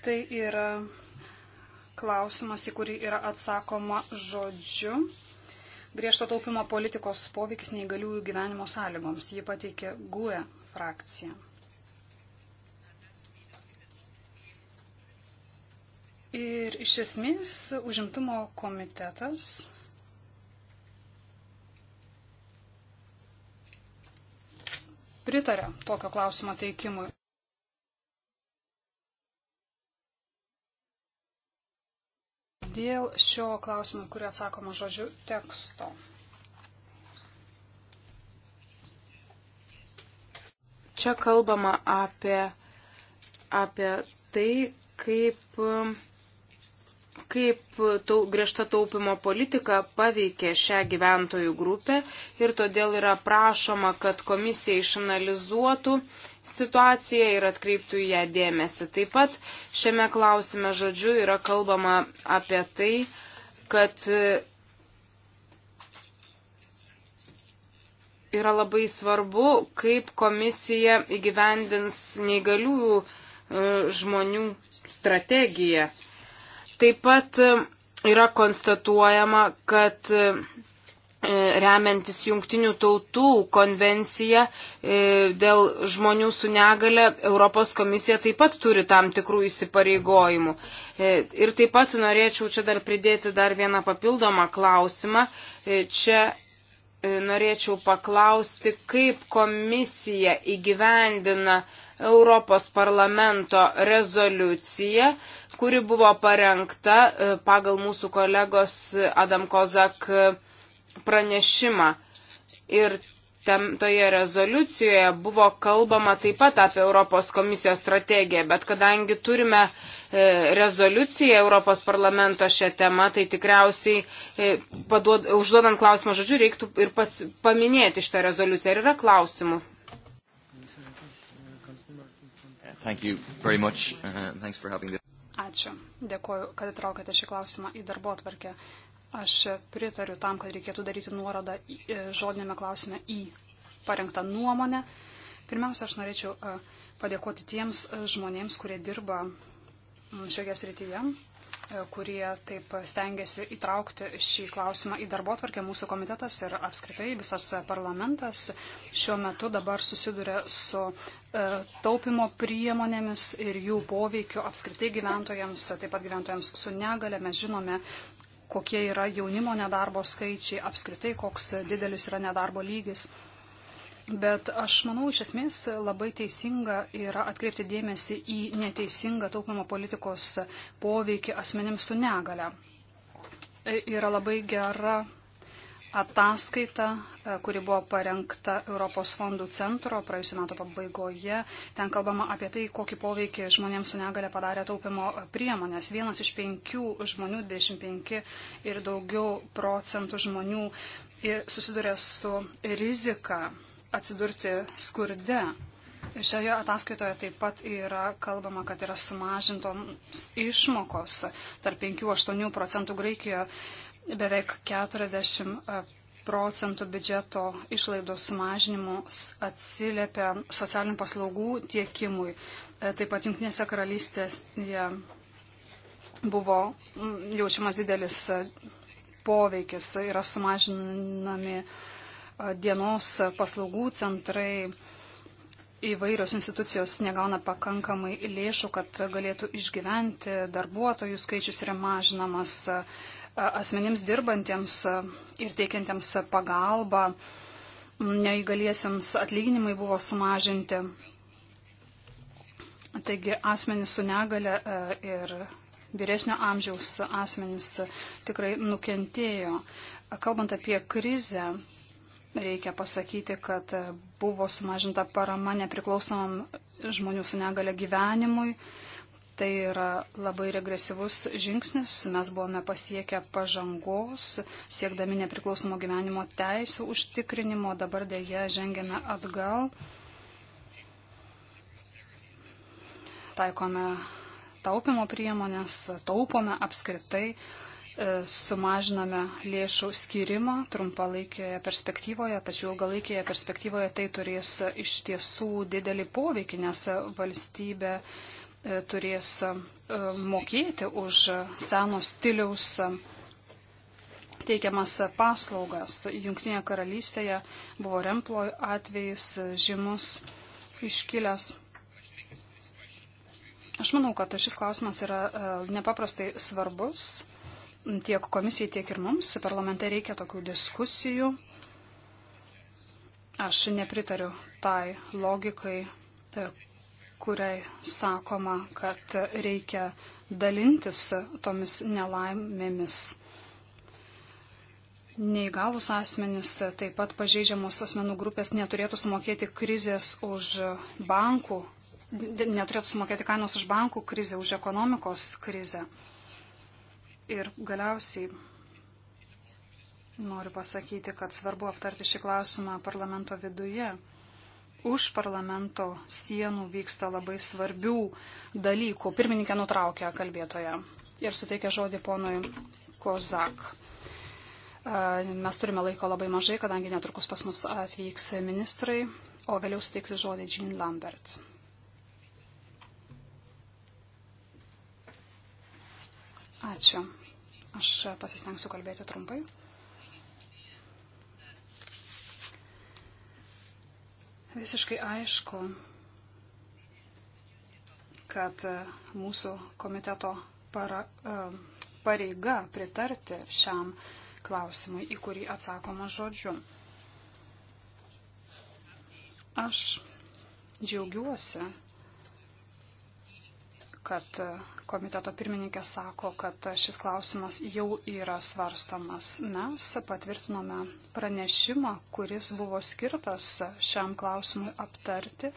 Tai yra klausimas, į kurį yra atsakoma žodžiu. Griežto taupimo politikos poveikis neįgaliųjų gyvenimo sąlygoms. Ji pateikė GUE frakciją. Ir iš esmės užimtumo komitetas pritarė tokio klausimo teikimui. Dėl šio klausimo, kurį atsakoma žodžiu teksto. Čia kalbama apie, apie tai, kaip kaip tau, griežta taupimo politika paveikė šią gyventojų grupę ir todėl yra prašoma, kad komisija išanalizuotų situaciją ir atkreiptų į ją dėmesį. Taip pat šiame klausime žodžiu yra kalbama apie tai, kad yra labai svarbu, kaip komisija įgyvendins neįgaliųjų e, žmonių strategiją. Taip pat e, yra konstatuojama, kad e, remiantis jungtinių tautų konvenciją e, dėl žmonių su negale, Europos komisija taip pat turi tam tikrų įsipareigojimų. Ir taip pat norėčiau čia dar pridėti dar vieną papildomą klausimą. Čia norėčiau paklausti, kaip komisija įgyvendina Europos parlamento rezoliuciją kuri buvo parengta e, pagal mūsų kolegos Adam Kozak e, pranešimą. Ir tam, toje rezoliucijoje buvo kalbama taip pat apie Europos komisijos strategiją, bet kadangi turime e, rezoliuciją Europos parlamento šią temą, tai tikriausiai paduod, užduodant klausimą žodžiu reiktų ir pats paminėti šitą rezoliuciją. Ar yra klausimų? Thank you very much. Uh, thanks for having this. Ačiū. Dėkuoju, kad įtraukėte šį klausimą į darbo atvarkę. Aš pritariu tam, kad reikėtų daryti nuorodą e, žodinėme klausime į parengtą nuomonę. Pirmiausia, aš norėčiau e, padėkoti tiems e, žmonėms, kurie dirba šioje srityje, kurie taip stengiasi įtraukti šį klausimą į darbo tvarkę. Mūsų komitetas ir apskritai visas parlamentas šiuo metu dabar susiduria su e, taupimo priemonėmis ir jų poveikiu apskritai gyventojams, taip pat gyventojams su negale. Mes žinome, kokie yra jaunimo nedarbo skaičiai, apskritai koks didelis yra nedarbo lygis. Bet aš manau, iš esmės labai teisinga yra atkreipti dėmesį į neteisingą taupimo politikos poveikį asmenims su negale. E, yra labai gera ataskaita, e, kuri buvo parengta Europos fondų centro praėjusiu metu pabaigoje. Ten kalbama apie tai, kokį poveikį žmonėms su negale padarė taupimo priemonės. Vienas iš penkių žmonių, 25 ir daugiau procentų žmonių susiduria su rizika atsidurti skurde. Šioje ataskaitoje taip pat yra kalbama, kad yra sumažintoms išmokos tarp 5-8 procentų Graikijoje beveik 40 e, procentų biudžeto išlaidų sumažinimus atsiliepia socialinių paslaugų tiekimui. E, taip pat Junktinėse karalystėje buvo jaučiamas didelis e, poveikis, yra sumažinami uh, dienos paslaugų centrai įvairios institucijos negauna pakankamai lėšų, kad galėtų išgyventi, darbuotojų skaičius yra mažinamas, asmenims dirbantiems ir teikiantiems pagalbą, neįgaliesiams atlyginimai buvo sumažinti. Taigi asmenys su negale e, ir vyresnio amžiaus asmenys tikrai nukentėjo. Kalbant apie krizę, reikia pasakyti, kad buvo sumažinta parama nepriklausomam žmonių su negale gyvenimui. Tai yra labai regresyvus žingsnis. Mes buvome pasiekę pažangos, siekdami nepriklausomo gyvenimo teisų užtikrinimo, dabar dėje žengėme atgal. Taikome taupimo priemonės, taupome apskritai E, sumažiname lėšų skirimą trumpalaikėje perspektyvoje, tačiau ilgalaikėje perspektyvoje tai turės iš tiesų didelį poveikį, nes valstybė e, turės e, mokėti už senos stiliaus teikiamas paslaugas. Junktinėje karalystėje buvo Remplo atvejis žymus iškilęs. Aš manau, kad šis klausimas yra nepaprastai svarbus tiek komisijai, tiek ir mums. Parlamente reikia tokių diskusijų. Aš nepritariu tai logikai, e, kuriai sakoma, kad reikia dalintis tomis nelaimėmis. Neįgalus asmenys, taip pat pažeidžiamos asmenų grupės neturėtų sumokėti krizės už bankų, neturėtų sumokėti kainos už bankų krizę, už ekonomikos krizę. Ir galiausiai noriu pasakyti, kad svarbu aptarti šį klausimą parlamento viduje. Už parlamento sienų vyksta labai svarbių dalykų. Pirmininkė nutraukė kalbėtoje ir suteikė žodį ponui Kozak. Mes turime laiko labai mažai, kadangi netrukus pas mus atvyks ministrai, o vėliau suteiksiu žodį Jean Lambert. Ačiū. Aš pasistengsiu kalbėti trumpai. Visiškai aišku, kad mūsų komiteto para, e, pareiga pritarti šiam klausimui, į kurį atsakoma žodžiu. Aš džiaugiuosi, kad komiteto pirmininkė sako, kad šis klausimas jau yra svarstamas. Mes patvirtinome pranešimą, kuris buvo skirtas šiam klausimui aptarti.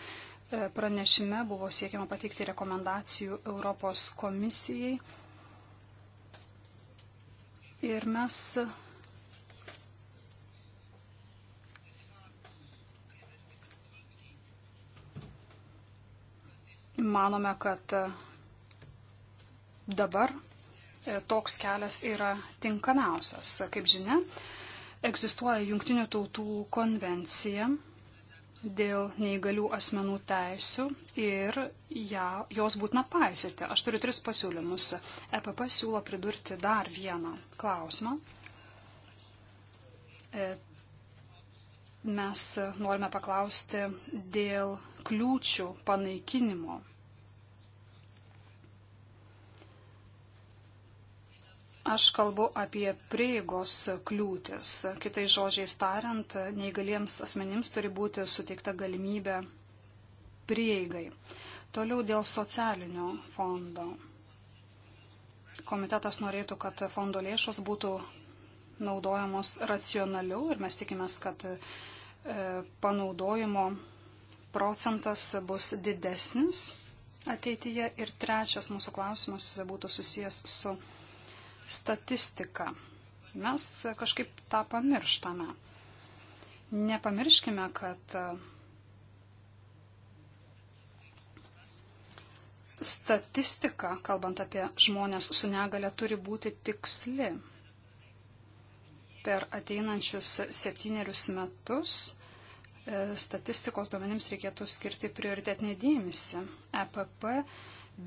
Pranešime buvo siekiama pateikti rekomendacijų Europos komisijai. Ir mes manome, kad dabar e, toks kelias yra tinkamiausias. Kaip žinia, egzistuoja Junktinių tautų konvencija dėl neįgalių asmenų teisių ir ją, jos būtina paisyti. Aš turiu tris pasiūlymus. EPP siūlo pridurti dar vieną klausimą. E, mes norime paklausti dėl kliūčių panaikinimo Aš kalbu apie prieigos kliūtis. Kitai žodžiais tariant, neįgaliems asmenims turi būti suteikta galimybė prieigai. Toliau dėl socialinio fondo. Komitetas norėtų, kad fondo lėšos būtų naudojamos racionaliau ir mes tikimės, kad e, panaudojimo procentas bus didesnis ateityje. Ir trečias mūsų klausimas būtų susijęs su statistiką. Mes kažkaip tą pamirštame. Nepamirškime, kad statistika, kalbant apie žmonės su negale, turi būti tiksli. Per ateinančius septynerius metus e, statistikos duomenims reikėtų skirti prioritetinį dėmesį. EPP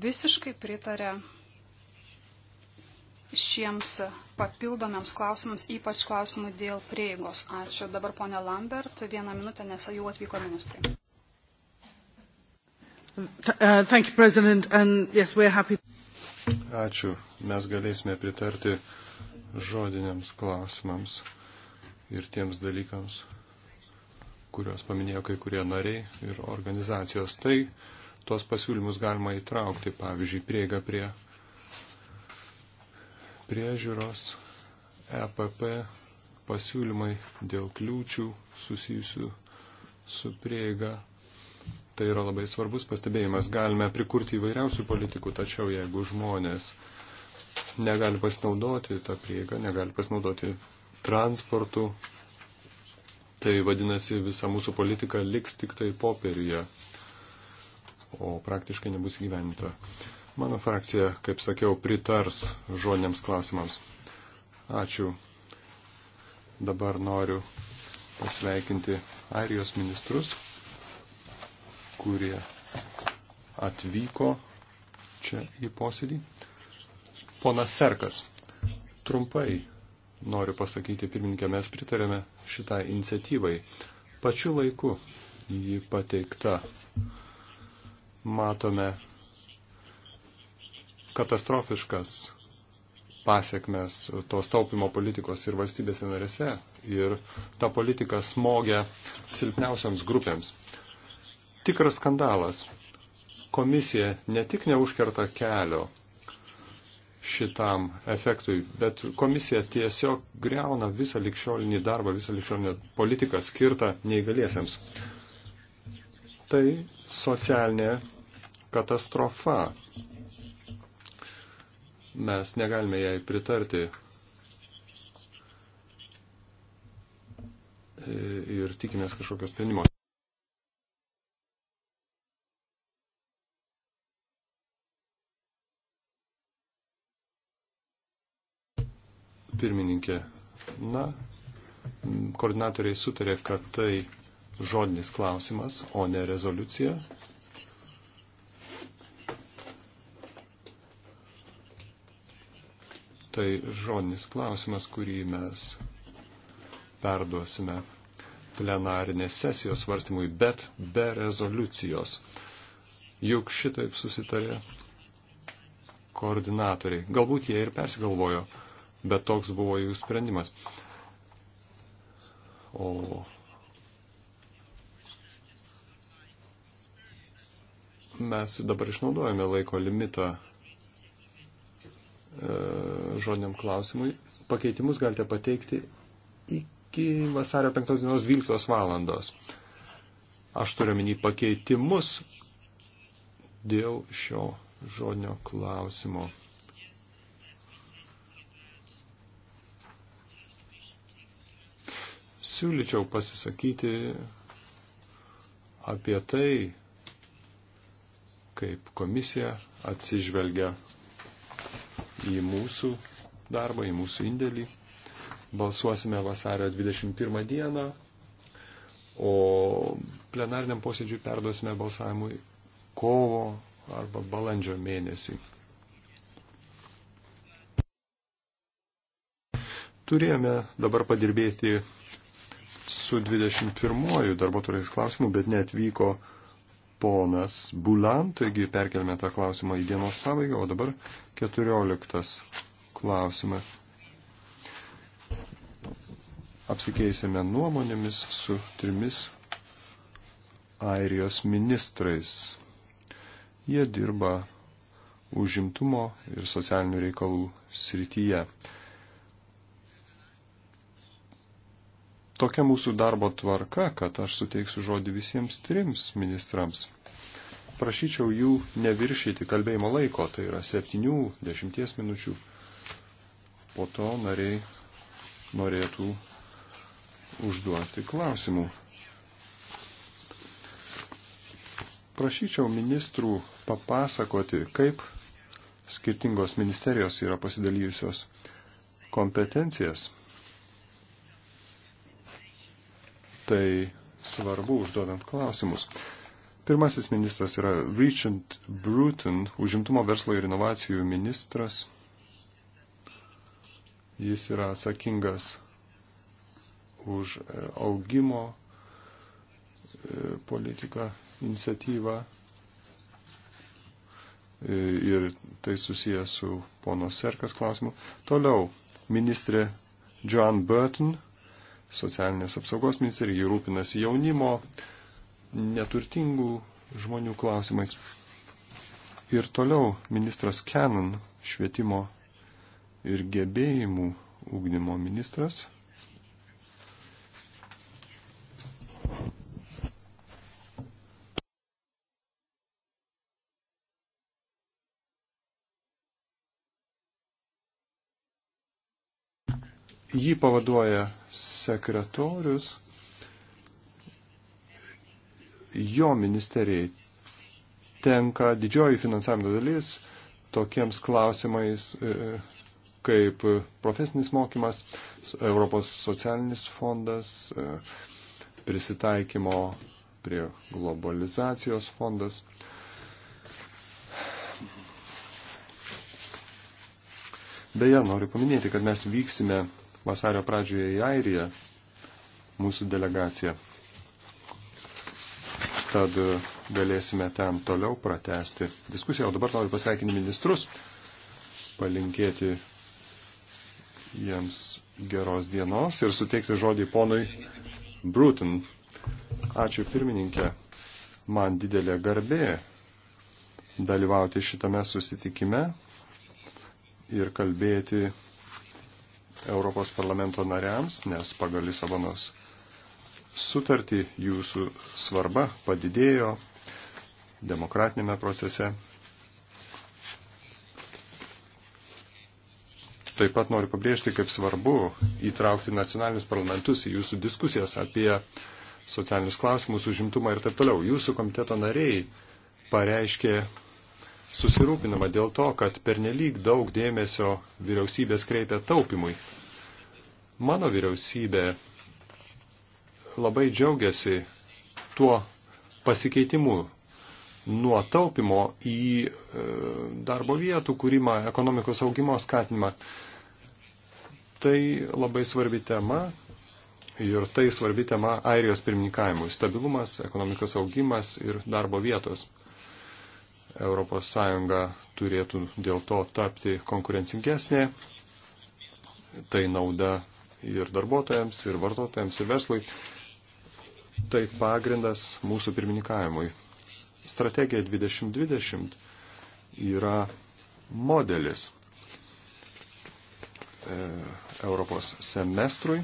visiškai pritarė šiems papildomiams klausimams, ypač klausimų dėl prieigos. Ačiū. Dabar ponė Lambert, vieną minutę, nes jau atvyko ministrai. Uh, thank you, President, and yes, we're happy. Ačiū. Mes galėsime pritarti žodiniams klausimams ir tiems dalykams, kuriuos paminėjo kai kurie nariai ir organizacijos. Tai tuos pasiūlymus galima įtraukti, pavyzdžiui, prieiga prie, prie priežiūros EPP pasiūlymai dėl kliūčių susijusių su prieiga. Tai yra labai svarbus pastebėjimas. Galime prikurti įvairiausių politikų, tačiau jeigu žmonės negali pasinaudoti tą prieigą, negali pasinaudoti transportu, tai vadinasi visa mūsų politika liks tik tai popieriuje, o praktiškai nebus gyventa. Uh, Mano frakcija, kaip sakiau, pritars žodiniams klausimams. Ačiū. Dabar noriu pasveikinti Airijos ministrus, kurie atvyko čia į posėdį. Ponas Serkas, trumpai noriu pasakyti, pirmininkė, mes pritarėme šitai iniciatyvai. Pačiu laiku jį pateikta. Matome katastrofiškas pasiekmes tos taupimo politikos ir valstybėse narėse. Ir ta politika smogia silpniausiams grupėms. Tikras skandalas. Komisija ne tik neužkerta kelio šitam efektui, bet komisija tiesiog greuna visą likščiolinį darbą, visą likščiolinę politiką skirtą neįgaliesiems. Tai socialinė katastrofa. Mes negalime jai pritarti. E, ir tikimės kažkokio sprendimo. Pirmininkė. Na, koordinatoriai sutarė, kad tai žodinis klausimas, o ne rezoliucija. tai žodinis klausimas, kurį mes perduosime plenarinės sesijos svarstymui, bet be rezoliucijos. Juk šitaip susitarė koordinatoriai. Galbūt jie ir persigalvojo, bet toks buvo jų sprendimas. O mes dabar išnaudojame laiko limitą E, žodiniam klausimui. Pakeitimus galite pateikti iki vasario 5 dienos 12 valandos. Aš turiu minį pakeitimus dėl šio žodinio klausimo. Siūlyčiau pasisakyti apie tai, kaip komisija atsižvelgia į mūsų darbą, į mūsų indėlį. Balsuosime vasario 21 dieną, o plenariniam posėdžiui perduosime balsavimui kovo arba balandžio mėnesį. Turėjome dabar padirbėti su 21 darbo turės klausimu, bet netvyko ponas Bulan, taigi perkelime tą klausimą į dienos pabaigą, o dabar 14 klausimą. Apsikeisime nuomonėmis su trimis Airijos ministrais. Jie dirba užimtumo ir socialinių reikalų srityje. tokia mūsų darbo tvarka, kad aš suteiksiu žodį visiems trims ministrams. Prašyčiau jų neviršyti kalbėjimo laiko, tai yra 7-10 minučių. Po to nariai norėtų užduoti klausimų. Prašyčiau ministrų papasakoti, kaip skirtingos ministerijos yra pasidalyjusios kompetencijas tai svarbu užduodant klausimus. Pirmasis ministras yra Regent Bruton, užimtumo verslo ir inovacijų ministras. Jis yra atsakingas už e, augimo e, politiką, iniciatyvą e, ir tai susijęs su pono Serkas klausimu. Toliau ministrė Joan Burton socialinės apsaugos ministerija, ji rūpinasi jaunimo, neturtingų žmonių klausimais. Ir toliau ministras Kenan, švietimo ir gebėjimų ūkdymo ministras, jį pavaduoja sekretorius, jo ministerijai tenka didžioji finansavimo dalis tokiems klausimais e, kaip profesinis mokymas, Europos socialinis fondas, e, prisitaikymo prie globalizacijos fondas. Beje, noriu paminėti, kad mes vyksime vasario pradžioje į Airiją mūsų delegacija. Tad e, galėsime ten toliau pratesti diskusiją. O dabar noriu pasveikinti ministrus, palinkėti jiems geros dienos ir suteikti žodį ponui Bruton. Ačiū pirmininkė. Man didelė garbė dalyvauti šitame susitikime ir kalbėti Europos parlamento nariams, nes pagal Lisabonos sutartį jūsų svarba padidėjo demokratinėme procese. Taip pat noriu pabrėžti, kaip svarbu įtraukti nacionalinius parlamentus į jūsų diskusijas apie socialinius klausimus, užimtumą ir taip toliau. Jūsų komiteto nariai pareiškė susirūpinama dėl to, kad pernelyg daug dėmesio vyriausybės kreipia taupimui. Mano vyriausybė labai džiaugiasi tuo pasikeitimu nuo taupimo į e, darbo vietų kūrimą, ekonomikos augimo skatinimą. Tai labai svarbi tema ir tai svarbi tema Airijos pirmininkavimui. Stabilumas, ekonomikos augimas ir darbo vietos. ES turėtų dėl to tapti konkurencingesnė. Tai nauda ir darbuotojams, ir vartotojams, ir verslui. Tai pagrindas mūsų pirmininkavimui. Strategija 2020 yra modelis e, Europos semestrui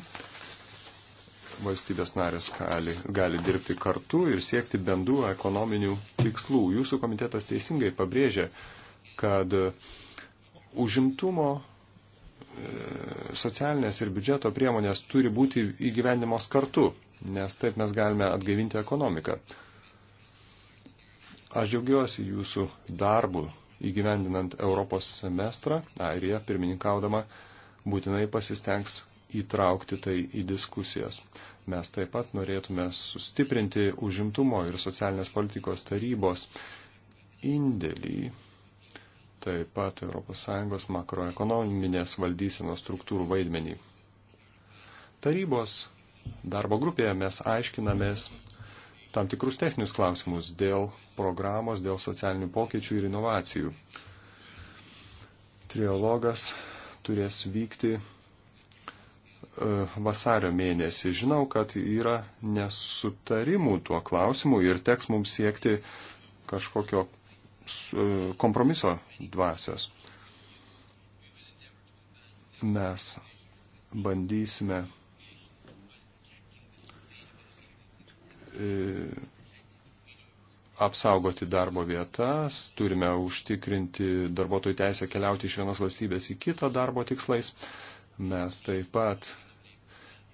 valstybės narės gali, gali dirbti kartu ir siekti bendrų ekonominių tikslų. Jūsų komitetas teisingai pabrėžė, kad e, užimtumo e, socialinės ir biudžeto priemonės turi būti įgyvendimos kartu, nes taip mes galime atgaivinti ekonomiką. Aš džiaugiuosi jūsų darbu įgyvendinant Europos semestrą. Airija pirmininkaudama būtinai pasistengs įtraukti tai į diskusijas. Mes taip pat norėtume sustiprinti užimtumo ir socialinės politikos tarybos indėlį, taip pat ES makroekonominės valdysenos struktūrų vaidmenį. Tarybos darbo grupėje mes aiškinamės tam tikrus techninius klausimus dėl programos, dėl socialinių pokyčių ir inovacijų. Triologas turės vykti E, vasario mėnesį. Žinau, kad yra nesutarimų tuo klausimu ir teks mums siekti kažkokio e, kompromiso dvasios. Mes bandysime e, apsaugoti darbo vietas, turime užtikrinti darbuotojų teisę keliauti iš vienos valstybės į kitą darbo tikslais. Mes taip pat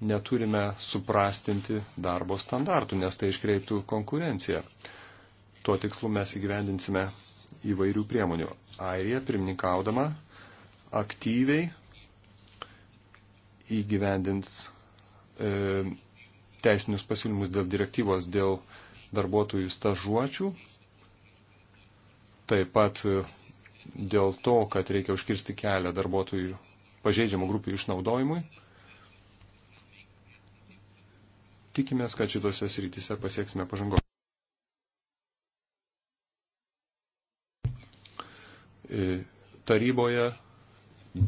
neturime suprastinti darbo standartų, nes tai iškreiptų konkurenciją. Tuo tikslu mes įgyvendinsime įvairių priemonių. Airija pirmininkaudama aktyviai įgyvendins e, teisinius pasiūlymus dėl direktyvos dėl darbuotojų stažuočių, taip pat e, dėl to, kad reikia užkirsti kelią darbuotojų pažeidžiamų grupių išnaudojimui Tikimės, kad šitose srityse pasieksime pažangos. E, taryboje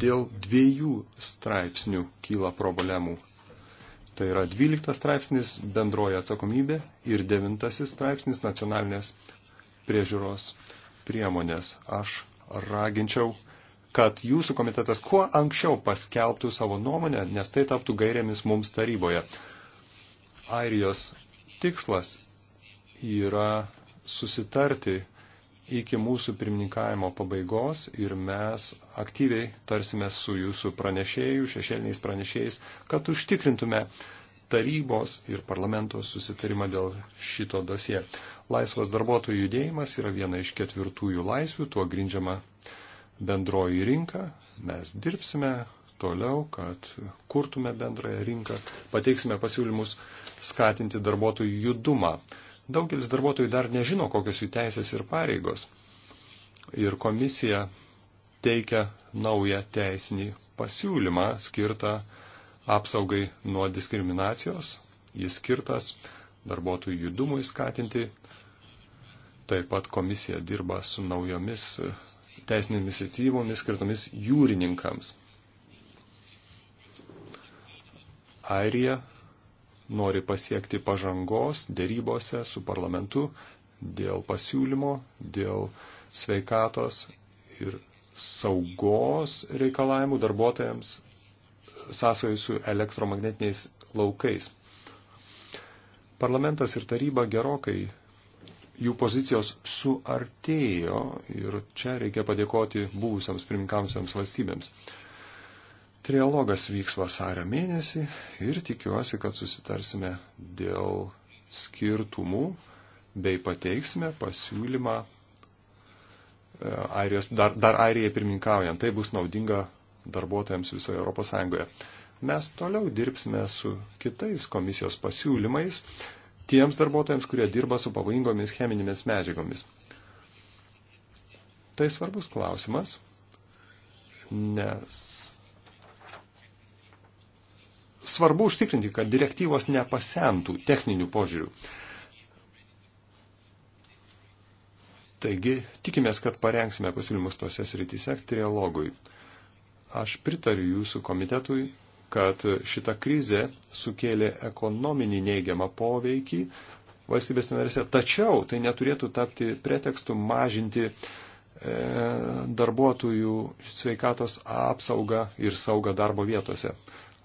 dėl dviejų straipsnių kyla problemų. Tai yra 12 straipsnis bendroja atsakomybė ir 9 straipsnis nacionalinės priežiūros priemonės. Aš raginčiau, kad jūsų komitetas kuo anksčiau paskelbtų savo nuomonę, nes tai taptų gairėmis mums taryboje. Airijos tikslas yra susitarti iki mūsų pirmininkavimo pabaigos ir mes aktyviai tarsime su jūsų pranešėjų, šešėliniais pranešėjais, kad užtikrintume tarybos ir parlamento susitarimą dėl šito dosie. Laisvas darbuotojų judėjimas yra viena iš ketvirtųjų laisvių, tuo grindžiama bendroji rinka. Mes dirbsime toliau, kad kurtume bendrąją rinką, pateiksime pasiūlymus skatinti darbuotojų judumą. Daugelis darbuotojų dar nežino, kokios jų teisės ir pareigos. Ir komisija teikia naują teisinį pasiūlymą skirtą apsaugai nuo diskriminacijos. Jis skirtas darbuotojų judumui skatinti. Taip pat komisija dirba su naujomis teisinėmis iniciatyvomis skirtomis jūrininkams. Airija nori pasiekti pažangos dėrybose su parlamentu dėl pasiūlymo, dėl sveikatos ir saugos reikalavimų darbuotojams sąsojų su elektromagnetiniais laukais. Parlamentas ir taryba gerokai jų pozicijos suartėjo ir čia reikia padėkoti buvusiams pirmininkamsiams valstybėms. Trialogas vyks vasario mėnesį ir tikiuosi, kad susitarsime dėl skirtumų bei pateiksime pasiūlymą e, airijos, dar, dar airijai pirmininkaujant. Tai bus naudinga darbuotojams visoje Europos Sąjungoje. Mes toliau dirbsime su kitais komisijos pasiūlymais tiems darbuotojams, kurie dirba su pavojingomis cheminėmis medžiagomis. Tai svarbus klausimas, nes svarbu užtikrinti, kad direktyvos nepasentų techninių požiūrių. Taigi, tikimės, kad parengsime pasiūlymus tose srityse trialogui. Aš pritariu jūsų komitetui, kad šita krizė sukėlė ekonominį neigiamą poveikį valstybės narėse, tačiau tai neturėtų tapti pretekstu mažinti e, darbuotojų sveikatos apsaugą ir saugą darbo vietose.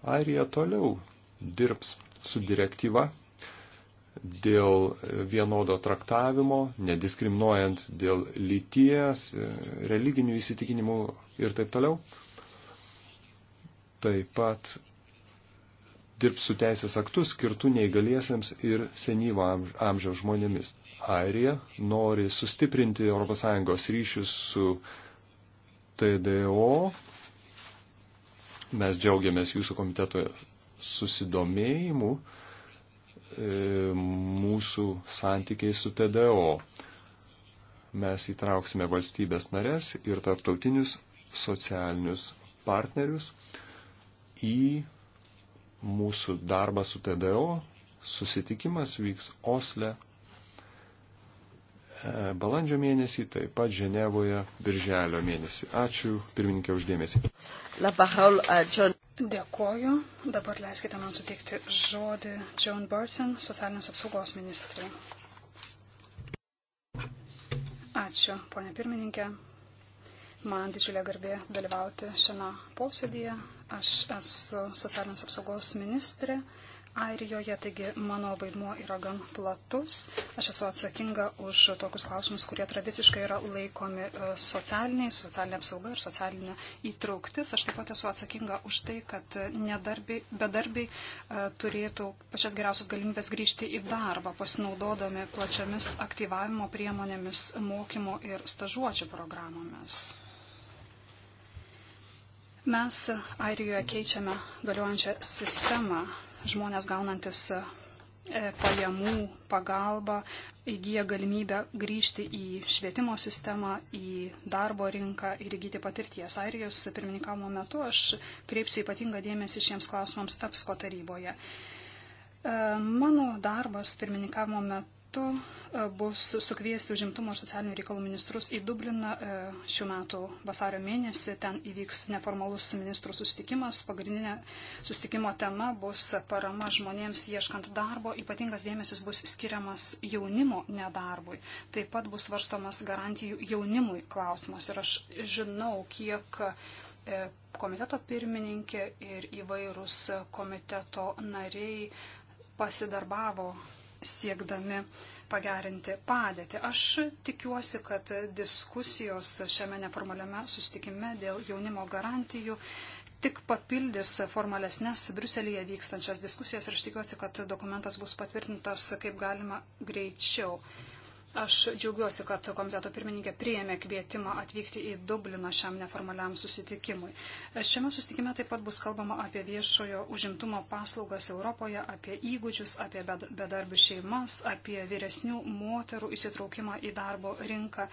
Airija toliau dirbs su direktyva dėl vienodo traktavimo, nediskriminuojant dėl lyties, religinių įsitikinimų ir taip toliau. Taip pat dirbs su teisės aktus skirtų neįgaliesiems ir senyvo amžiaus žmonėmis. Airija nori sustiprinti ES ryšius su TDO Mes džiaugiamės jūsų komiteto susidomėjimu e, mūsų santykiai su TDO. Mes įtrauksime valstybės narės ir tarptautinius socialinius partnerius į mūsų darbą su TDO. Susitikimas vyks Osle E, balandžio mėnesį, taip pat Ženevoje birželio mėnesį. Ačiū pirmininkė uždėmesi. Dėkoju. Dabar leiskite man suteikti žodį Joan Burton, socialinės apsaugos ministrai. Ačiū, ponė pirmininkė. Man didžiulė garbė dalyvauti šiame posėdėje. Aš esu socialinės apsaugos ministrė. Airijoje, taigi mano vaidmuo yra gan platus. Aš esu atsakinga už tokius klausimus, kurie tradiciškai yra laikomi e, socialiniai, socialinė apsauga ir socialinė įtrauktis. Aš taip pat esu atsakinga už tai, kad nedarbiai, bedarbiai e, turėtų pačias geriausias galimybės grįžti į darbą, pasinaudodami plačiamis aktyvavimo priemonėmis, mokymo ir stažuočio programomis. Mes Airijoje keičiame galiojančią sistemą žmonės gaunantis e, pajamų pagalba įgyja galimybę grįžti į švietimo sistemą, į darbo rinką ir įgyti patirties. Airijos pirmininkavimo metu aš kreipsiu ypatingą dėmesį šiems klausimams EPSCO taryboje. E, mano darbas pirmininkavimo metu metu e, bus sukviesti užimtumo ir socialinių reikalų ministrus į Dubliną e, šių metų vasario mėnesį. Ten įvyks neformalus ministrų susitikimas. Pagrindinė susitikimo tema bus parama žmonėms ieškant darbo. Ypatingas dėmesys bus skiriamas jaunimo nedarbui. Taip pat bus svarstomas garantijų jaunimui klausimas. Ir aš žinau, kiek e, komiteto pirmininkė ir įvairūs komiteto nariai pasidarbavo siekdami pagerinti padėtį. Aš tikiuosi, kad diskusijos šiame neformaliame sustikime dėl jaunimo garantijų tik papildys formalesnės Bruselėje vykstančias diskusijas ir aš tikiuosi, kad dokumentas bus patvirtintas kaip galima greičiau. Aš džiaugiuosi, kad komiteto pirmininkė priėmė kvietimą atvykti į Dubliną šiam neformaliam susitikimui. Šiame susitikime taip pat bus kalbama apie viešojo užimtumo paslaugas Europoje, apie įgūdžius, apie bedarbių šeimas, apie vyresnių moterų įsitraukimą į darbo rinką.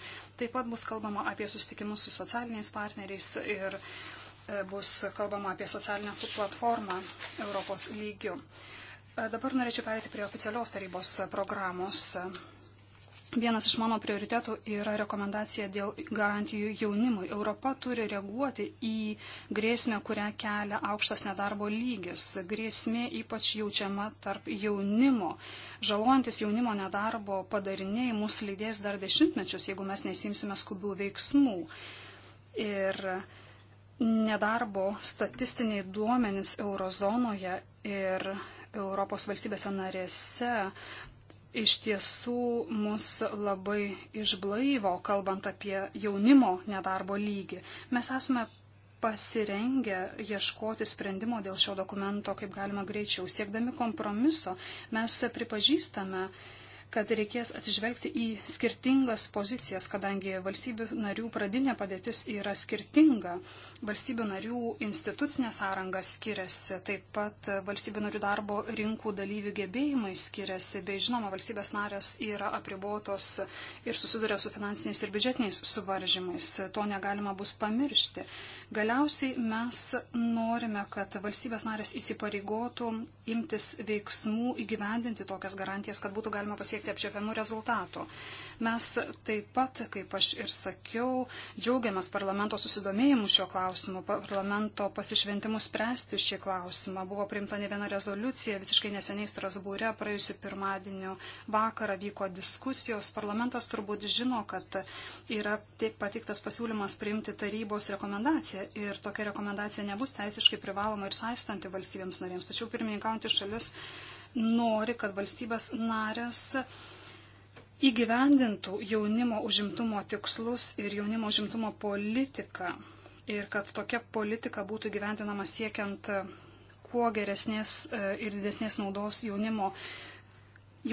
Taip pat bus kalbama apie susitikimus su socialiniais partneriais ir e, bus kalbama apie socialinę platformą Europos lygių. E, dabar norėčiau perėti prie oficialios tarybos programos Vienas iš mano prioritetų yra rekomendacija dėl garantijų jaunimui. Europa turi reaguoti į grėsmę, kurią kelia aukštas nedarbo lygis. Grėsmė ypač jaučiama tarp jaunimo. Žalojantis jaunimo nedarbo padariniai mus lydės dar dešimtmečius, jeigu mes nesimsime skubių veiksmų. Ir nedarbo statistiniai duomenys eurozonoje ir Europos valstybėse narėse iš tiesų mus labai išblaivo, kalbant apie jaunimo nedarbo lygį. Mes esame pasirengę ieškoti sprendimo dėl šio dokumento kaip galima greičiau. Siekdami kompromiso mes pripažįstame, kad reikės atsižvelgti į skirtingas pozicijas, kadangi valstybių narių pradinė padėtis yra skirtinga, valstybių narių institucinė sąranga skiriasi, taip pat valstybių narių darbo rinkų dalyvių gebėjimai skiriasi, bei žinoma, valstybės narės yra apribotos ir susiduria su finansiniais ir biudžetiniais suvaržymais. To negalima bus pamiršti. Galiausiai mes norime, kad valstybės narės įsipareigotų imtis veiksmų įgyvendinti tokias garantijas, kad būtų galima pasiekti apčiopiamų rezultatų. Mes taip pat, kaip aš ir sakiau, džiaugiamės parlamento susidomėjimu šio klausimu, parlamento pasišventimu spręsti šį klausimą. Buvo priimta ne viena rezoliucija, visiškai neseniai Strasbūre, praėjusi pirmadienio vakarą vyko diskusijos. Parlamentas turbūt žino, kad yra pateiktas pasiūlymas priimti tarybos rekomendaciją ir tokia rekomendacija nebus teisiškai privaloma ir saistanti valstybėms narėms. Tačiau pirmininkaujantis šalis nori, kad valstybės narės įgyvendintų jaunimo užimtumo tikslus ir jaunimo užimtumo politiką ir kad tokia politika būtų gyventinama siekiant e, kuo geresnės e, ir didesnės naudos jaunimo,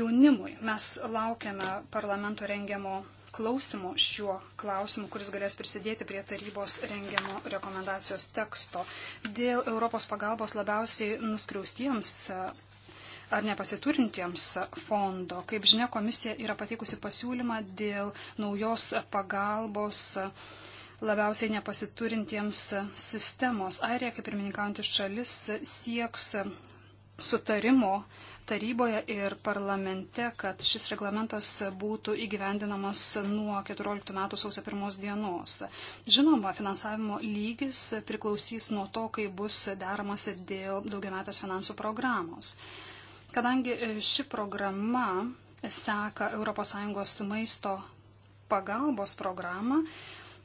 jaunimui. Mes laukiame parlamento rengiamo klausimo šiuo klausimu, kuris galės prisidėti prie tarybos rengiamo rekomendacijos teksto. Dėl Europos pagalbos labiausiai nuskriaustiems e, ar nepasiturintiems fondo. Kaip žinia, komisija yra pateikusi pasiūlymą dėl naujos pagalbos labiausiai nepasiturintiems sistemos. Airija, kaip pirmininkaujantis šalis, sieks sutarimo taryboje ir parlamente, kad šis reglamentas būtų įgyvendinamas nuo 14 metų sausio 1 dienos. Žinoma, finansavimo lygis priklausys nuo to, kai bus deramasi dėl daugiametės finansų programos. Kadangi e, ši programa seka ES maisto pagalbos programą,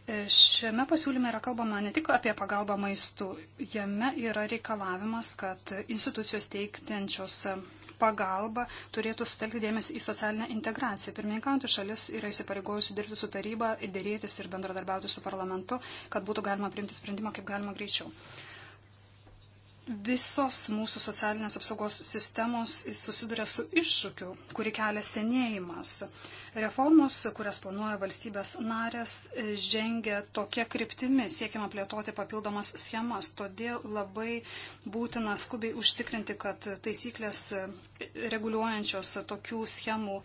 e, Šiame pasiūlyme yra kalbama ne tik apie pagalbą maistų, jame yra reikalavimas, kad institucijos teikiančios pagalbą turėtų sutelkti dėmesį į socialinę integraciją. Pirmininkaujantys šalis yra įsipareigojusi dirbti su taryba, dėrėtis ir bendradarbiauti su parlamentu, kad būtų galima priimti sprendimą kaip galima greičiau. Visos mūsų socialinės apsaugos sistemos susiduria su iššūkiu, kuri kelia senėjimas. Reformos, kurias planuoja valstybės narės, žengia tokia kryptimi, siekiama plėtoti papildomas schemas. Todėl labai būtina skubiai užtikrinti, kad taisyklės reguliuojančios tokių schemų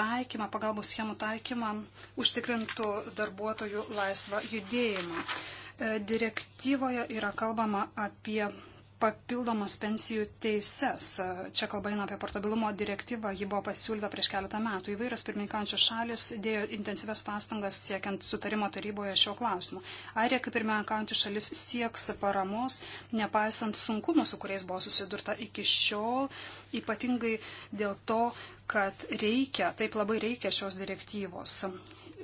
taikymą, pagalbos schemų taikymą užtikrintų darbuotojų laisvą judėjimą. E, direktyvoje yra kalbama apie papildomas pensijų teises. E, čia kalba eina apie portabilumo direktyvą, ji buvo pasiūlyta prieš keletą metų. Įvairios pirmininkančios šalis dėjo intensyves pastangas siekiant sutarimo taryboje šio klausimu. Airija, kaip pirmininkantys šalis, sieks paramos, nepaisant sunkumų, su kuriais buvo susidurta iki šiol, ypatingai dėl to, kad reikia, taip labai reikia šios direktyvos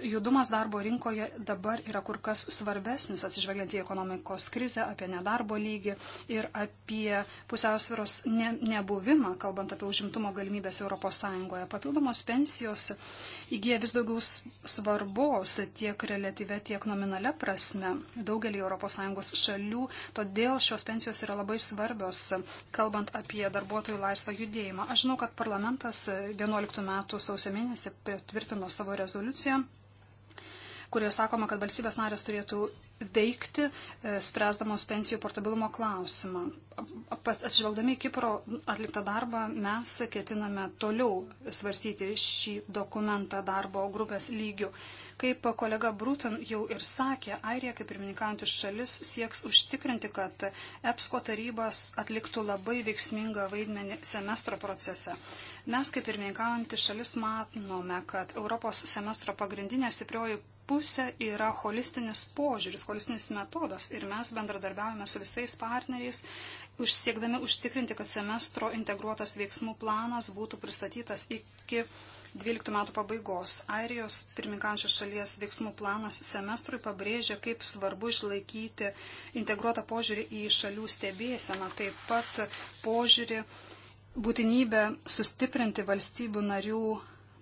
judumas darbo rinkoje dabar yra kur kas svarbesnis, atsižvelgiant į ekonomikos krizę, apie nedarbo lygį ir apie pusiausviros ne, nebuvimą, kalbant apie užimtumo galimybės ES. Papildomos pensijos įgyja vis daugiau svarbos tiek relatyve, tiek nominale prasme daugelį ES šalių, todėl šios pensijos yra labai svarbios, kalbant apie darbuotojų laisvą judėjimą. Aš žinau, kad parlamentas 11 metų sausio mėnesį patvirtino savo rezoliuciją kurioje sakoma, kad valstybės narės turėtų veikti, e, spręsdamos pensijų portabilumo klausimą. Atsižvelgdami į Kipro atliktą darbą, mes ketiname toliau svarstyti šį dokumentą darbo grupės lygių. Kaip kolega Bruton jau ir sakė, Airija kaip pirmininkaujantis šalis sieks užtikrinti, kad EPSCO tarybos atliktų labai veiksmingą vaidmenį semestro procese. Mes kaip pirmininkaujantis šalis matome, kad Europos semestro pagrindinė stiprioji pusė yra holistinis požiūris, holistinis metodas ir mes bendradarbiavame su visais partneriais, užsiekdami užtikrinti, kad semestro integruotas veiksmų planas būtų pristatytas iki 12 metų pabaigos. Airijos pirmininkančios šalies veiksmų planas semestrui pabrėžia, kaip svarbu išlaikyti integruotą požiūrį į šalių stebėseną, taip pat požiūrį būtinybę sustiprinti valstybių narių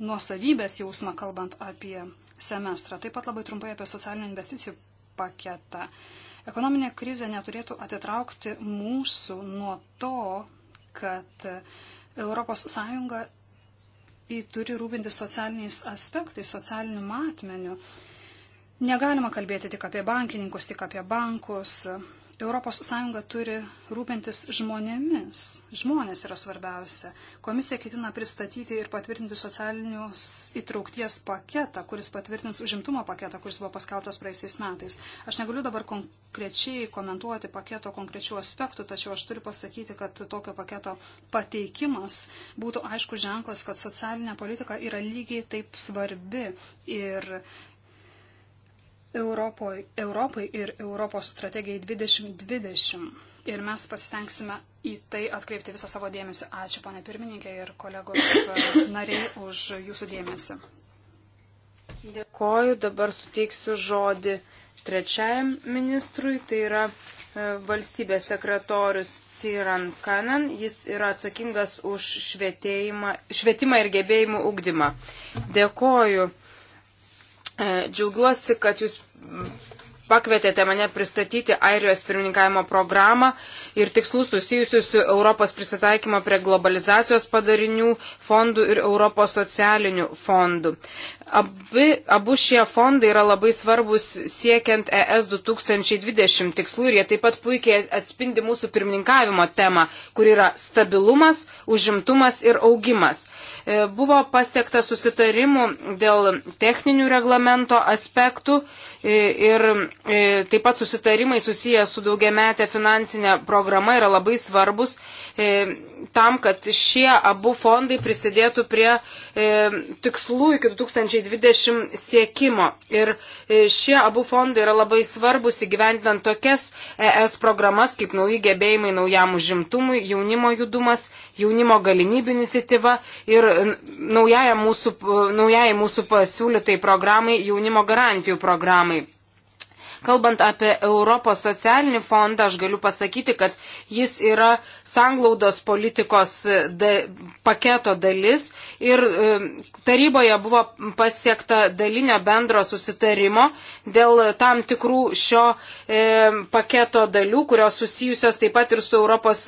nuosavybės jausmą, kalbant apie semestrą. Taip pat labai trumpai apie socialinių investicijų paketą. Ekonominė krizė neturėtų atitraukti mūsų nuo to, kad ES turi rūpintis socialiniais aspektais, socialiniu matmeniu. Negalima kalbėti tik apie bankininkus, tik apie bankus. ES turi rūpintis žmonėmis. Žmonės yra svarbiausia. Komisija ketina pristatyti ir patvirtinti socialinius įtraukties paketą, kuris patvirtins užimtumo paketą, kuris buvo paskelbtas praeisiais metais. Aš negaliu dabar konkrečiai komentuoti paketo konkrečių aspektų, tačiau aš turiu pasakyti, kad tokio paketo pateikimas būtų aišku ženklas, kad socialinė politika yra lygiai taip svarbi ir Europoj, Europai ir Europos strategijai 2020. Ir mes pasitengsime į tai atkreipti visą savo dėmesį. Ačiū, ponė pirmininkė ir kolegos e, nariai, už jūsų dėmesį. Dėkoju, dabar suteiksiu žodį trečiajam ministrui, tai yra e, valstybės sekretorius Ciran Kanan, jis yra atsakingas už švietimą ir gebėjimų ugdymą. Dėkoju. E, džiaugiuosi, kad jūs pakvietėte mane pristatyti Airijos pirmininkavimo programą ir tikslų susijusių su Europos prisitaikymo prie globalizacijos padarinių fondų ir Europos socialinių fondų. Abi, abu šie fondai yra labai svarbus siekiant ES 2020 tikslų ir jie taip pat puikiai atspindi mūsų pirmininkavimo temą, kur yra stabilumas, užimtumas ir augimas. E, buvo pasiekta susitarimų dėl techninių reglamento aspektų e, ir e, taip pat susitarimai susiję su daugiametė finansinė programa yra labai svarbus tam, kad šie abu fondai prisidėtų prie tikslų iki 2020 siekimo. Ir šie abu fondai yra labai svarbus įgyvendinant tokias ES programas kaip nauji gebėjimai naujam užimtumui, jaunimo judumas, jaunimo galimybių iniciatyva ir naujai mūsų, naujai mūsų pasiūlytai programai jaunimo garantijų programai. Kalbant apie Europos socialinį fondą, aš galiu pasakyti, kad jis yra sanglaudos politikos da, paketo dalis ir e, taryboje buvo pasiekta dalinio bendro susitarimo dėl tam tikrų šio e, paketo dalių, kurios susijusios taip pat ir su Europos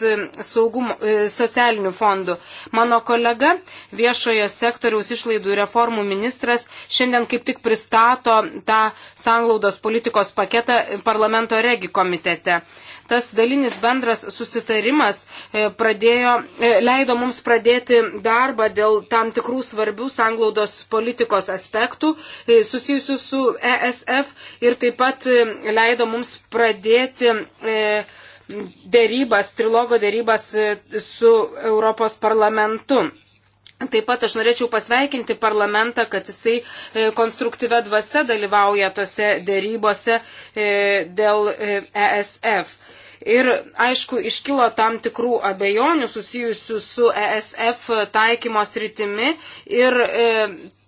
saugumo, e, socialiniu fondu. Mano kolega viešojo sektoriaus išlaidų reformų ministras šiandien kaip tik pristato tą sanglaudos politikos paketą paketą parlamento regi komitete. Tas dalinis bendras susitarimas e, pradėjo, e, leido mums pradėti darbą dėl tam tikrų svarbių sanglaudos politikos aspektų e, susijusių su ESF ir taip pat leido mums pradėti dėrybas, trilogo dėrybas su Europos parlamentu. Taip pat aš norėčiau pasveikinti parlamentą, kad jisai e, konstruktyvę dvasę dalyvauja tose dėrybose e, dėl ESF. E ir aišku, iškilo tam tikrų abejonių susijusių su ESF taikymos rytimi ir e,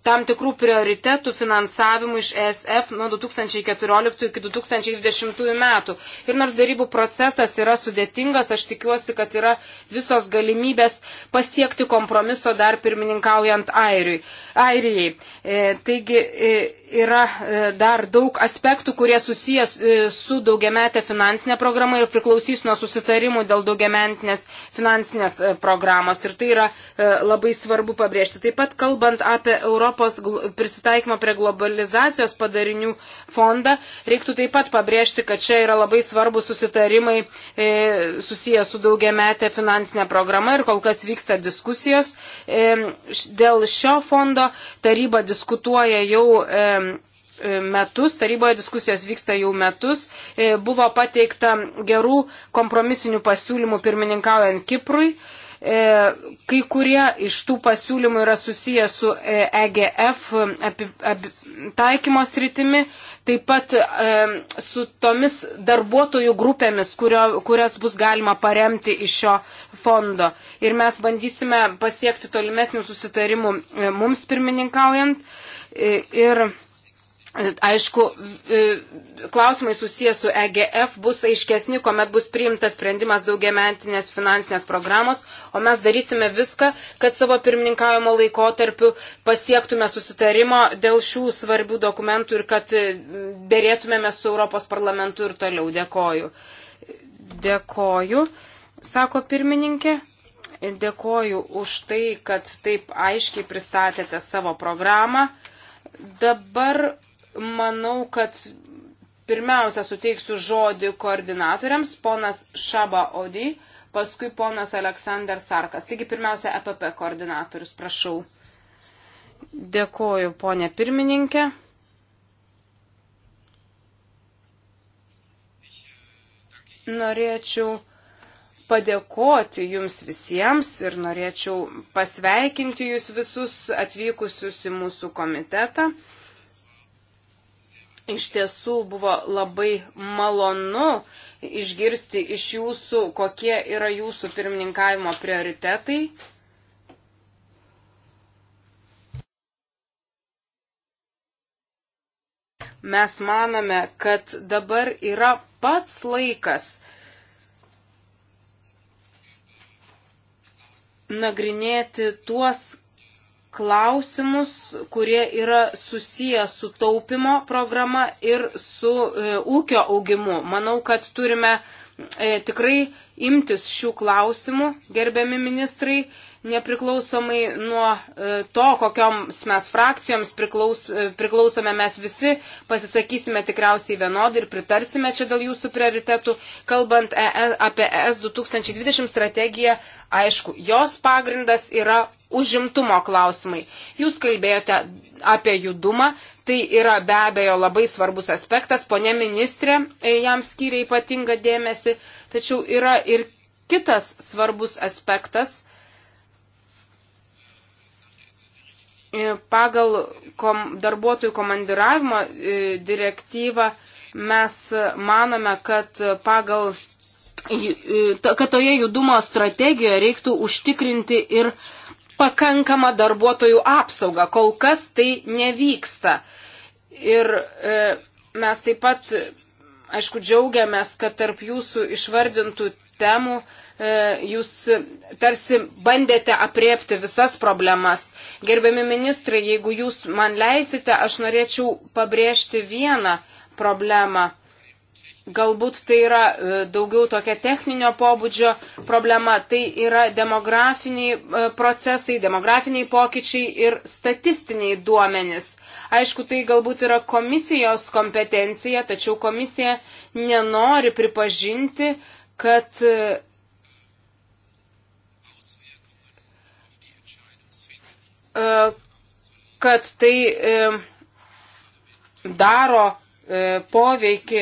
tam tikrų prioritetų finansavimų iš ESF nuo 2014 iki 2020 metų. Ir nors darybų procesas yra sudėtingas, aš tikiuosi, kad yra visos galimybės pasiekti kompromiso dar pirmininkaujant Airiui. Airijai. E, taigi e, yra e, dar daug aspektų, kurie susijęs e, su daugiametė finansinė programa ir priklausys nuo susitarimų dėl daugiametinės finansinės e, programos. Ir tai yra e, labai svarbu pabrėžti. Taip pat kalbant apie Europą, Europos prisitaikymo prie globalizacijos padarinių fondą, reiktų taip pat pabrėžti, kad čia yra labai svarbus susitarimai e, susiję su daugiametė finansinė programa ir kol kas vyksta diskusijos. E, dėl šio fondo taryba diskutuoja jau. E, e metus, taryboje diskusijos vyksta jau metus, e, buvo pateikta gerų kompromisinių pasiūlymų pirmininkaujant Kiprui. E, E, kai kurie iš tų pasiūlymų yra susiję su EGF e api, api, taikymo sritimi, taip pat e, su tomis darbuotojų grupėmis, kurio, kurias bus galima paremti iš šio fondo. Ir mes bandysime pasiekti tolimesnių susitarimų mums pirmininkaujant. Ir, Aišku, e, klausimai susijęs su EGF bus aiškesni, kuomet bus priimtas sprendimas daugiamentinės finansinės programos, o mes darysime viską, kad savo pirmininkavimo laikotarpiu pasiektume susitarimo dėl šių svarbių dokumentų ir kad e, dėrėtumėme su Europos parlamentu ir toliau. Dėkoju. Dėkoju, sako pirmininkė. Dėkoju už tai, kad taip aiškiai pristatėte savo programą. Dabar manau, kad pirmiausia suteiksiu žodį koordinatoriams, ponas Šaba Odi, paskui ponas Aleksandr Sarkas. Taigi pirmiausia, EPP koordinatorius, prašau. Dėkoju, ponė pirmininkė. Norėčiau padėkoti jums visiems ir norėčiau pasveikinti jūs visus atvykusius į mūsų komitetą. Iš tiesų buvo labai malonu išgirsti iš jūsų, kokie yra jūsų pirmininkavimo prioritetai. mes manome, kad dabar yra pats laikas nagrinėti tuos klausimus, kurie yra susiję su taupimo programa ir su e, ūkio augimu. Manau, kad turime e, tikrai imtis šių klausimų, gerbiami ministrai, nepriklausomai nuo e, to, kokioms mes frakcijoms priklaus, e, priklausome, mes visi pasisakysime tikriausiai vienodai ir pritarsime čia dėl jūsų prioritetų. Kalbant e, e apie ES 2020 strategiją, aišku, jos pagrindas yra užimtumo klausimai. Jūs kalbėjote apie judumą, tai yra be abejo labai svarbus aspektas, ponė ministrė e, jam skiria ypatingą dėmesį, tačiau yra ir kitas svarbus aspektas. E, pagal kom, darbuotojų komandiravimo e, direktyvą mes manome, kad pagal kad toje judumo strategijoje reiktų užtikrinti ir uh, pakankamą darbuotojų apsaugą. Kol kas tai nevyksta. Ir e, mes taip pat, aišku, džiaugiamės, kad tarp jūsų išvardintų temų e, jūs tarsi bandėte apriepti visas problemas. Gerbiami ministrai, jeigu jūs man leisite, aš norėčiau pabrėžti vieną problemą. Galbūt tai yra e, daugiau tokia techninio pobūdžio problema, tai yra demografiniai e, procesai, demografiniai pokyčiai ir statistiniai duomenys. Aišku, tai galbūt yra komisijos kompetencija, tačiau komisija nenori pripažinti, kad e, kad tai daro poveikį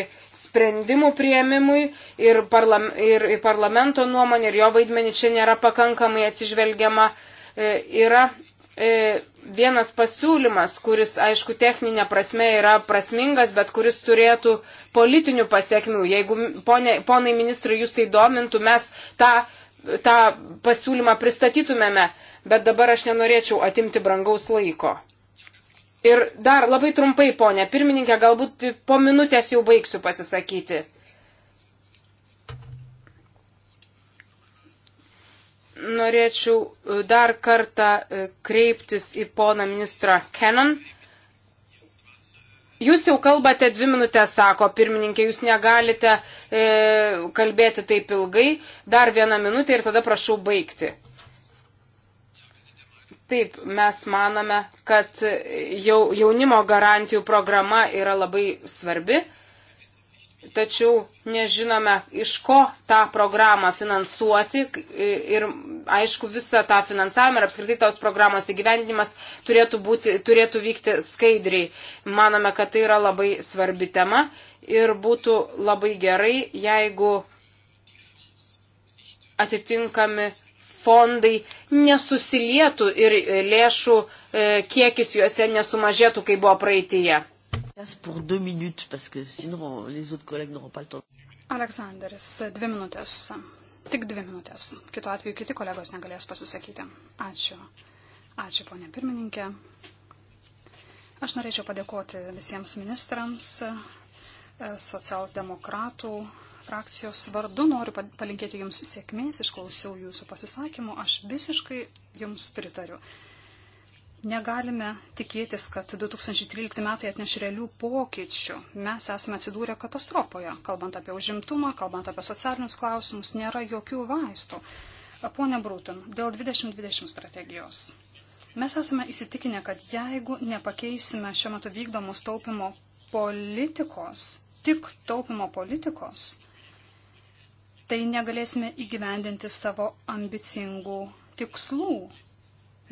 sprendimų prieimimui ir, parlam, ir, ir parlamento nuomonė ir jo vaidmenį čia nėra pakankamai atsižvelgiama. E, yra e, vienas pasiūlymas, kuris, aišku, techninė prasme yra prasmingas, bet kuris turėtų politinių pasiekmių. Jeigu, ponė, ponai ministrai, jūs tai domintų, mes tą, tą pasiūlymą pristatytumėme, bet dabar aš nenorėčiau atimti brangaus laiko. Ir dar labai trumpai, ponė pirmininkė, galbūt po minutės jau baigsiu pasisakyti. Norėčiau e, dar kartą e, kreiptis į poną ministrą Kenon. Jūs jau kalbate dvi minutės, sako pirmininkė, jūs negalite e, kalbėti taip ilgai. Dar vieną minutę ir tada prašau baigti. Taip, mes manome, kad jau, jaunimo garantijų programa yra labai svarbi, tačiau nežinome, iš ko tą programą finansuoti ir aišku, visą tą finansavimą ir apskritai tos programos įgyvendinimas turėtų, būti, turėtų vykti skaidriai. Manome, kad tai yra labai svarbi tema ir būtų labai gerai, jeigu atitinkami fondai nesusilietų ir e, lėšų e, kiekis juose nesumažėtų, kaip buvo praeitėje. Aleksanderis, dvi minutės. Tik dvi minutės. Kitu atveju kiti kolegos negalės pasisakyti. Ačiū. Ačiū, ponė pirmininkė. Aš norėčiau padėkoti visiems ministrams, e, socialdemokratų frakcijos vardu noriu palinkėti Jums sėkmės, išklausiau Jūsų pasisakymų, aš visiškai Jums pritariu. Negalime tikėtis, kad 2013 metai atneš realių pokyčių. Mes esame atsidūrę katastrofoje. Kalbant apie užimtumą, kalbant apie socialinius klausimus, nėra jokių vaistų. Pone Brūtin, dėl 2020 strategijos. Mes esame įsitikinę, kad jeigu nepakeisime šiuo metu vykdomos taupimo politikos, tik taupimo politikos, tai negalėsime įgyvendinti savo ambicingų tikslų.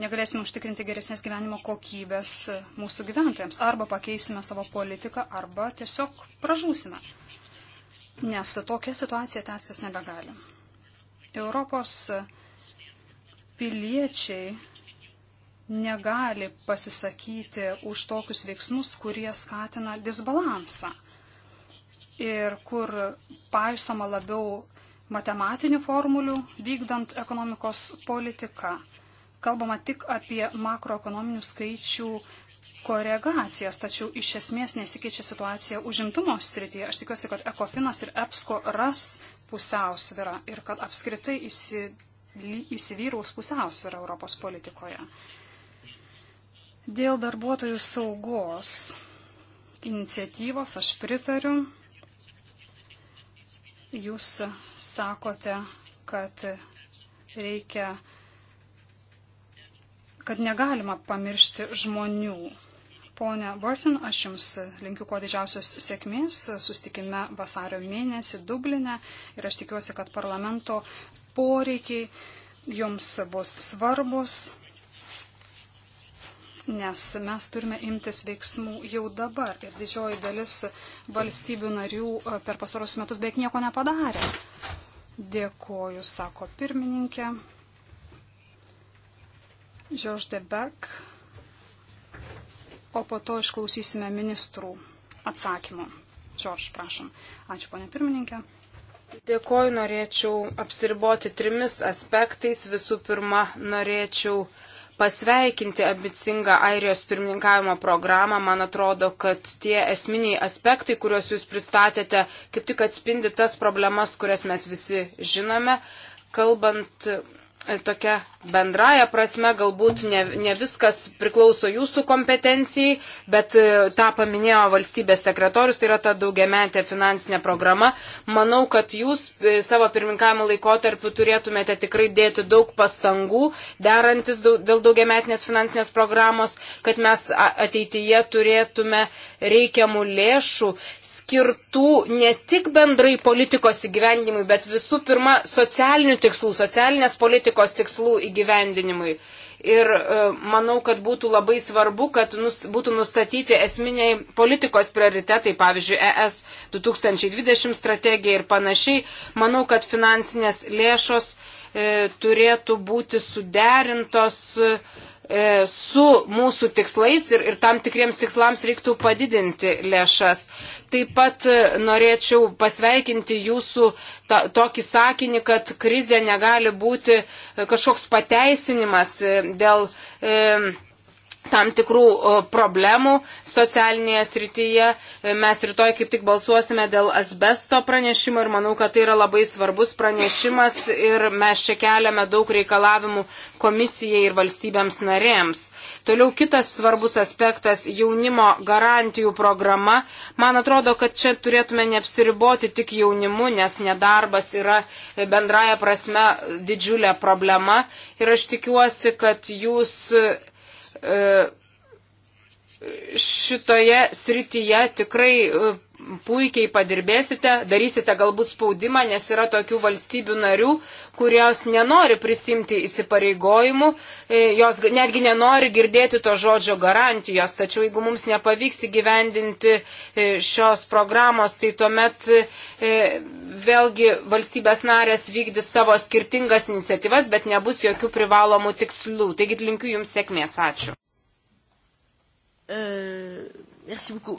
Negalėsime užtikrinti geresnės gyvenimo kokybės mūsų gyventojams. Arba pakeisime savo politiką, arba tiesiog pražūsime. Nes tokia situacija tęstis nebegali. Europos piliečiai negali pasisakyti už tokius veiksmus, kurie skatina disbalansą ir kur paisoma labiau matematinių formulių vykdant ekonomikos politiką. Kalbama tik apie makroekonominių skaičių koregacijas, tačiau iš esmės nesikeičia situacija užimtumo srityje. Aš tikiuosi, kad Ekofinas ir EPSCO ras pusiausvyrą ir kad apskritai įsivyraus pusiausvyrą Europos politikoje. Dėl darbuotojų saugos iniciatyvos aš pritariu Jūs sakote, kad reikia, kad negalima pamiršti žmonių. Pone Burton, aš Jums linkiu kuo didžiausios sėkmės. Sustikime vasario mėnesį Dublinę ir aš tikiuosi, kad parlamento poreikiai Jums bus svarbus nes mes turime imtis veiksmų jau dabar. Ir didžioji dalis valstybių narių e, per pastarosius metus beveik nieko nepadarė. Dėkoju, sako pirmininkė. George Debek. O po to išklausysime ministrų atsakymų. George, prašom. Ačiū, ponė pirmininkė. Dėkoju, norėčiau apsiriboti trimis aspektais. Visų pirma, norėčiau uh, pasveikinti ambicingą Airijos pirmininkavimo programą. Man atrodo, kad tie esminiai aspektai, kuriuos jūs pristatėte, kaip tik atspindi tas problemas, kurias mes visi žinome. Kalbant tokia bendraja prasme, galbūt ne, ne viskas priklauso jūsų kompetencijai, bet e, tą paminėjo valstybės sekretorius, tai yra ta daugiametė finansinė programa. Manau, kad jūs e, savo pirmininkavimo laikotarpiu turėtumėte tikrai dėti daug pastangų, derantis dėl daugiametinės finansinės programos, kad mes ateityje turėtume reikiamų lėšų skirtų ne tik bendrai politikos įgyvendinimui, bet visų pirma socialinių tikslų, socialinės politikos tikslų įgyvendinimui. Ir e, manau, kad būtų labai svarbu, kad nus, būtų nustatyti esminiai politikos prioritetai, pavyzdžiui, ES 2020 strategija ir panašiai. Manau, kad finansinės lėšos e, turėtų būti suderintos. E, E, su mūsų tikslais ir, ir tam tikriems tikslams reiktų padidinti lėšas. Taip pat e, norėčiau pasveikinti jūsų ta, tokį sakinį, kad krizė negali būti e, kažkoks pateisinimas dėl e, tam tikrų problemų socialinėje srityje. Mes rytoj kaip tik balsuosime dėl asbesto pranešimo ir manau, kad tai yra labai svarbus pranešimas ir mes čia keliame daug reikalavimų komisijai ir valstybėms narėms. Toliau kitas svarbus aspektas - jaunimo garantijų programa. Man atrodo, kad čia turėtume neapsiriboti tik jaunimu, nes nedarbas yra bendraja prasme didžiulė problema ir aš tikiuosi, kad jūs E, šitoje srityje tikrai e, puikiai padirbėsite, darysite galbūt spaudimą, nes yra tokių valstybių narių, kurios nenori prisimti įsipareigojimų, e, jos netgi nenori girdėti to žodžio garantijos. Tačiau jeigu mums nepavyks įgyvendinti e, šios programos, tai tuomet e, vėlgi valstybės narės vykdys savo skirtingas iniciatyvas, bet nebus jokių privalomų tikslų. Taigi linkiu Jums sėkmės. Ačiū. Uh... E Euh,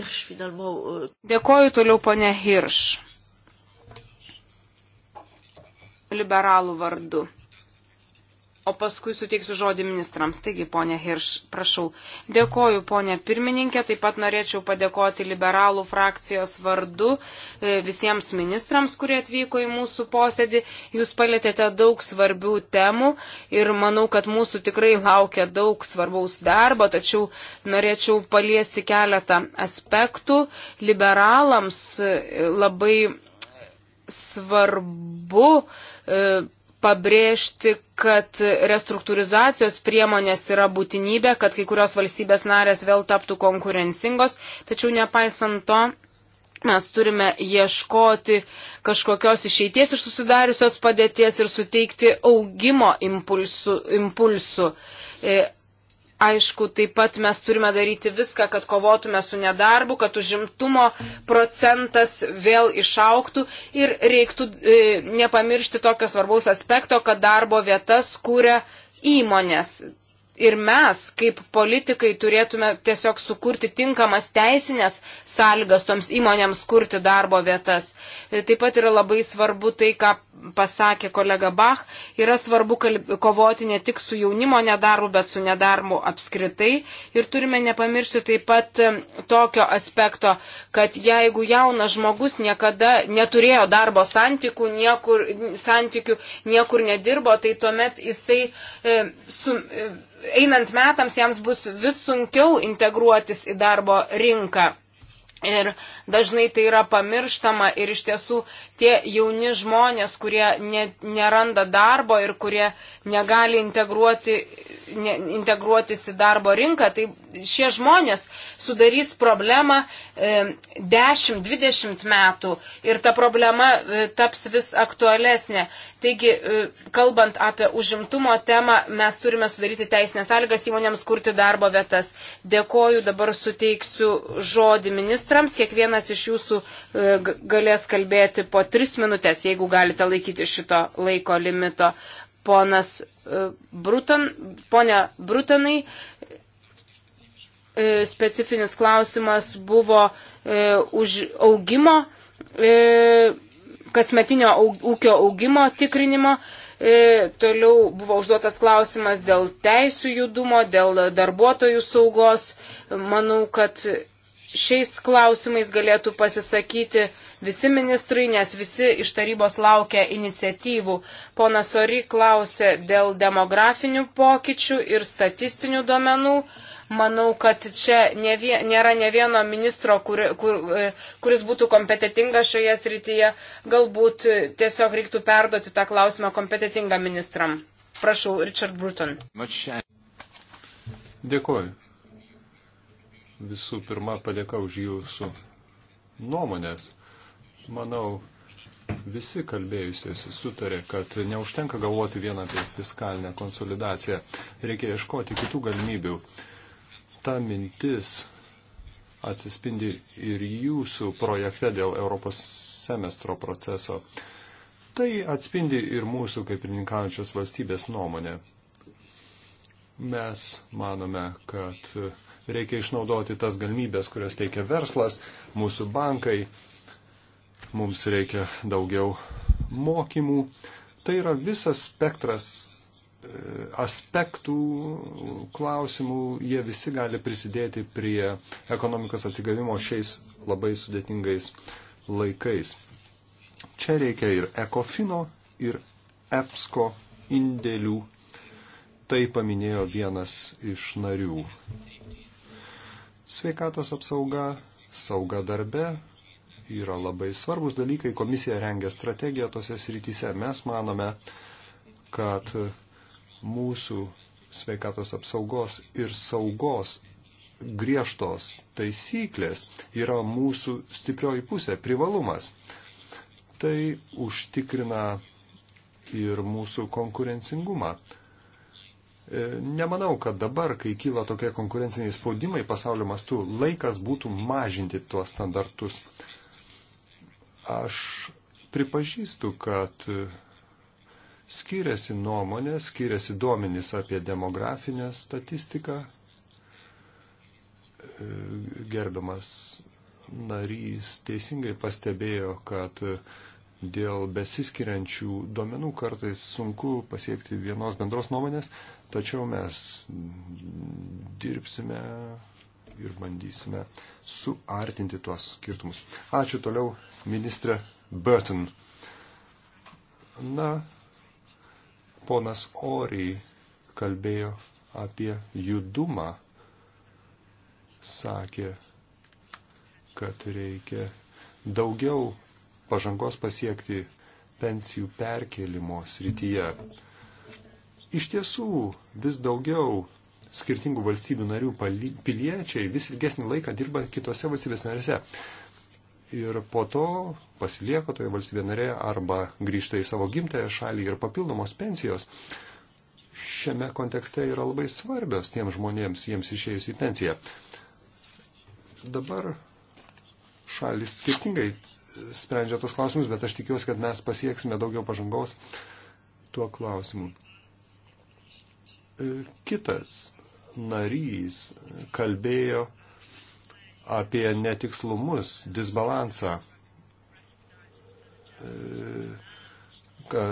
euh, Dėkoju toliau ponė Hirš. Liberalų vardu o paskui suteiksiu žodį ministrams. Taigi, ponė Hirš, prašau. Dėkoju, ponė pirmininkė, taip pat norėčiau padėkoti liberalų frakcijos vardu e, visiems ministrams, kurie atvyko į mūsų posėdį. Jūs palėtėte daug svarbių temų ir manau, kad mūsų tikrai laukia daug svarbaus darbo, tačiau norėčiau paliesti keletą aspektų. Liberalams e, labai svarbu e, pabrėžti, kad restruktūrizacijos priemonės yra būtinybė, kad kai kurios valstybės narės vėl taptų konkurencingos, tačiau nepaisant to, mes turime ieškoti kažkokios išeities iš susidariusios padėties ir suteikti augimo impulsų. impulsų. E, Aišku, taip pat mes turime daryti viską, kad kovotume su nedarbu, kad užimtumo procentas vėl išauktų ir reiktų e, nepamiršti tokio svarbaus aspekto, kad darbo vietas kūrė įmonės ir mes, kaip politikai, turėtume tiesiog sukurti tinkamas teisinės sąlygas toms įmonėms kurti darbo vietas. E, taip pat yra labai svarbu tai, ką pasakė kolega Bach, yra svarbu kovoti ne tik su jaunimo nedarbu, bet su nedarbu apskritai. Ir turime nepamiršti taip pat e, tokio aspekto, kad jeigu jaunas žmogus niekada neturėjo darbo santykių, niekur, santykių, niekur nedirbo, tai tuomet jisai e, su, e, einant metams jiems bus vis sunkiau integruotis į darbo rinką. Ir dažnai tai yra pamirštama ir iš tiesų tie jauni žmonės, kurie ne, neranda darbo ir kurie negali integruoti, ne, integruotis į darbo rinką, tai šie žmonės sudarys problemą e, 10-20 metų ir ta problema e, taps vis aktualesnė. Taigi, e, kalbant apie užimtumo temą, mes turime sudaryti teisinės sąlygas įmonėms kurti darbo vietas. Dėkoju, dabar suteiksiu žodį ministrui ministrams. Kiekvienas iš jūsų e, galės kalbėti po tris minutės, jeigu galite laikyti šito laiko limito. Ponas e, Bruton, ponia Brutonai, e, specifinis klausimas buvo už augimo, kasmetinio ūkio augimo tikrinimo. Toliau buvo užduotas klausimas dėl teisų judumo, dėl darbuotojų saugos. Manau, kad šiais klausimais galėtų pasisakyti visi ministrai, nes visi iš tarybos laukia iniciatyvų. Pona Sori klausė dėl demografinių pokyčių ir statistinių duomenų. Manau, kad čia ne vien, nėra ne vieno ministro, kur, kur, e, kuris būtų kompetitingas šioje srityje. Galbūt e, tiesiog reiktų perduoti tą klausimą kompetitingam ministram. Prašau, Richard Bruton. Dėkuoju visų pirma padėka už jūsų nuomonės. Manau, visi kalbėjusiesi sutarė, kad neužtenka galvoti vieną apie fiskalinę konsolidaciją, reikia ieškoti kitų galimybių. Ta mintis atsispindi ir jūsų projekte dėl Europos semestro proceso. Tai atspindi ir mūsų kaip pirmininkaujančios valstybės nuomonė. Mes manome, kad Reikia išnaudoti tas galimybės, kurias teikia verslas, mūsų bankai. Mums reikia daugiau mokymų. Tai yra visas spektras e, aspektų, klausimų, jie visi gali prisidėti prie ekonomikos atsigavimo šiais labai sudėtingais laikais. Čia reikia ir ekofino, ir EPSCO indėlių. Tai paminėjo vienas iš narių. Sveikatos apsauga, sauga darbe yra labai svarbus dalykai. Komisija rengia strategiją tose srityse. Mes manome, kad mūsų sveikatos apsaugos ir saugos griežtos taisyklės yra mūsų stiprioji pusė, privalumas. Tai užtikrina ir mūsų konkurencingumą. E, nemanau, kad dabar, kai kyla tokie konkurenciniai spaudimai pasaulio mastu, laikas būtų mažinti tuos standartus. Aš pripažįstu, kad skiriasi nuomonė, skiriasi duomenys apie demografinę statistiką. E, gerbiamas narys teisingai pastebėjo, kad dėl besiskiriančių duomenų kartais sunku pasiekti vienos bendros nuomonės, Tačiau mes dirbsime ir bandysime suartinti tuos skirtumus. Ačiū toliau, ministrė Burton. Na, ponas Oriai kalbėjo apie judumą, sakė, kad reikia daugiau pažangos pasiekti pensijų perkelimo srityje. Iš tiesų, vis daugiau skirtingų valstybių narių piliečiai vis ilgesnį laiką dirba kitose valstybės narėse. Ir po to pasilieka toje valstybė narėje arba grįžta į savo gimtąją šalį ir papildomos pensijos šiame kontekste yra labai svarbios tiems žmonėms, jiems išėjus į pensiją. Dabar šalis skirtingai sprendžia tos klausimus, bet aš tikiuosi, kad mes pasieksime daugiau pažangos tuo klausimu kitas narys kalbėjo apie netikslumus, disbalansą, e,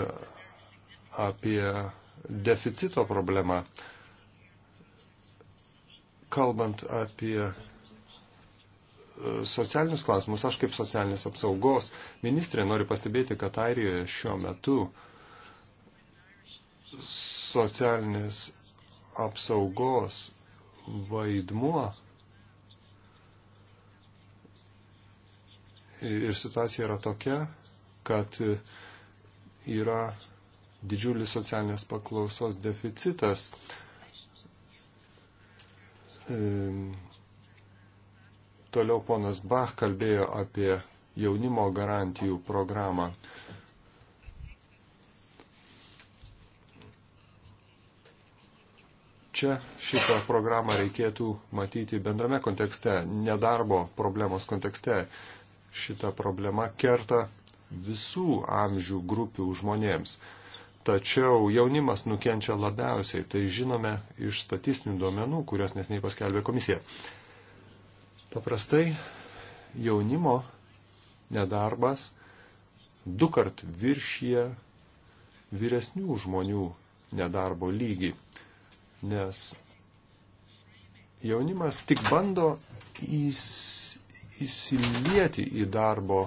apie deficito problemą. Kalbant apie e, socialinius klausimus, aš kaip socialinės apsaugos ministrė noriu pastebėti, kad Airijoje šiuo metu socialinės apsaugos vaidmuo ir situacija yra tokia, kad yra didžiulis socialinės paklausos deficitas. Toliau ponas Bach kalbėjo apie jaunimo garantijų programą. čia šitą programą reikėtų matyti bendrame kontekste, nedarbo problemos kontekste. Šita problema kerta visų amžių grupių žmonėms. Tačiau jaunimas nukenčia labiausiai, tai žinome iš statistinių duomenų, kurias nesnei paskelbė komisija. Paprastai jaunimo nedarbas du kart viršyje vyresnių žmonių nedarbo lygį nes jaunimas tik bando įs, įsilieti į darbo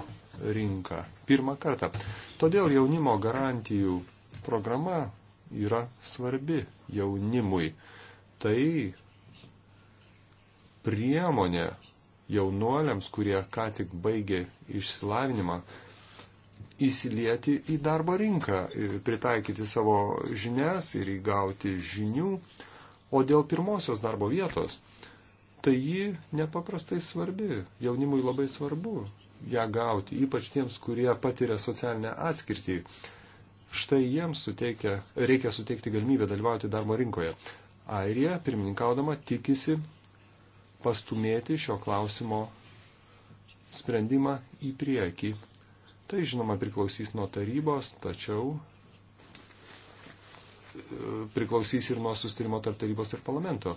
rinką pirmą kartą. Todėl jaunimo garantijų programa yra svarbi jaunimui. Tai priemonė jaunuoliams, kurie ką tik baigė išsilavinimą, įsilieti į darbo rinką, pritaikyti savo žinias ir įgauti žinių, O dėl pirmosios darbo vietos, tai ji nepaprastai svarbi, jaunimui labai svarbu ją gauti, ypač tiems, kurie patiria socialinę atskirtį. Štai jiems suteikia, reikia suteikti galimybę dalyvauti darbo rinkoje. Airija, pirmininkaudama, tikisi pastumėti šio klausimo sprendimą į priekį. Tai žinoma priklausys nuo tarybos, tačiau priklausys ir nuo sustarimo tarp tarybos ir parlamento.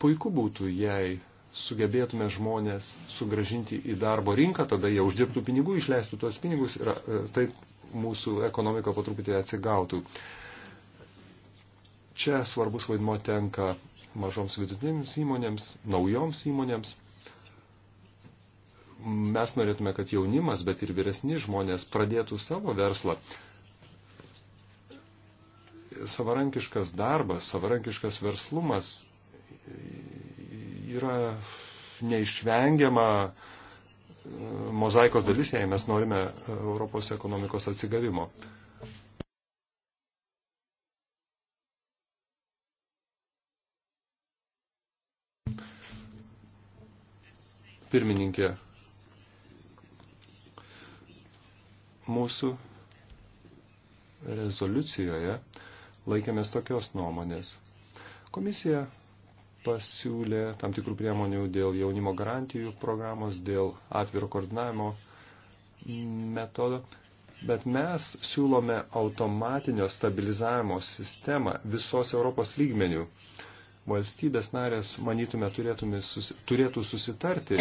Puiku būtų, jei sugebėtume žmonės sugražinti į darbo rinką, tada jie uždirbtų pinigų, išleistų tuos pinigus ir e, taip mūsų ekonomika po truputį atsigautų. Čia svarbus vaidmo tenka mažoms vidutinėms įmonėms, naujoms įmonėms. Mes norėtume, kad jaunimas, bet ir vyresni žmonės pradėtų savo verslą. Uh, savarankiškas darbas, savarankiškas verslumas yra neišvengiama e, mozaikos dalis, jei mes norime e, Europos ekonomikos atsigavimo. Pirmininkė, mūsų rezoliucijoje laikėmės tokios nuomonės. Komisija pasiūlė tam tikrų priemonių dėl jaunimo garantijų programos, dėl atviro koordinavimo metodo, bet mes siūlome automatinio stabilizavimo sistemą visos Europos lygmenių. Valstybės narės, manytume, susi, turėtų susitarti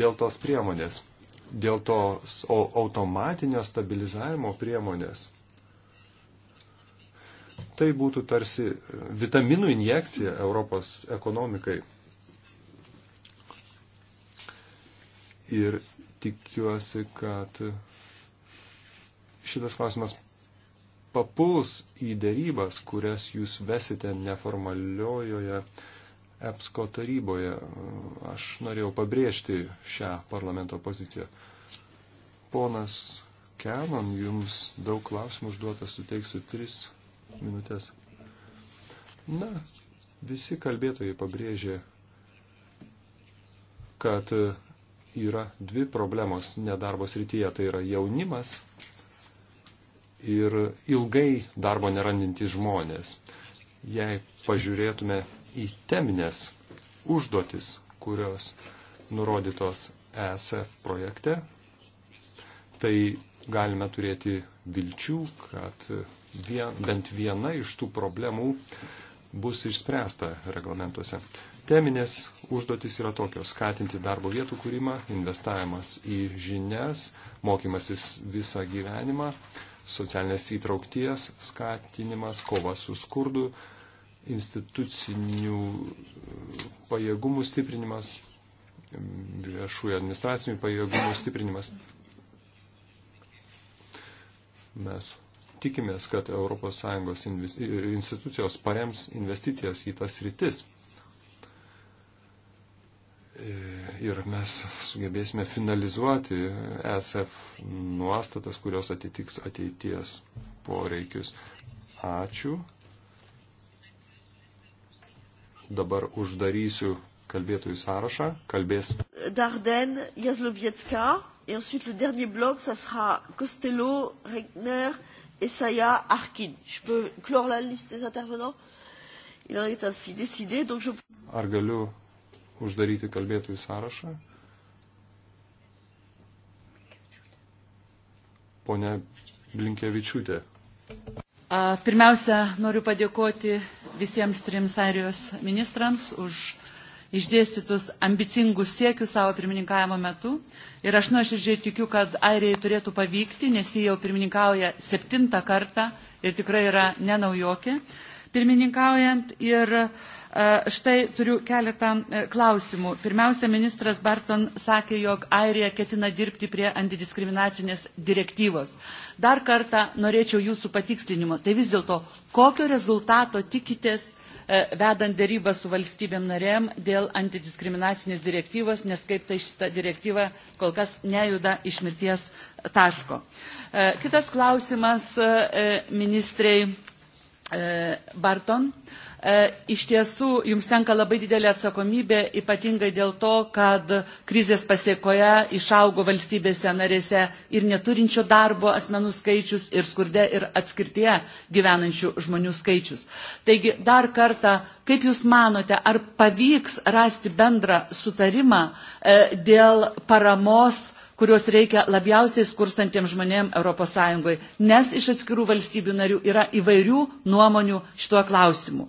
dėl tos priemonės, dėl tos automatinio stabilizavimo priemonės Tai būtų tarsi e, vitaminų injekcija Europos ekonomikai. Ir tikiuosi, kad šitas klausimas papuls į dėrybas, kurias jūs vesite neformaliojoje EPSCO taryboje. Aš norėjau pabrėžti šią parlamento poziciją. Ponas Kenon, jums daug klausimų užduotas, suteiksiu tris minutės. Na, visi kalbėtojai pabrėžė, kad yra dvi problemos nedarbo srityje. Tai yra jaunimas ir ilgai darbo nerandintys žmonės. Jei pažiūrėtume į teminės užduotis, kurios nurodytos ESF projekte, tai galime turėti vilčių, kad vien, bent viena iš tų problemų bus išspręsta reglamentuose. Teminės užduotis yra tokios - skatinti darbo vietų kūrimą, investavimas į žinias, mokymasis visą gyvenimą, socialinės įtraukties skatinimas, kova su skurdu, institucinių e, pajėgumų stiprinimas, viešųjų administracinių pajėgumų stiprinimas. Mes tikimės, kad ES institucijos parems investicijas į tas rytis. E, ir mes sugebėsime finalizuoti ESF nuostatas, kurios atitiks ateities poreikius. Ačiū. Dabar uždarysiu kalbėtojų sąrašą. Kalbės. Darden, Jazlovietska. Et ensuite, le dernier bloc, ça sera Costello, Regner, Essaya Arkin. Je peux clore la liste des intervenants Il en est ainsi décidé. Donc je... Ar galiu uždaryti kalbėtojų sąrašą? Pone Blinkevičiūtė. Pirmiausia, noriu padėkoti visiems trims Airijos ministrams už išdėstytus ambicingus siekius savo pirmininkavimo metu. Ir aš nuoširdžiai tikiu, kad Airijai turėtų pavykti, nes jie jau pirmininkauja septintą kartą ir tikrai yra nenaujokė pirmininkaujant. Ir e, štai turiu keletą e, klausimų. Pirmiausia, ministras Barton sakė, jog Airija ketina dirbti prie antidiskriminacinės direktyvos. Dar kartą norėčiau jūsų patikslinimo. Tai vis dėlto, kokio rezultato tikitės E, vedant dėrybą su valstybėm narėm dėl antidiskriminacinės direktyvos, nes kaip tai šita direktyva kol kas nejuda iš mirties taško. E, kitas klausimas e, ministrei Barton. E, iš tiesų, jums tenka labai didelė atsakomybė, ypatingai dėl to, kad krizės pasiekoje išaugo valstybėse narėse ir neturinčių darbo asmenų skaičius, ir skurde, ir atskirtie gyvenančių žmonių skaičius. Taigi, dar kartą, kaip Jūs manote, ar pavyks rasti bendrą sutarimą e, dėl paramos kurios reikia labiausiai skurstantiems žmonėms ES, nes iš atskirų valstybių narių yra įvairių nuomonių šituo klausimu.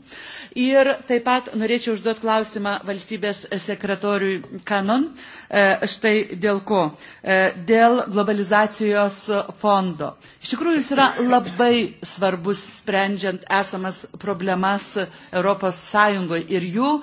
Ir taip pat norėčiau užduoti klausimą valstybės sekretoriui Kanon, e, štai dėl ko? E, dėl globalizacijos fondo. Iš tikrųjų, jis yra labai svarbus sprendžiant esamas problemas ES ir jų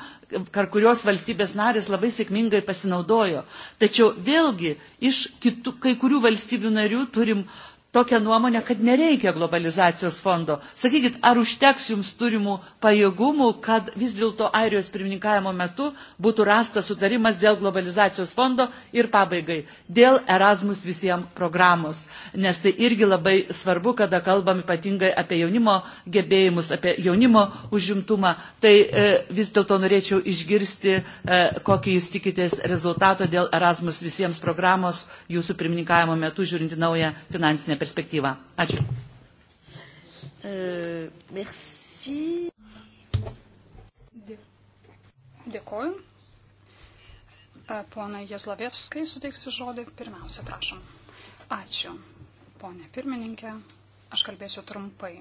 kurios valstybės narės labai sėkmingai pasinaudojo. Tačiau vėlgi iš kitų, kai kurių valstybių narių turim uh, tokią nuomonę, kad nereikia globalizacijos fondo. Sakykit, ar užteks jums turimų pajėgumų, kad vis dėlto Airijos pirmininkavimo metu būtų rastas sutarimas dėl globalizacijos fondo ir pabaigai dėl Erasmus visiems programos. Nes tai irgi labai svarbu, kada kalbam ypatingai apie jaunimo gebėjimus, apie jaunimo užimtumą. Tai e, vis dėlto norėčiau išgirsti, e, kokį jūs tikitės rezultato dėl Erasmus visiems programos jūsų pirmininkavimo metu žiūrinti naują finansinę perspektyvą. Ačiū. E, merci. Dėkuoju. E, Pona Jezlavievskai suteiksiu žodį. Pirmiausia, prašom. Ačiū. Pone pirmininkė, aš kalbėsiu trumpai.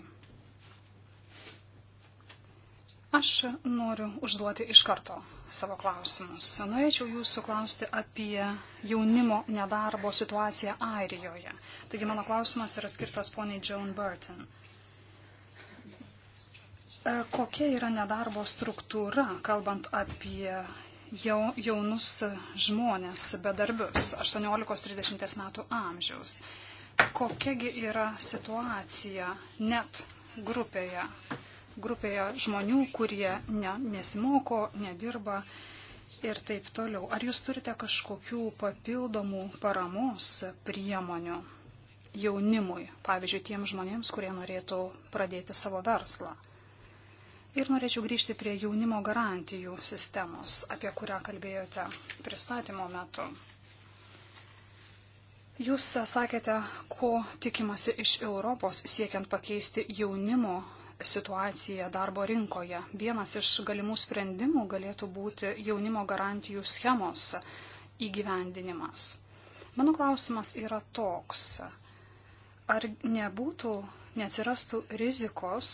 Aš noriu užduoti iš karto savo klausimus. Norėčiau jūsų klausti apie jaunimo nedarbo situaciją Airijoje. Taigi mano klausimas yra skirtas poniai Joan Burton. E, kokia yra nedarbo struktūra, kalbant apie jaunus žmonės bedarbius 18-30 metų amžiaus? Kokiagi yra situacija net grupėje grupėje žmonių, kurie ne, nesimoko, nedirba ir taip toliau. Ar jūs turite kažkokių papildomų paramos priemonių jaunimui, pavyzdžiui, tiem žmonėms, kurie norėtų pradėti savo verslą? Ir norėčiau grįžti prie jaunimo garantijų sistemos, apie kurią kalbėjote pristatymo metu. Jūs sakėte, ko tikimasi iš Europos siekiant pakeisti jaunimo situaciją darbo rinkoje. Vienas iš galimų sprendimų galėtų būti jaunimo garantijų schemos įgyvendinimas. Mano klausimas yra toks. Ar nebūtų, neatsirastų rizikos,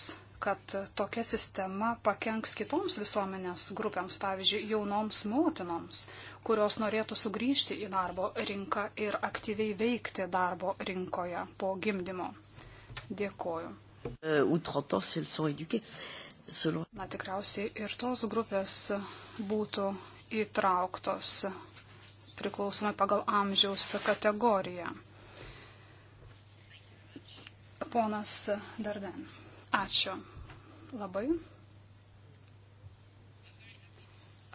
kad tokia sistema pakenks kitoms visuomenės grupėms, pavyzdžiui, jaunoms motinoms, kurios norėtų sugrįžti į darbo rinką ir aktyviai veikti darbo rinkoje po gimdymo? Dėkoju. Euh, Na tikriausiai ir tos grupės būtų įtrauktos priklausomai pagal amžiaus kategoriją. Ponas Darden, ačiū labai.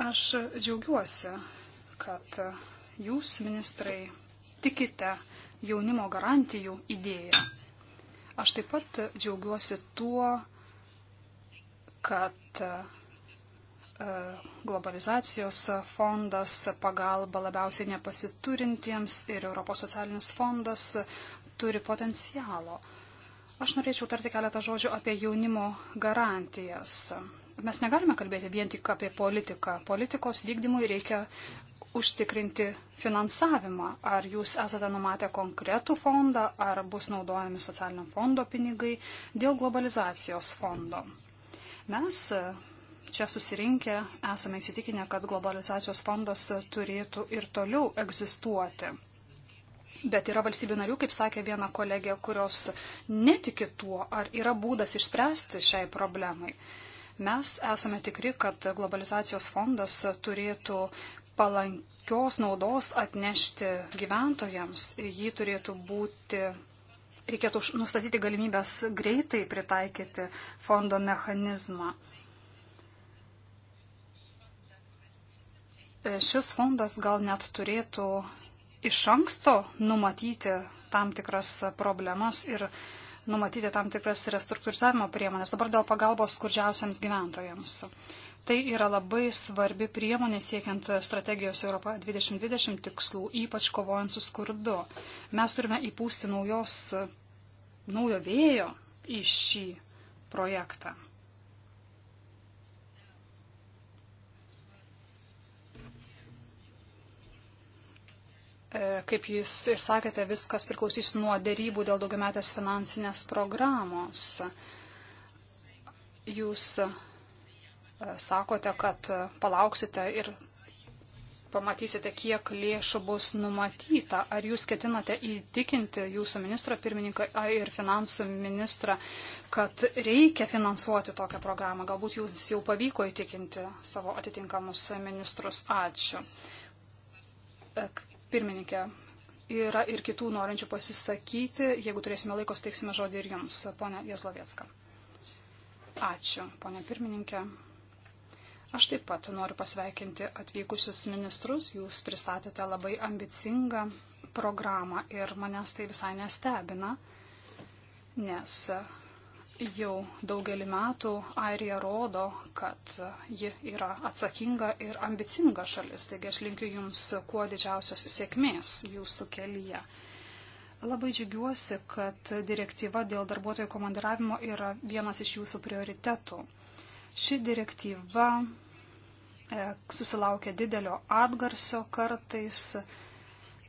Aš džiaugiuosi, kad jūs, ministrai, tikite jaunimo garantijų idėją. Aš taip pat džiaugiuosi tuo, kad e, globalizacijos fondas pagalba labiausiai nepasiturintiems ir Europos socialinis fondas turi potencialo. Aš norėčiau tarti keletą žodžių apie jaunimo garantijas. Mes negalime kalbėti vien tik apie politiką. Politikos vykdymui reikia užtikrinti finansavimą? Ar jūs esate numatę konkretų fondą, ar bus naudojami socialinio fondo pinigai dėl globalizacijos fondo? Mes e, čia susirinkę esame įsitikinę, kad globalizacijos fondas turėtų ir toliau egzistuoti. Bet yra valstybių narių, kaip sakė viena kolegė, kurios netiki tuo, ar yra būdas išspręsti šiai problemai mes esame tikri, kad globalizacijos fondas turėtų palankios naudos atnešti gyventojams, jį turėtų būti, reikėtų nustatyti galimybės greitai pritaikyti fondo mechanizmą. E, šis fondas gal net turėtų iš anksto numatyti tam tikras problemas ir numatyti tam tikras restruktūrizavimo priemonės dabar dėl pagalbos skurdžiausiams gyventojams. Tai yra labai svarbi priemonė siekiant strategijos Europa 2020 tikslų, ypač kovojant su skurdu. Mes turime įpūsti naujos, naujo vėjo į šį projektą. E, kaip jūs sakėte, viskas priklausys nuo dėrybų dėl daugiametės finansinės programos. Jūs sakote, kad e, palauksite ir pamatysite, kiek lėšų bus numatyta. Ar jūs ketinate įtikinti jūsų ministrą pirmininką ir finansų ministrą, kad reikia finansuoti tokią programą? Galbūt jums jau pavyko įtikinti savo atitinkamus ministrus. Ačiū. E, pirmininkė, yra ir kitų norinčių pasisakyti. Jeigu turėsime laiko, steiksime žodį ir jums, ponia Jezlovietska. Ačiū, ponia pirmininkė. Aš taip pat noriu pasveikinti atvykusius ministrus, jūs pristatėte labai ambicingą programą ir manęs tai visai nestebina, nes jau daugelį metų Airija rodo, kad ji yra atsakinga ir ambicinga šalis, taigi aš linkiu jums kuo didžiausios sėkmės jūsų kelyje. Labai džiugiuosi, kad direktyva dėl darbuotojų komandiravimo yra vienas iš jūsų prioritetų. Ši direktyva e, susilaukia didelio atgarsio kartais,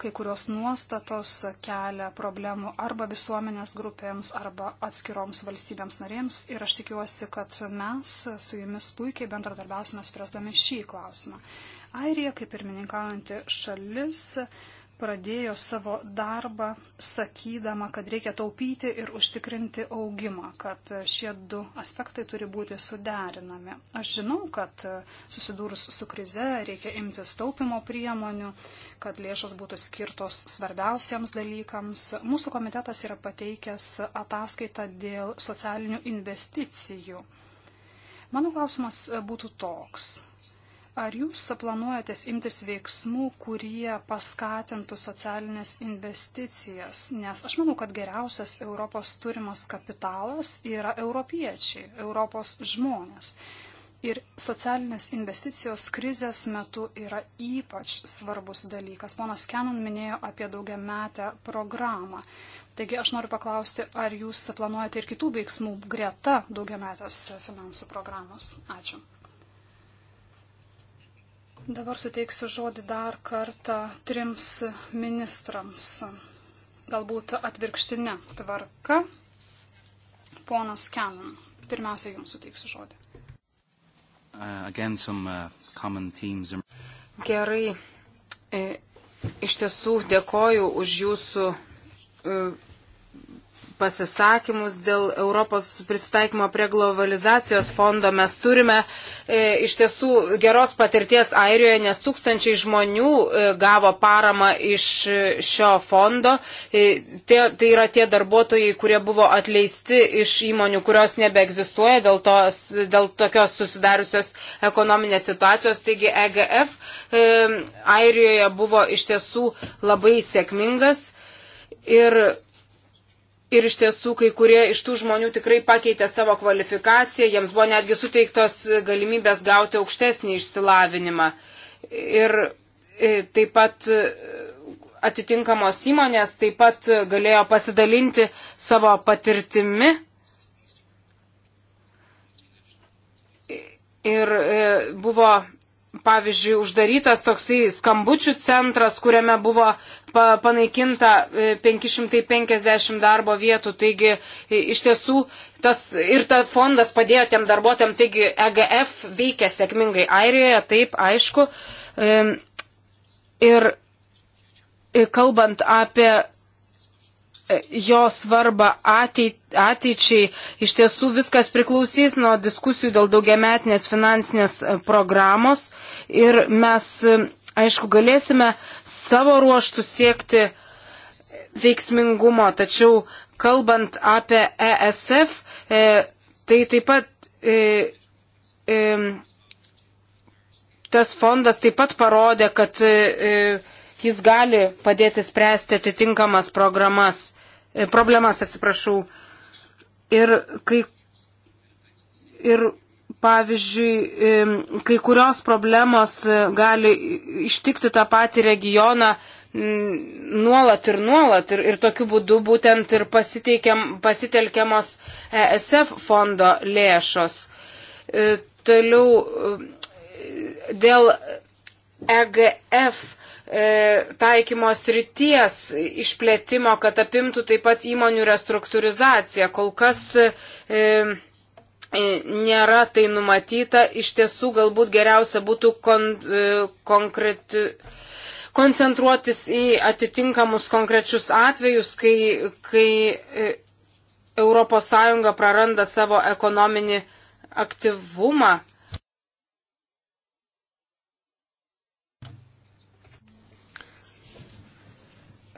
kai kurios nuostatos kelia problemų arba visuomenės grupėms, arba atskiroms valstybėms narėms ir aš tikiuosi, kad mes su jumis puikiai bendradarbiausime spręsdami šį klausimą. Airija, kaip pirmininkaujanti šalis, pradėjo savo darbą sakydama, kad reikia taupyti ir užtikrinti augimą, kad šie du aspektai turi būti suderinami. Aš žinau, kad susidūrus su krize reikia imtis taupimo priemonių, kad lėšos būtų skirtos svarbiausiems dalykams. Mūsų komitetas yra pateikęs ataskaitą dėl socialinių investicijų. Mano klausimas būtų toks. Ar jūs planuojatės imtis veiksmų, kurie paskatintų socialinės investicijas? Nes aš manau, kad geriausias Europos turimas kapitalas yra europiečiai, Europos žmonės. Ir socialinės investicijos krizės metu yra ypač svarbus dalykas. Ponas Kenan minėjo apie daugia metę programą. Taigi aš noriu paklausti, ar jūs planuojate ir kitų veiksmų greta daugia metės finansų programos? Ačiū. Dabar suteiksiu žodį dar kartą trims ministrams. Galbūt atvirkštinė tvarka. Ponas Kenan, pirmiausia, jums suteiksiu žodį. Uh, again, some, uh, Gerai. E, iš tiesų dėkoju už jūsų uh, pasisakymus dėl Europos pristaikymo prie globalizacijos fondo. Mes turime e, iš tiesų geros patirties Airijoje, nes tūkstančiai žmonių e, gavo paramą iš e, šio fondo. E, tie, tai yra tie darbuotojai, kurie buvo atleisti iš įmonių, kurios nebeegzistuoja dėl, tos, dėl tokios susidariusios ekonominės situacijos. Taigi EGF e, Airijoje buvo iš tiesų labai sėkmingas. Ir Ir iš tiesų, kai kurie iš tų žmonių tikrai pakeitė savo kvalifikaciją, jiems buvo netgi suteiktos galimybės gauti aukštesnį išsilavinimą. Ir e, taip pat e, atitinkamos įmonės taip pat galėjo pasidalinti savo patirtimi. Ir e, buvo pavyzdžiui, uždarytas toksai skambučių centras, kuriame buvo panaikinta 550 e, darbo vietų. Taigi iš tiesų tas ir ta fondas padėjo tiem darbuotėm, taigi EGF veikia sėkmingai Airijoje, taip aišku. Ir kalbant apie jo svarbą ateičiai. Iš tiesų viskas priklausys nuo diskusijų dėl daugiametinės finansinės e, programos ir mes, e, aišku, galėsime savo ruoštų siekti veiksmingumo, tačiau kalbant apie ESF, e, tai taip pat tas fondas taip pat parodė, kad jis gali padėti spręsti atitinkamas programas. E, problemas, atsiprašau. Ir kai, ir pavyzdžiui, e, kai kurios problemos e, gali ištikti tą patį regioną nuolat ir nuolat ir, ir tokiu būdu būtent ir pasitelkiamos ESF fondo lėšos. Toliau dėl EGF E, taikymos ryties išplėtimo, kad apimtų taip pat įmonių restruktūrizaciją. Kol kas e, e, nėra tai numatyta. Iš tiesų galbūt geriausia būtų kon, e, konkreti, koncentruotis į atitinkamus konkrečius atvejus, kai, kai e, ES praranda savo ekonominį aktyvumą.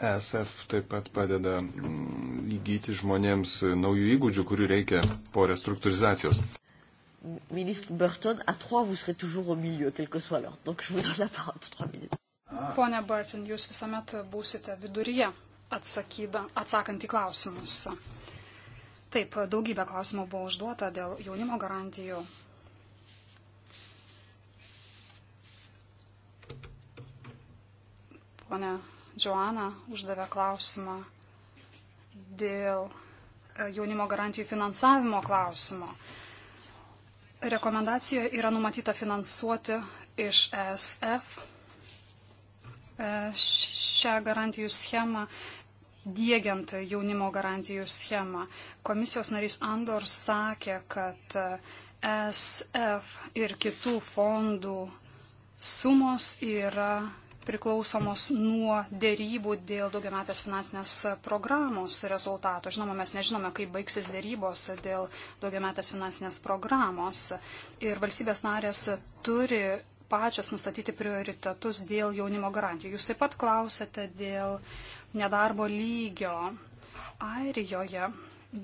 ESF taip pat padeda mm, įgyti žmonėms naujų įgūdžių, kurių reikia po restruktūrizacijos. Ministre Burton, à 3, vous serez toujours au milieu, quelle que soit l'heure. Donc, je vous donne la parole pour 3 minutes. Ah. Pone Burton, jūs visuomet būsite viduryje atsakyda, atsakant į klausimus. Taip, daugybė klausimų buvo užduota dėl jaunimo garantijų. Pone Joana uždavė klausimą dėl e, jaunimo garantijų finansavimo klausimo. Rekomendacijoje yra numatyta finansuoti iš ESF e, šią garantijų schemą, dėgiant jaunimo garantijų schemą. Komisijos narys Andor sakė, kad ESF e ir kitų fondų sumos yra priklausomos nuo dėrybų dėl daugiametės finansinės programos rezultato. Žinoma, mes nežinome, kaip baigsis dėrybos dėl daugiametės finansinės programos. Ir valstybės narės turi pačios nustatyti prioritetus dėl jaunimo garantijų. Jūs taip pat klausėte dėl nedarbo lygio. Airijoje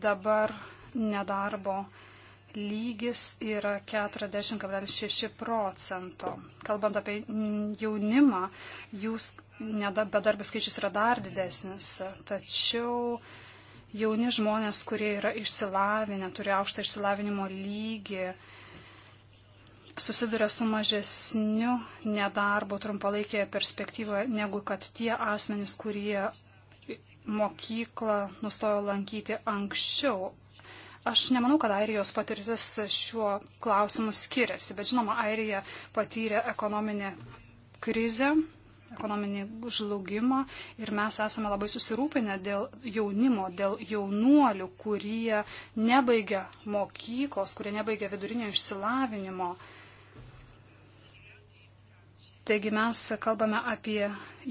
dabar nedarbo lygio lygis yra 40,6 procento. Kalbant apie jaunimą, jūs bedarbių skaičius yra dar didesnis, tačiau jauni žmonės, kurie yra išsilavinę, turi aukštą išsilavinimo lygį, susiduria su mažesniu nedarbu trumpalaikėje perspektyvoje, negu kad tie asmenys, kurie mokyklą nustojo lankyti anksčiau. Aš nemanau, kad Airijos patirtis šiuo klausimu skiriasi, bet žinoma, Airija patyrė ekonominę krizę, ekonominį žlugimą ir mes esame labai susirūpinę dėl jaunimo, dėl jaunuolių, kurie nebaigia mokyklos, kurie nebaigia vidurinio išsilavinimo. Taigi mes kalbame apie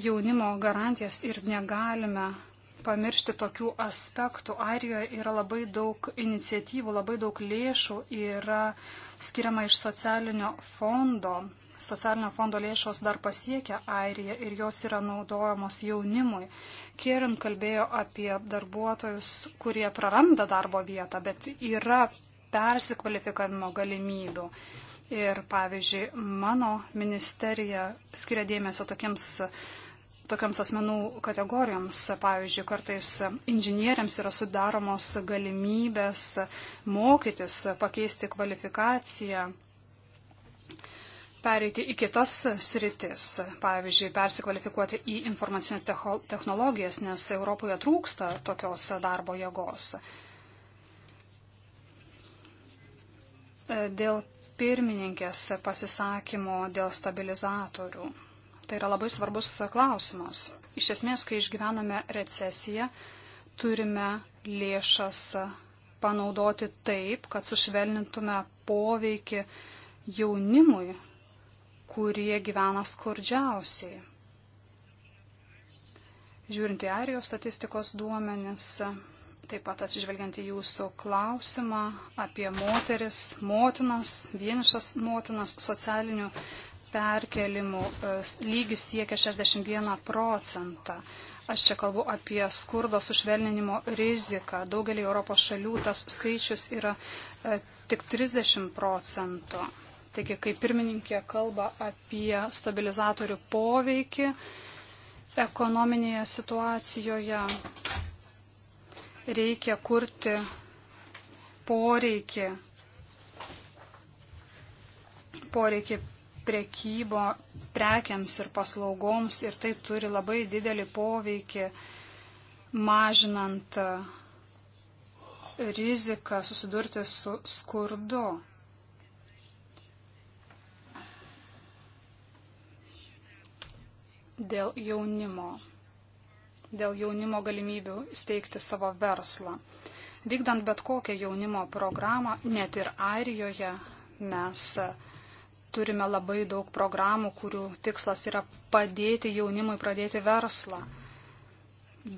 jaunimo garantijas ir negalime pamiršti tokių aspektų. Airijoje yra labai daug iniciatyvų, labai daug lėšų yra skiriama iš socialinio fondo. Socialinio fondo lėšos dar pasiekia Airiją ir jos yra naudojamos jaunimui. Kierin kalbėjo apie darbuotojus, kurie praranda darbo vietą, bet yra persikvalifikavimo galimybių. Ir pavyzdžiui, mano ministerija skiria dėmesio tokiems tokiams asmenų kategorijoms. Pavyzdžiui, kartais inžinieriams yra sudaromos galimybės mokytis, pakeisti kvalifikaciją, pereiti į kitas sritis, pavyzdžiui, persikvalifikuoti į informacinės technologijas, nes Europoje trūksta tokios darbo jėgos. Dėl pirmininkės pasisakymo dėl stabilizatorių. Tai yra labai svarbus klausimas. Iš esmės, kai išgyvename recesiją, turime lėšas panaudoti taip, kad sušvelnintume poveikį jaunimui, kurie gyvena skurdžiausiai. Žiūrint į Airijos statistikos duomenis, taip pat atsižvelgiant į jūsų klausimą apie moteris, motinas, vienišas motinas, socialinių perkelimų e, lygis siekia 61 procentą. Aš čia kalbu apie skurdo sušvelninimo riziką. Daugelį Europos šalių tas skaičius yra e, tik 30 procentų. Taigi, kai pirmininkė kalba apie stabilizatorių poveikį ekonominėje situacijoje, reikia kurti poreikį, poreikį prekybo prekiams ir paslaugoms ir tai turi labai didelį poveikį mažinant e, riziką susidurti su skurdu. Dėl jaunimo. Dėl jaunimo galimybių steigti savo verslą. Vykdant bet kokią jaunimo programą, net ir Airijoje mes turime labai daug programų, kurių tikslas yra padėti jaunimui pradėti verslą.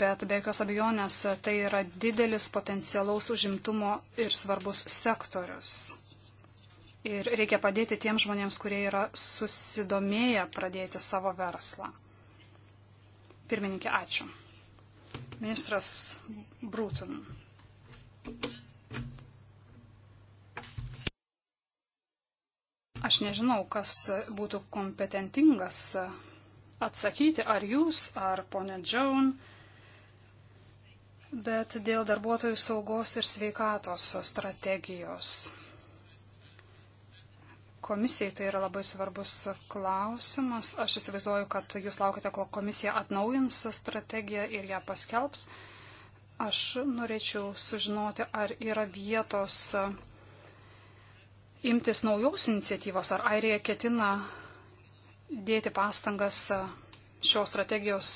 Bet be jokios abejonės tai yra didelis potencialaus užimtumo ir svarbus sektorius. Ir reikia padėti tiems žmonėms, kurie yra susidomėję pradėti savo verslą. Pirmininkė, ačiū. Ministras Brūtin. Aš nežinau, kas būtų kompetentingas atsakyti, ar jūs, ar ponė Džaun, bet dėl darbuotojų saugos ir sveikatos strategijos. Komisijai tai yra labai svarbus klausimas. Aš įsivaizduoju, kad jūs laukite, kol komisija atnaujins strategiją ir ją paskelbs. Aš norėčiau sužinoti, ar yra vietos imtis naujos iniciatyvos, ar Airija ketina dėti pastangas šios strategijos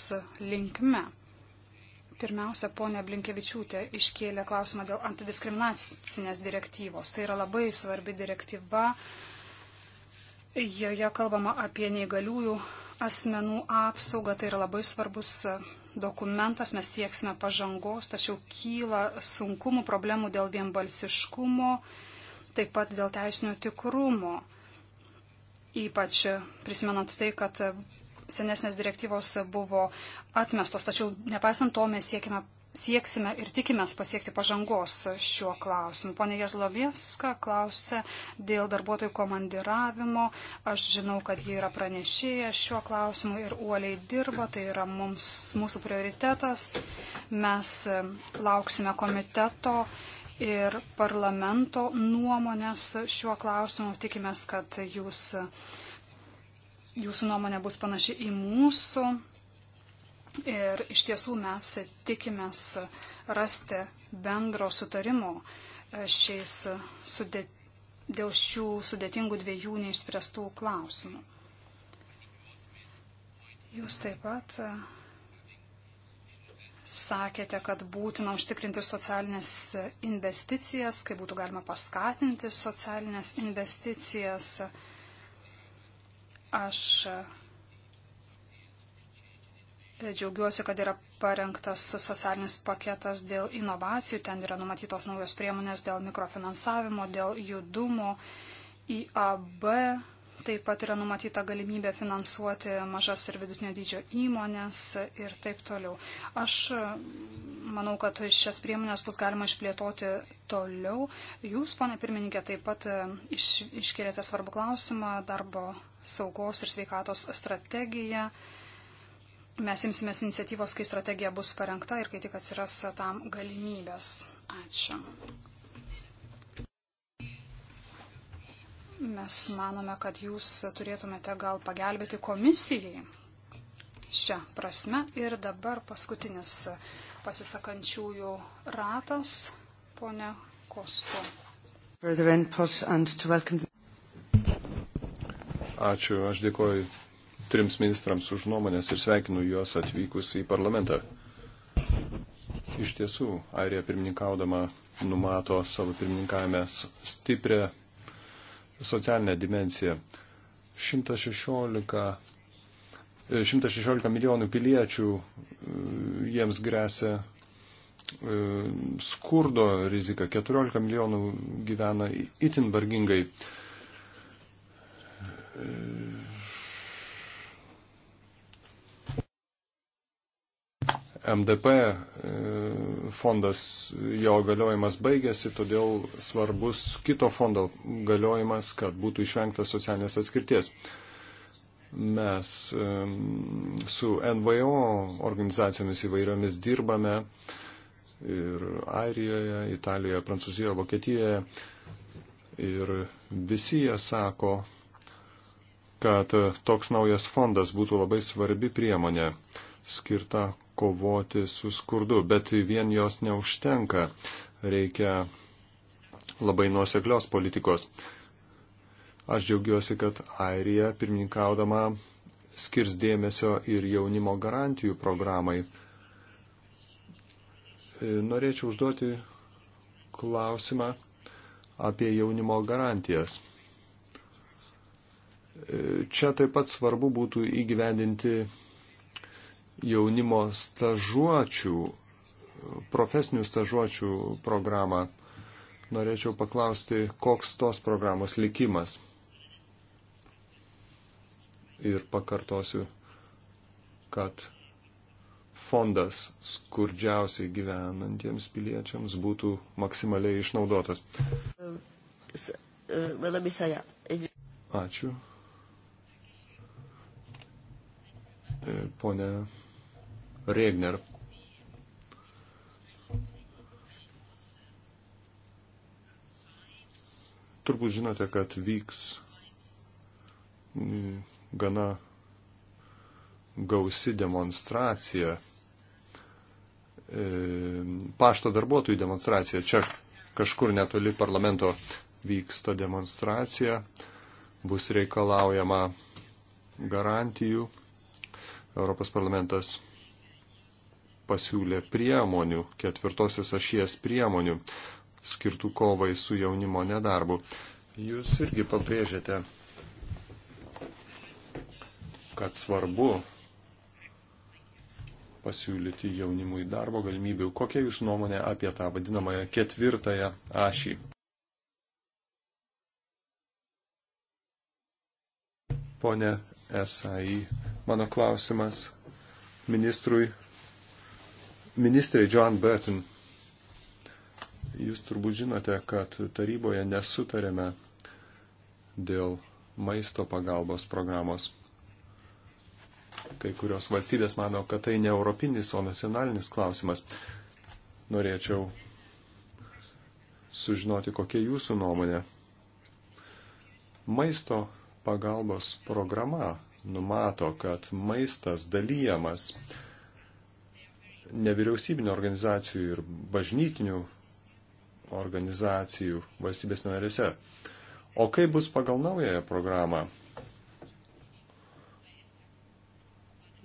linkme. Pirmiausia, ponė Blinkevičiūtė iškėlė klausimą dėl antidiskriminacinės direktyvos. Tai yra labai svarbi direktyva. Joje kalbama apie neįgaliųjų asmenų apsaugą. Tai yra labai svarbus dokumentas, mes sieksime pažangos, tačiau kyla sunkumų, problemų dėl vienbalsiškumo taip pat dėl teisinio tikrumo. Ypač prisimenant tai, kad senesnės direktyvos buvo atmestos, tačiau nepaisant to mes siekime, sieksime ir tikimės pasiekti pažangos šiuo klausimu. Pone Jezlovievska klausė dėl darbuotojų komandiravimo. Aš žinau, kad ji yra pranešėja šiuo klausimu ir uoliai dirba, tai yra mums, mūsų prioritetas. Mes lauksime komiteto ir parlamento nuomonės šiuo klausimu. Tikimės, kad jūs, jūsų nuomonė bus panaši į mūsų. Ir iš tiesų mes tikimės rasti bendro sutarimo šiais sudėt, dėl šių sudėtingų dviejų neišspręstų klausimų. Jūs taip pat sakėte, kad būtina užtikrinti socialinės investicijas, kaip būtų galima paskatinti socialinės investicijas. Aš e, džiaugiuosi, kad yra parengtas socialinis paketas dėl inovacijų, ten yra numatytos naujos priemonės dėl mikrofinansavimo, dėl judumo, IAB Taip pat yra numatyta galimybė finansuoti mažas ir vidutinio dydžio įmonės ir taip toliau. Aš mm, manau, kad šias priemonės bus galima išplėtoti toliau. Jūs, ponė pirmininkė, taip pat e, iš, iškėlėte svarbų klausimą darbo saugos ir sveikatos strategiją. Mes imsimės iniciatyvos, kai strategija bus parengta ir kai tik atsiras tam galimybės. Ačiū. Mes manome, kad jūs turėtumėte gal pagelbėti komisijai šią prasme. Ir dabar paskutinis pasisakančiųjų ratas, ponia Kostu. Ačiū, aš dėkoju trims ministrams už nuomonės ir sveikinu juos atvykus į parlamentą. Iš tiesų, Airija pirmininkaudama numato savo pirmininkavime stiprią socialinę dimenciją. 116, 116 e, milijonų piliečių e, jiems grėsia e, skurdo rizika, 14 milijonų gyvena itin vargingai. MDP fondas, jo galiojimas baigėsi, todėl svarbus kito fondo galiojimas, kad būtų išvengta socialinės atskirties. Mes su NVO organizacijomis įvairiomis dirbame ir Airijoje, Italijoje, Prancūzijoje, Vokietijoje. Ir visi jie sako, kad toks naujas fondas būtų labai svarbi priemonė skirta kovoti su skurdu, bet vien jos neužtenka. Reikia labai nuoseklios politikos. Aš džiaugiuosi, kad Airija pirmininkaudama skirs dėmesio ir jaunimo garantijų programai. Norėčiau užduoti klausimą apie jaunimo garantijas. Čia taip pat svarbu būtų įgyvendinti jaunimo stažuočių, profesinių stažuočių programą. Norėčiau paklausti, koks tos programos likimas. Ir pakartosiu, kad fondas skurdžiausiai gyvenantiems piliečiams būtų maksimaliai išnaudotas. Ačiū. E, pone Regner. Turbūt žinote, kad vyks mm, gana gausi demonstracija, e, pašto darbuotojų demonstracija. Čia kažkur netoli parlamento vyksta demonstracija, bus reikalaujama garantijų. Europos parlamentas pasiūlė priemonių, ketvirtosios ašies priemonių, skirtų kovai su jaunimo nedarbu. Jūs irgi pabrėžėte, kad svarbu pasiūlyti jaunimui darbo galimybių. Kokia jūsų nuomonė apie tą vadinamąją ketvirtąją ašį? Pone SAI, mano klausimas ministrui Ministrė Joan Burton, jūs turbūt žinote, kad taryboje nesutarėme dėl maisto pagalbos programos. Kai kurios valstybės mano, kad tai ne europinis, o nacionalinis klausimas. Norėčiau sužinoti, kokia jūsų nuomonė. Maisto pagalbos programa numato, kad maistas dalyjamas nevyriausybinio organizacijų ir bažnytinių organizacijų valstybės narėse. O kaip bus pagal naująją programą?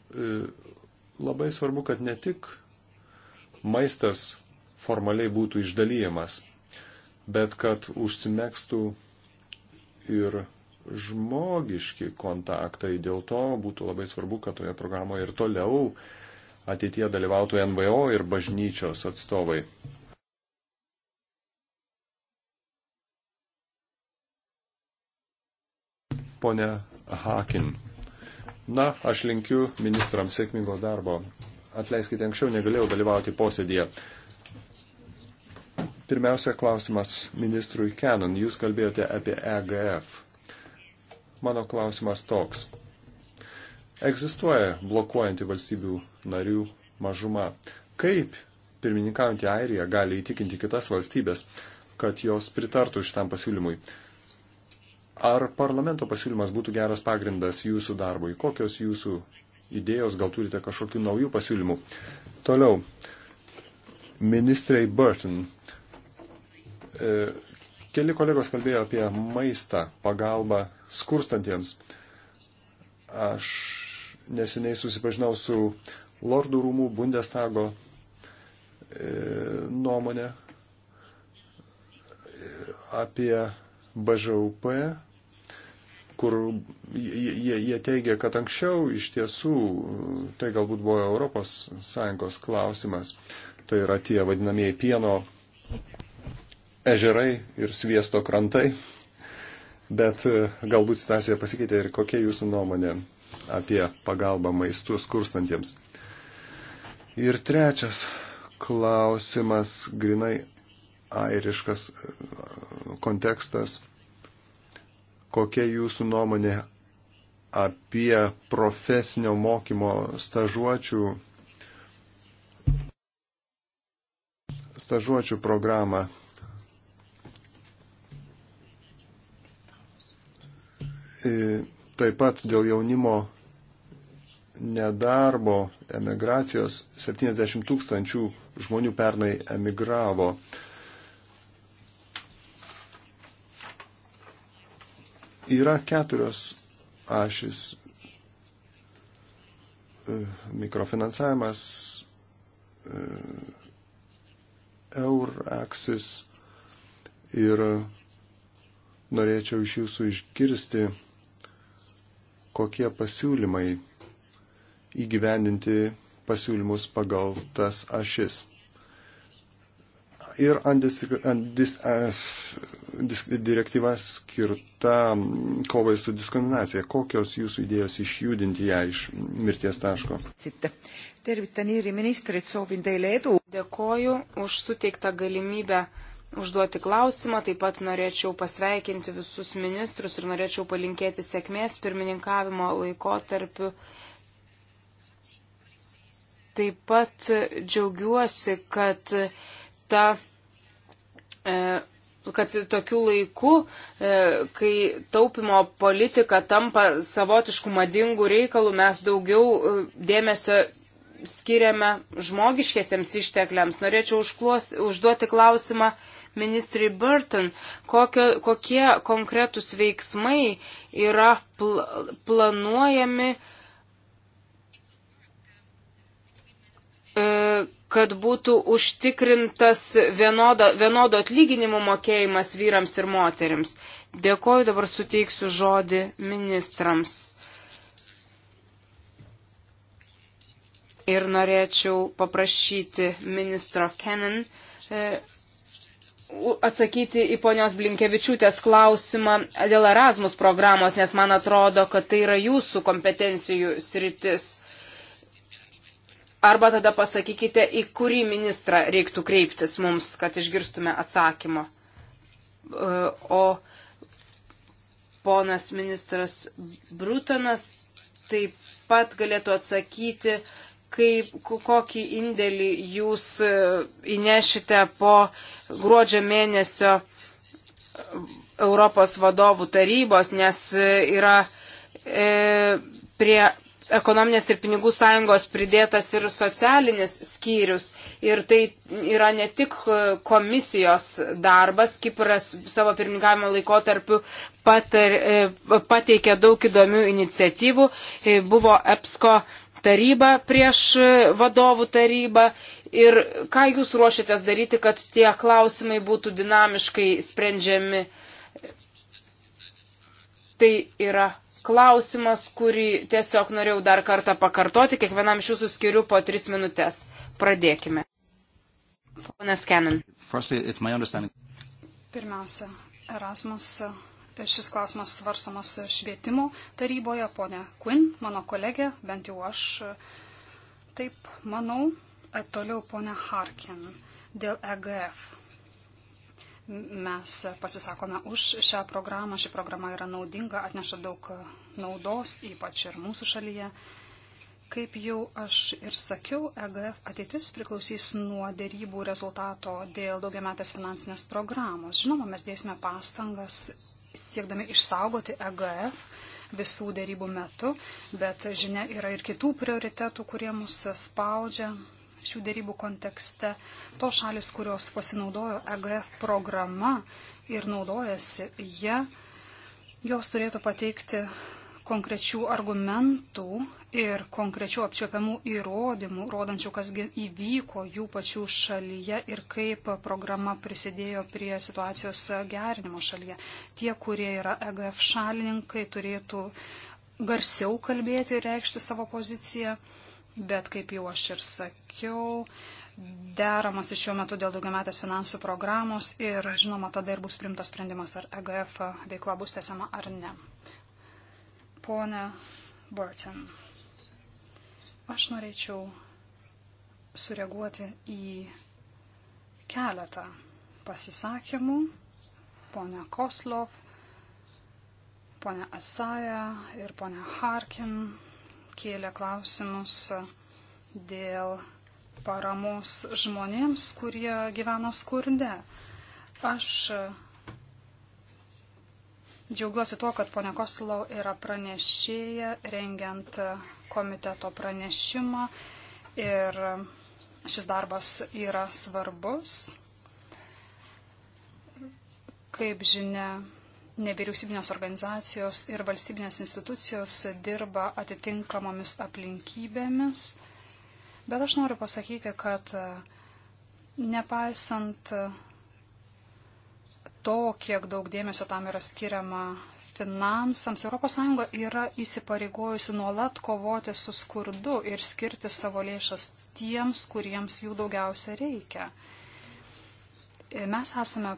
E, labai svarbu, kad ne tik maistas formaliai būtų išdalyjamas, bet kad užsimekstų ir žmogiški kontaktai. Dėl to būtų labai svarbu, kad toje programoje ir toliau uh, ateitie dalyvautų NVO ir bažnyčios atstovai. Pone Hakin. Na, aš linkiu ministrams sėkmingo darbo. Atleiskite, anksčiau negalėjau dalyvauti posėdėje. Pirmiausia, klausimas ministrui Kenon. Jūs kalbėjote apie EGF. Mano klausimas toks. Egzistuoja blokuojanti valstybių narių mažuma. Kaip pirmininkaujantį Airiją gali įtikinti kitas valstybės, kad jos pritartų šitam pasiūlymui? Ar parlamento pasiūlymas būtų geras pagrindas jūsų darbui? Kokios jūsų idėjos, gal turite kažkokių naujų pasiūlymų? Toliau, ministrei Burton. E, keli kolegos kalbėjo apie maistą, pagalbą skurstantiems. Aš neseniai susipažinau su Lordų rūmų Bundestago e, nuomonė apie BŽUP, kur jie, jie teigia, kad anksčiau iš tiesų tai galbūt buvo Europos Sąjungos klausimas. Tai yra tie vadinamieji pieno ežerai ir sviesto krantai. Bet e, galbūt situacija pasikeitė ir kokia jūsų nuomonė apie pagalbą maistų skurstantiems. Ir trečias klausimas, grinai airiškas e, kontekstas. Kokia jūsų nuomonė apie profesinio mokymo stažuočių, stažuočių programą? E, taip pat dėl jaunimo nedarbo, emigracijos 70 tūkstančių žmonių pernai emigravo. Yra keturios ašis e, mikrofinansavimas, e, Euraksis ir norėčiau iš jūsų išgirsti, kokie pasiūlymai įgyvendinti pasiūlymus pagal tas ašis. Ir andis, andis, andis, direktyva skirta kovai su diskriminacija. Kokios jūsų idėjos išjudinti ją iš mirties taško? Sitten. Tervitan eri ministerit, soovin teile edu. Dėkoju už suteiktą galimybę užduoti klausimą. Taip pat norėčiau pasveikinti visus ministrus ir norėčiau palinkėti sėkmės pirmininkavimo laikotarpiu. tarpiu Taip pat džiaugiuosi, kad, ta, e, kad tokiu laiku, e, kai taupimo politika tampa savotiškų madingų reikalų, mes daugiau e, dėmesio skiriame žmogiškėsiams ištekliams. Norėčiau užklos, užduoti klausimą ministrui Burton, kokio, kokie konkretūs veiksmai yra pl planuojami uh, E, kad būtų užtikrintas vienodo, vienodo atlyginimo mokėjimas vyrams ir moteriams. Dėkoju, dabar suteiksiu žodį ministrams. Ir norėčiau paprašyti ministro Kenan e, atsakyti į ponios Blinkevičiūtės klausimą dėl Erasmus programos, nes man atrodo, kad tai yra jūsų kompetencijų sritis. Arba tada pasakykite, į kurį ministrą reiktų kreiptis mums, kad išgirstume atsakymą. O ponas ministras Brutonas taip pat galėtų atsakyti, kaip, kokį indėlį jūs e, įnešite po gruodžio mėnesio Europos vadovų tarybos, nes e, yra e, prie ekonominės ir pinigų sąjungos pridėtas ir socialinis skyrius. Ir tai yra ne tik komisijos darbas. Kipras savo pirmininkavimo laikotarpiu patar, e, pateikė daug įdomių iniciatyvų. E, buvo EPSCO taryba prieš e, vadovų tarybą. Ir ką jūs ruošiatės daryti, kad tie klausimai būtų dinamiškai sprendžiami? Tai yra klausimas, kurį tiesiog norėjau dar kartą pakartoti. Kiekvienam iš jūsų skiriu po tris minutės. Pradėkime. Ponas Kenin. Pirmiausia, Erasmus. Šis klausimas svarstamas švietimo taryboje. Pone Quinn, mano kolegė, bent jau aš taip manau. E, toliau, pone Harkin, dėl EGF Mes pasisakome už šią programą. Ši programa yra naudinga, atneša daug naudos, ypač ir mūsų šalyje. Kaip jau aš ir sakiau, EGF ateitis priklausys nuo dėrybų rezultato dėl daugiametės finansinės programos. Žinoma, mes dėsime pastangas siekdami išsaugoti EGF visų dėrybų metu, bet žinia yra ir kitų prioritetų, kurie mus spaudžia šių dėrybų kontekste tos šalis, kurios pasinaudojo EGF programa ir naudojasi ją, jos turėtų pateikti konkrečių argumentų ir konkrečių apčiopiamų įrodymų, rodančių, kas įvyko jų pačių šalyje ir kaip programa prisidėjo prie situacijos gerinimo šalyje. Tie, kurie yra EGF šalininkai, turėtų garsiau kalbėti ir reikšti savo poziciją bet kaip jau aš ir sakiau, deramasi šiuo metu dėl daugiametės finansų programos ir, žinoma, tada ir bus primtas sprendimas, ar EGF veikla bus tęsiama ar ne. Pone Burton, aš norėčiau sureaguoti į keletą pasisakymų. Pone Koslov, pone Asaja ir pone Harkin kėlė klausimus dėl paramos žmonėms, kurie gyvena skurde. Aš Džiaugiuosi tuo, kad ponė Kostilau yra pranešėja, rengiant komiteto pranešimą ir šis darbas yra svarbus. Kaip žinia, nevyriausybinės organizacijos ir valstybinės institucijos dirba atitinkamomis aplinkybėmis. Bet aš noriu pasakyti, kad e, nepaisant e, to, kiek daug dėmesio tam yra skiriama finansams, ES yra įsipareigojusi nuolat kovoti su skurdu ir skirti savo lėšas tiems, kuriems jų daugiausia reikia. E, mes esame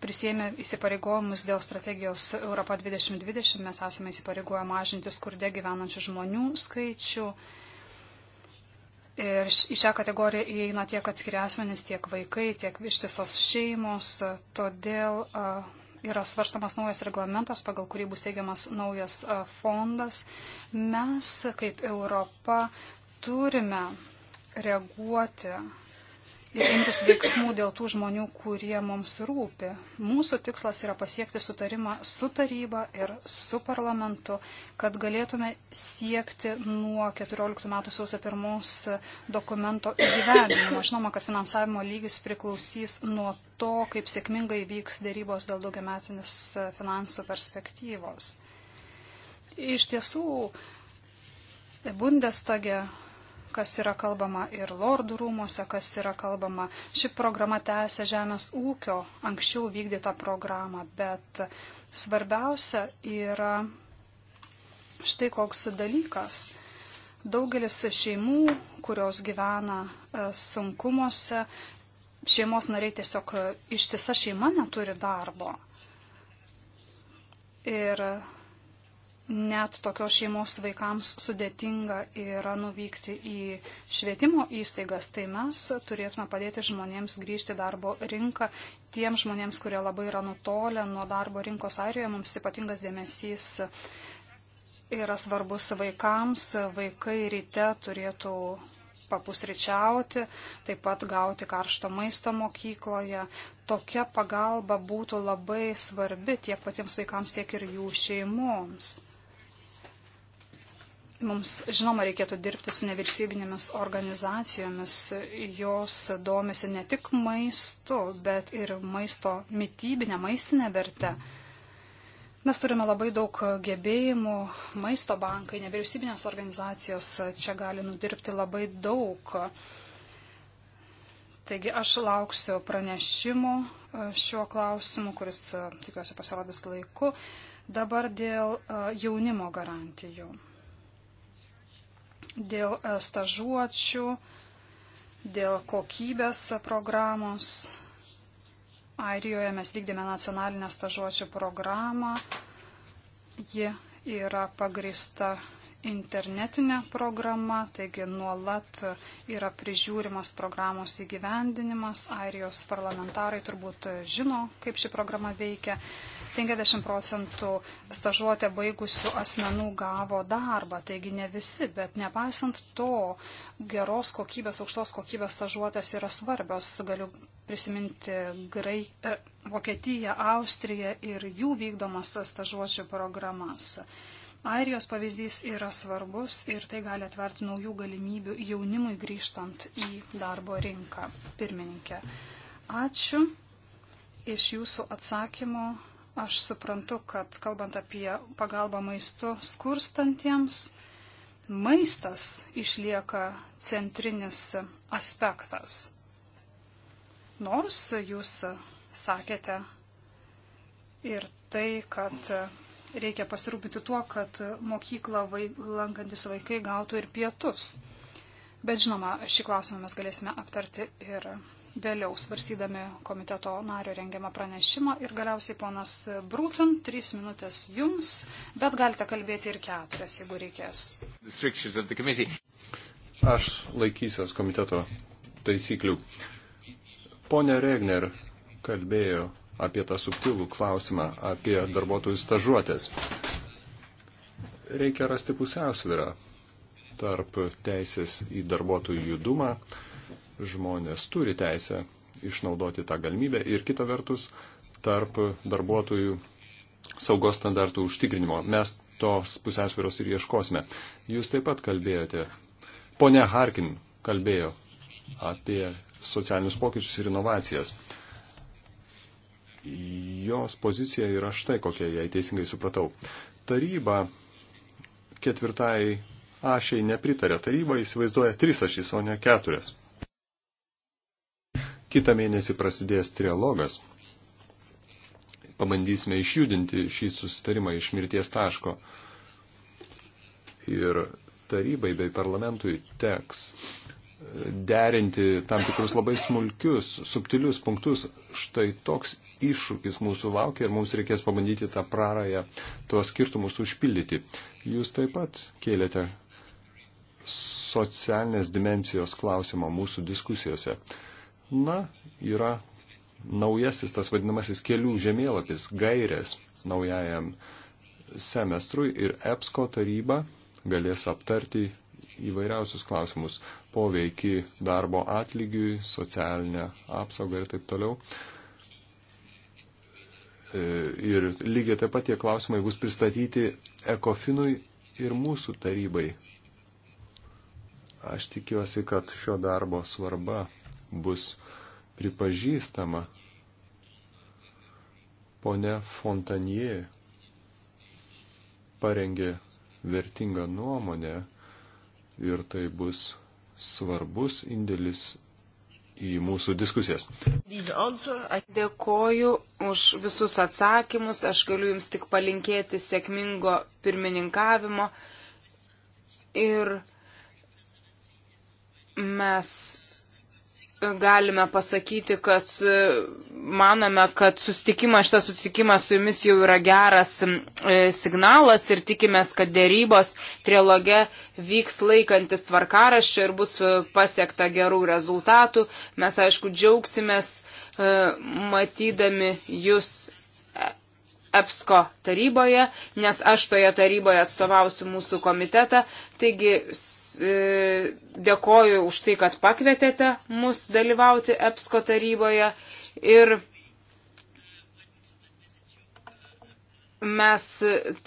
prisėmė įsipareigojimus dėl strategijos Europa 2020. Mes esame įsipareigoję mažinti skurde gyvenančių žmonių skaičių. Ir į šią kategoriją įeina tiek atskiri asmenys, tiek vaikai, tiek ištisos šeimos. Todėl yra svarstamas naujas reglamentas, pagal kurį bus teigiamas naujas fondas. Mes kaip Europa turime reaguoti ir imtis veiksmų dėl tų žmonių, kurie mums rūpi. Mūsų tikslas yra pasiekti sutarimą su taryba ir su parlamentu, kad galėtume siekti nuo 14 metų sausio pirmos dokumento įgyvendinimo. Žinoma, kad finansavimo lygis priklausys nuo to, kaip sėkmingai vyks dėrybos dėl daugiametinės finansų perspektyvos. Iš tiesų, Bundestage kas yra kalbama ir lordų rūmose, kas yra kalbama. Ši programa tęsia žemės ūkio anksčiau vykdytą programą, bet svarbiausia yra štai koks dalykas. Daugelis šeimų, kurios gyvena e, sunkumuose, šeimos nariai tiesiog ištisa šeima neturi darbo. Ir net tokios šeimos vaikams sudėtinga yra nuvykti į švietimo įstaigas, tai mes turėtume padėti žmonėms grįžti darbo rinką. Tiems žmonėms, kurie labai yra nutolę nuo darbo rinkos airijoje, mums ypatingas dėmesys yra svarbus vaikams. Vaikai ryte turėtų papusryčiauti, taip pat gauti karšto maisto mokykloje. Tokia pagalba būtų labai svarbi tiek patiems vaikams, tiek ir jų šeimoms. Mums, žinoma, reikėtų dirbti su nevyriausybinėmis organizacijomis. Jos domisi ne tik maistu, bet ir maisto mytybinę, maistinę vertę. Mes turime labai daug gebėjimų. Maisto bankai, nevyriausybinės organizacijos čia gali nudirbti labai daug. Taigi aš lauksiu pranešimo šiuo klausimu, kuris tikiuosi pasirodys laiku. Dabar dėl e, jaunimo garantijų dėl e, stažuočių, dėl kokybės programos. Airijoje mes vykdėme nacionalinę stažuočių programą. Ji yra pagrista internetinė programa, taigi nuolat yra prižiūrimas programos įgyvendinimas. Airijos parlamentarai turbūt žino, kaip ši programa veikia. 50 procentų stažuotę baigusių asmenų gavo darbą, taigi ne visi, bet nepaisant to, geros kokybės, aukštos kokybės stažuotės yra svarbios. Galiu prisiminti Grai, e, Vokietiją, Austriją ir jų vykdomas stažuočių programas. Airijos pavyzdys yra svarbus ir tai gali atverti naujų galimybių jaunimui grįžtant į darbo rinką. Pirmininkė, ačiū. Iš jūsų atsakymo Aš suprantu, kad kalbant apie pagalbą maistu skurstantiems, maistas išlieka centrinis aspektas. Nors jūs sakėte ir tai, kad reikia pasirūpinti tuo, kad mokyklą vaik, lankantis vaikai gautų ir pietus. Bet žinoma, šį klausimą mes galėsime aptarti ir vėliau svarstydami komiteto nario rengiamą pranešimą. Ir galiausiai ponas Brūtin, trys minutės jums, bet galite kalbėti ir keturias, jeigu reikės. Aš laikysiuos komiteto taisyklių. Pone Regner kalbėjo apie tą subtilų klausimą, apie darbuotojų stažuotės. Reikia rasti pusiausvyrą tarp teisės į darbuotojų judumą žmonės turi teisę išnaudoti tą galimybę ir kita vertus tarp darbuotojų saugos standartų užtikrinimo. Mes tos pusiausvėros ir ieškosime. Jūs taip pat kalbėjote, ponia Harkin kalbėjo apie socialinius pokyčius ir inovacijas. Jos pozicija yra štai kokia, jei teisingai supratau. Taryba ketvirtai ašiai nepritarė. Taryba įsivaizduoja tris ašys, o ne keturias. Kita mėnesį prasidės trialogas. Pabandysime išjudinti šį susitarimą iš mirties taško. Ir tarybai bei parlamentui teks derinti tam tikrus labai smulkius, subtilius punktus. Štai toks iššūkis mūsų laukia ir mums reikės pabandyti tą prarąją, tuos skirtumus užpildyti. Jūs taip pat kėlėte socialinės dimensijos klausimą mūsų diskusijose. Na, yra naujasis tas vadinamasis kelių žemėlapis, gairės naujajam semestrui ir EPSCO taryba galės aptarti įvairiausius klausimus - poveikį darbo atlygiui, socialinę apsaugą ir taip toliau. E, ir lygiai taip pat tie klausimai bus pristatyti ekofinui ir mūsų tarybai. Aš tikiuosi, kad šio darbo svarba bus pripažįstama. Pone Fontanie parengė vertingą nuomonę ir tai bus svarbus indėlis į mūsų diskusijas. Dėkoju už visus atsakymus. Aš galiu Jums tik palinkėti sėkmingo pirmininkavimo. Ir mes galime pasakyti, kad e, manome, kad susitikimas, šitas susitikimas su jumis jau yra geras e, signalas ir tikimės, kad dėrybos triloge vyks laikantis tvarkaraščio ir bus e, pasiekta gerų rezultatų. Mes, aišku, džiaugsimės matydami jūs EPSCO taryboje, nes aš toje taryboje atstovausiu mūsų komitetą. Taigi, E, dėkoju už tai, kad pakvietėte mus dalyvauti EPSCO taryboje ir mes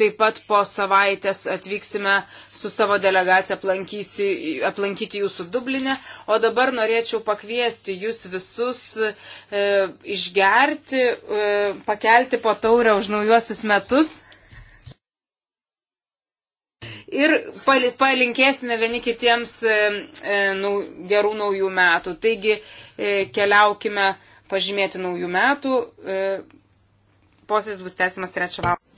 taip pat po savaitės atvyksime su savo delegacija aplankyti jūsų Dublinę, o dabar norėčiau pakviesti jūs visus e, išgerti, e, pakelti po taurę už naujuosius metus ir palinkėsime vieni kitiems e, e, gerų naujų metų. Taigi e, keliaukime pažymėti naujų metų. Posėdis bus tęsimas trečią valandą.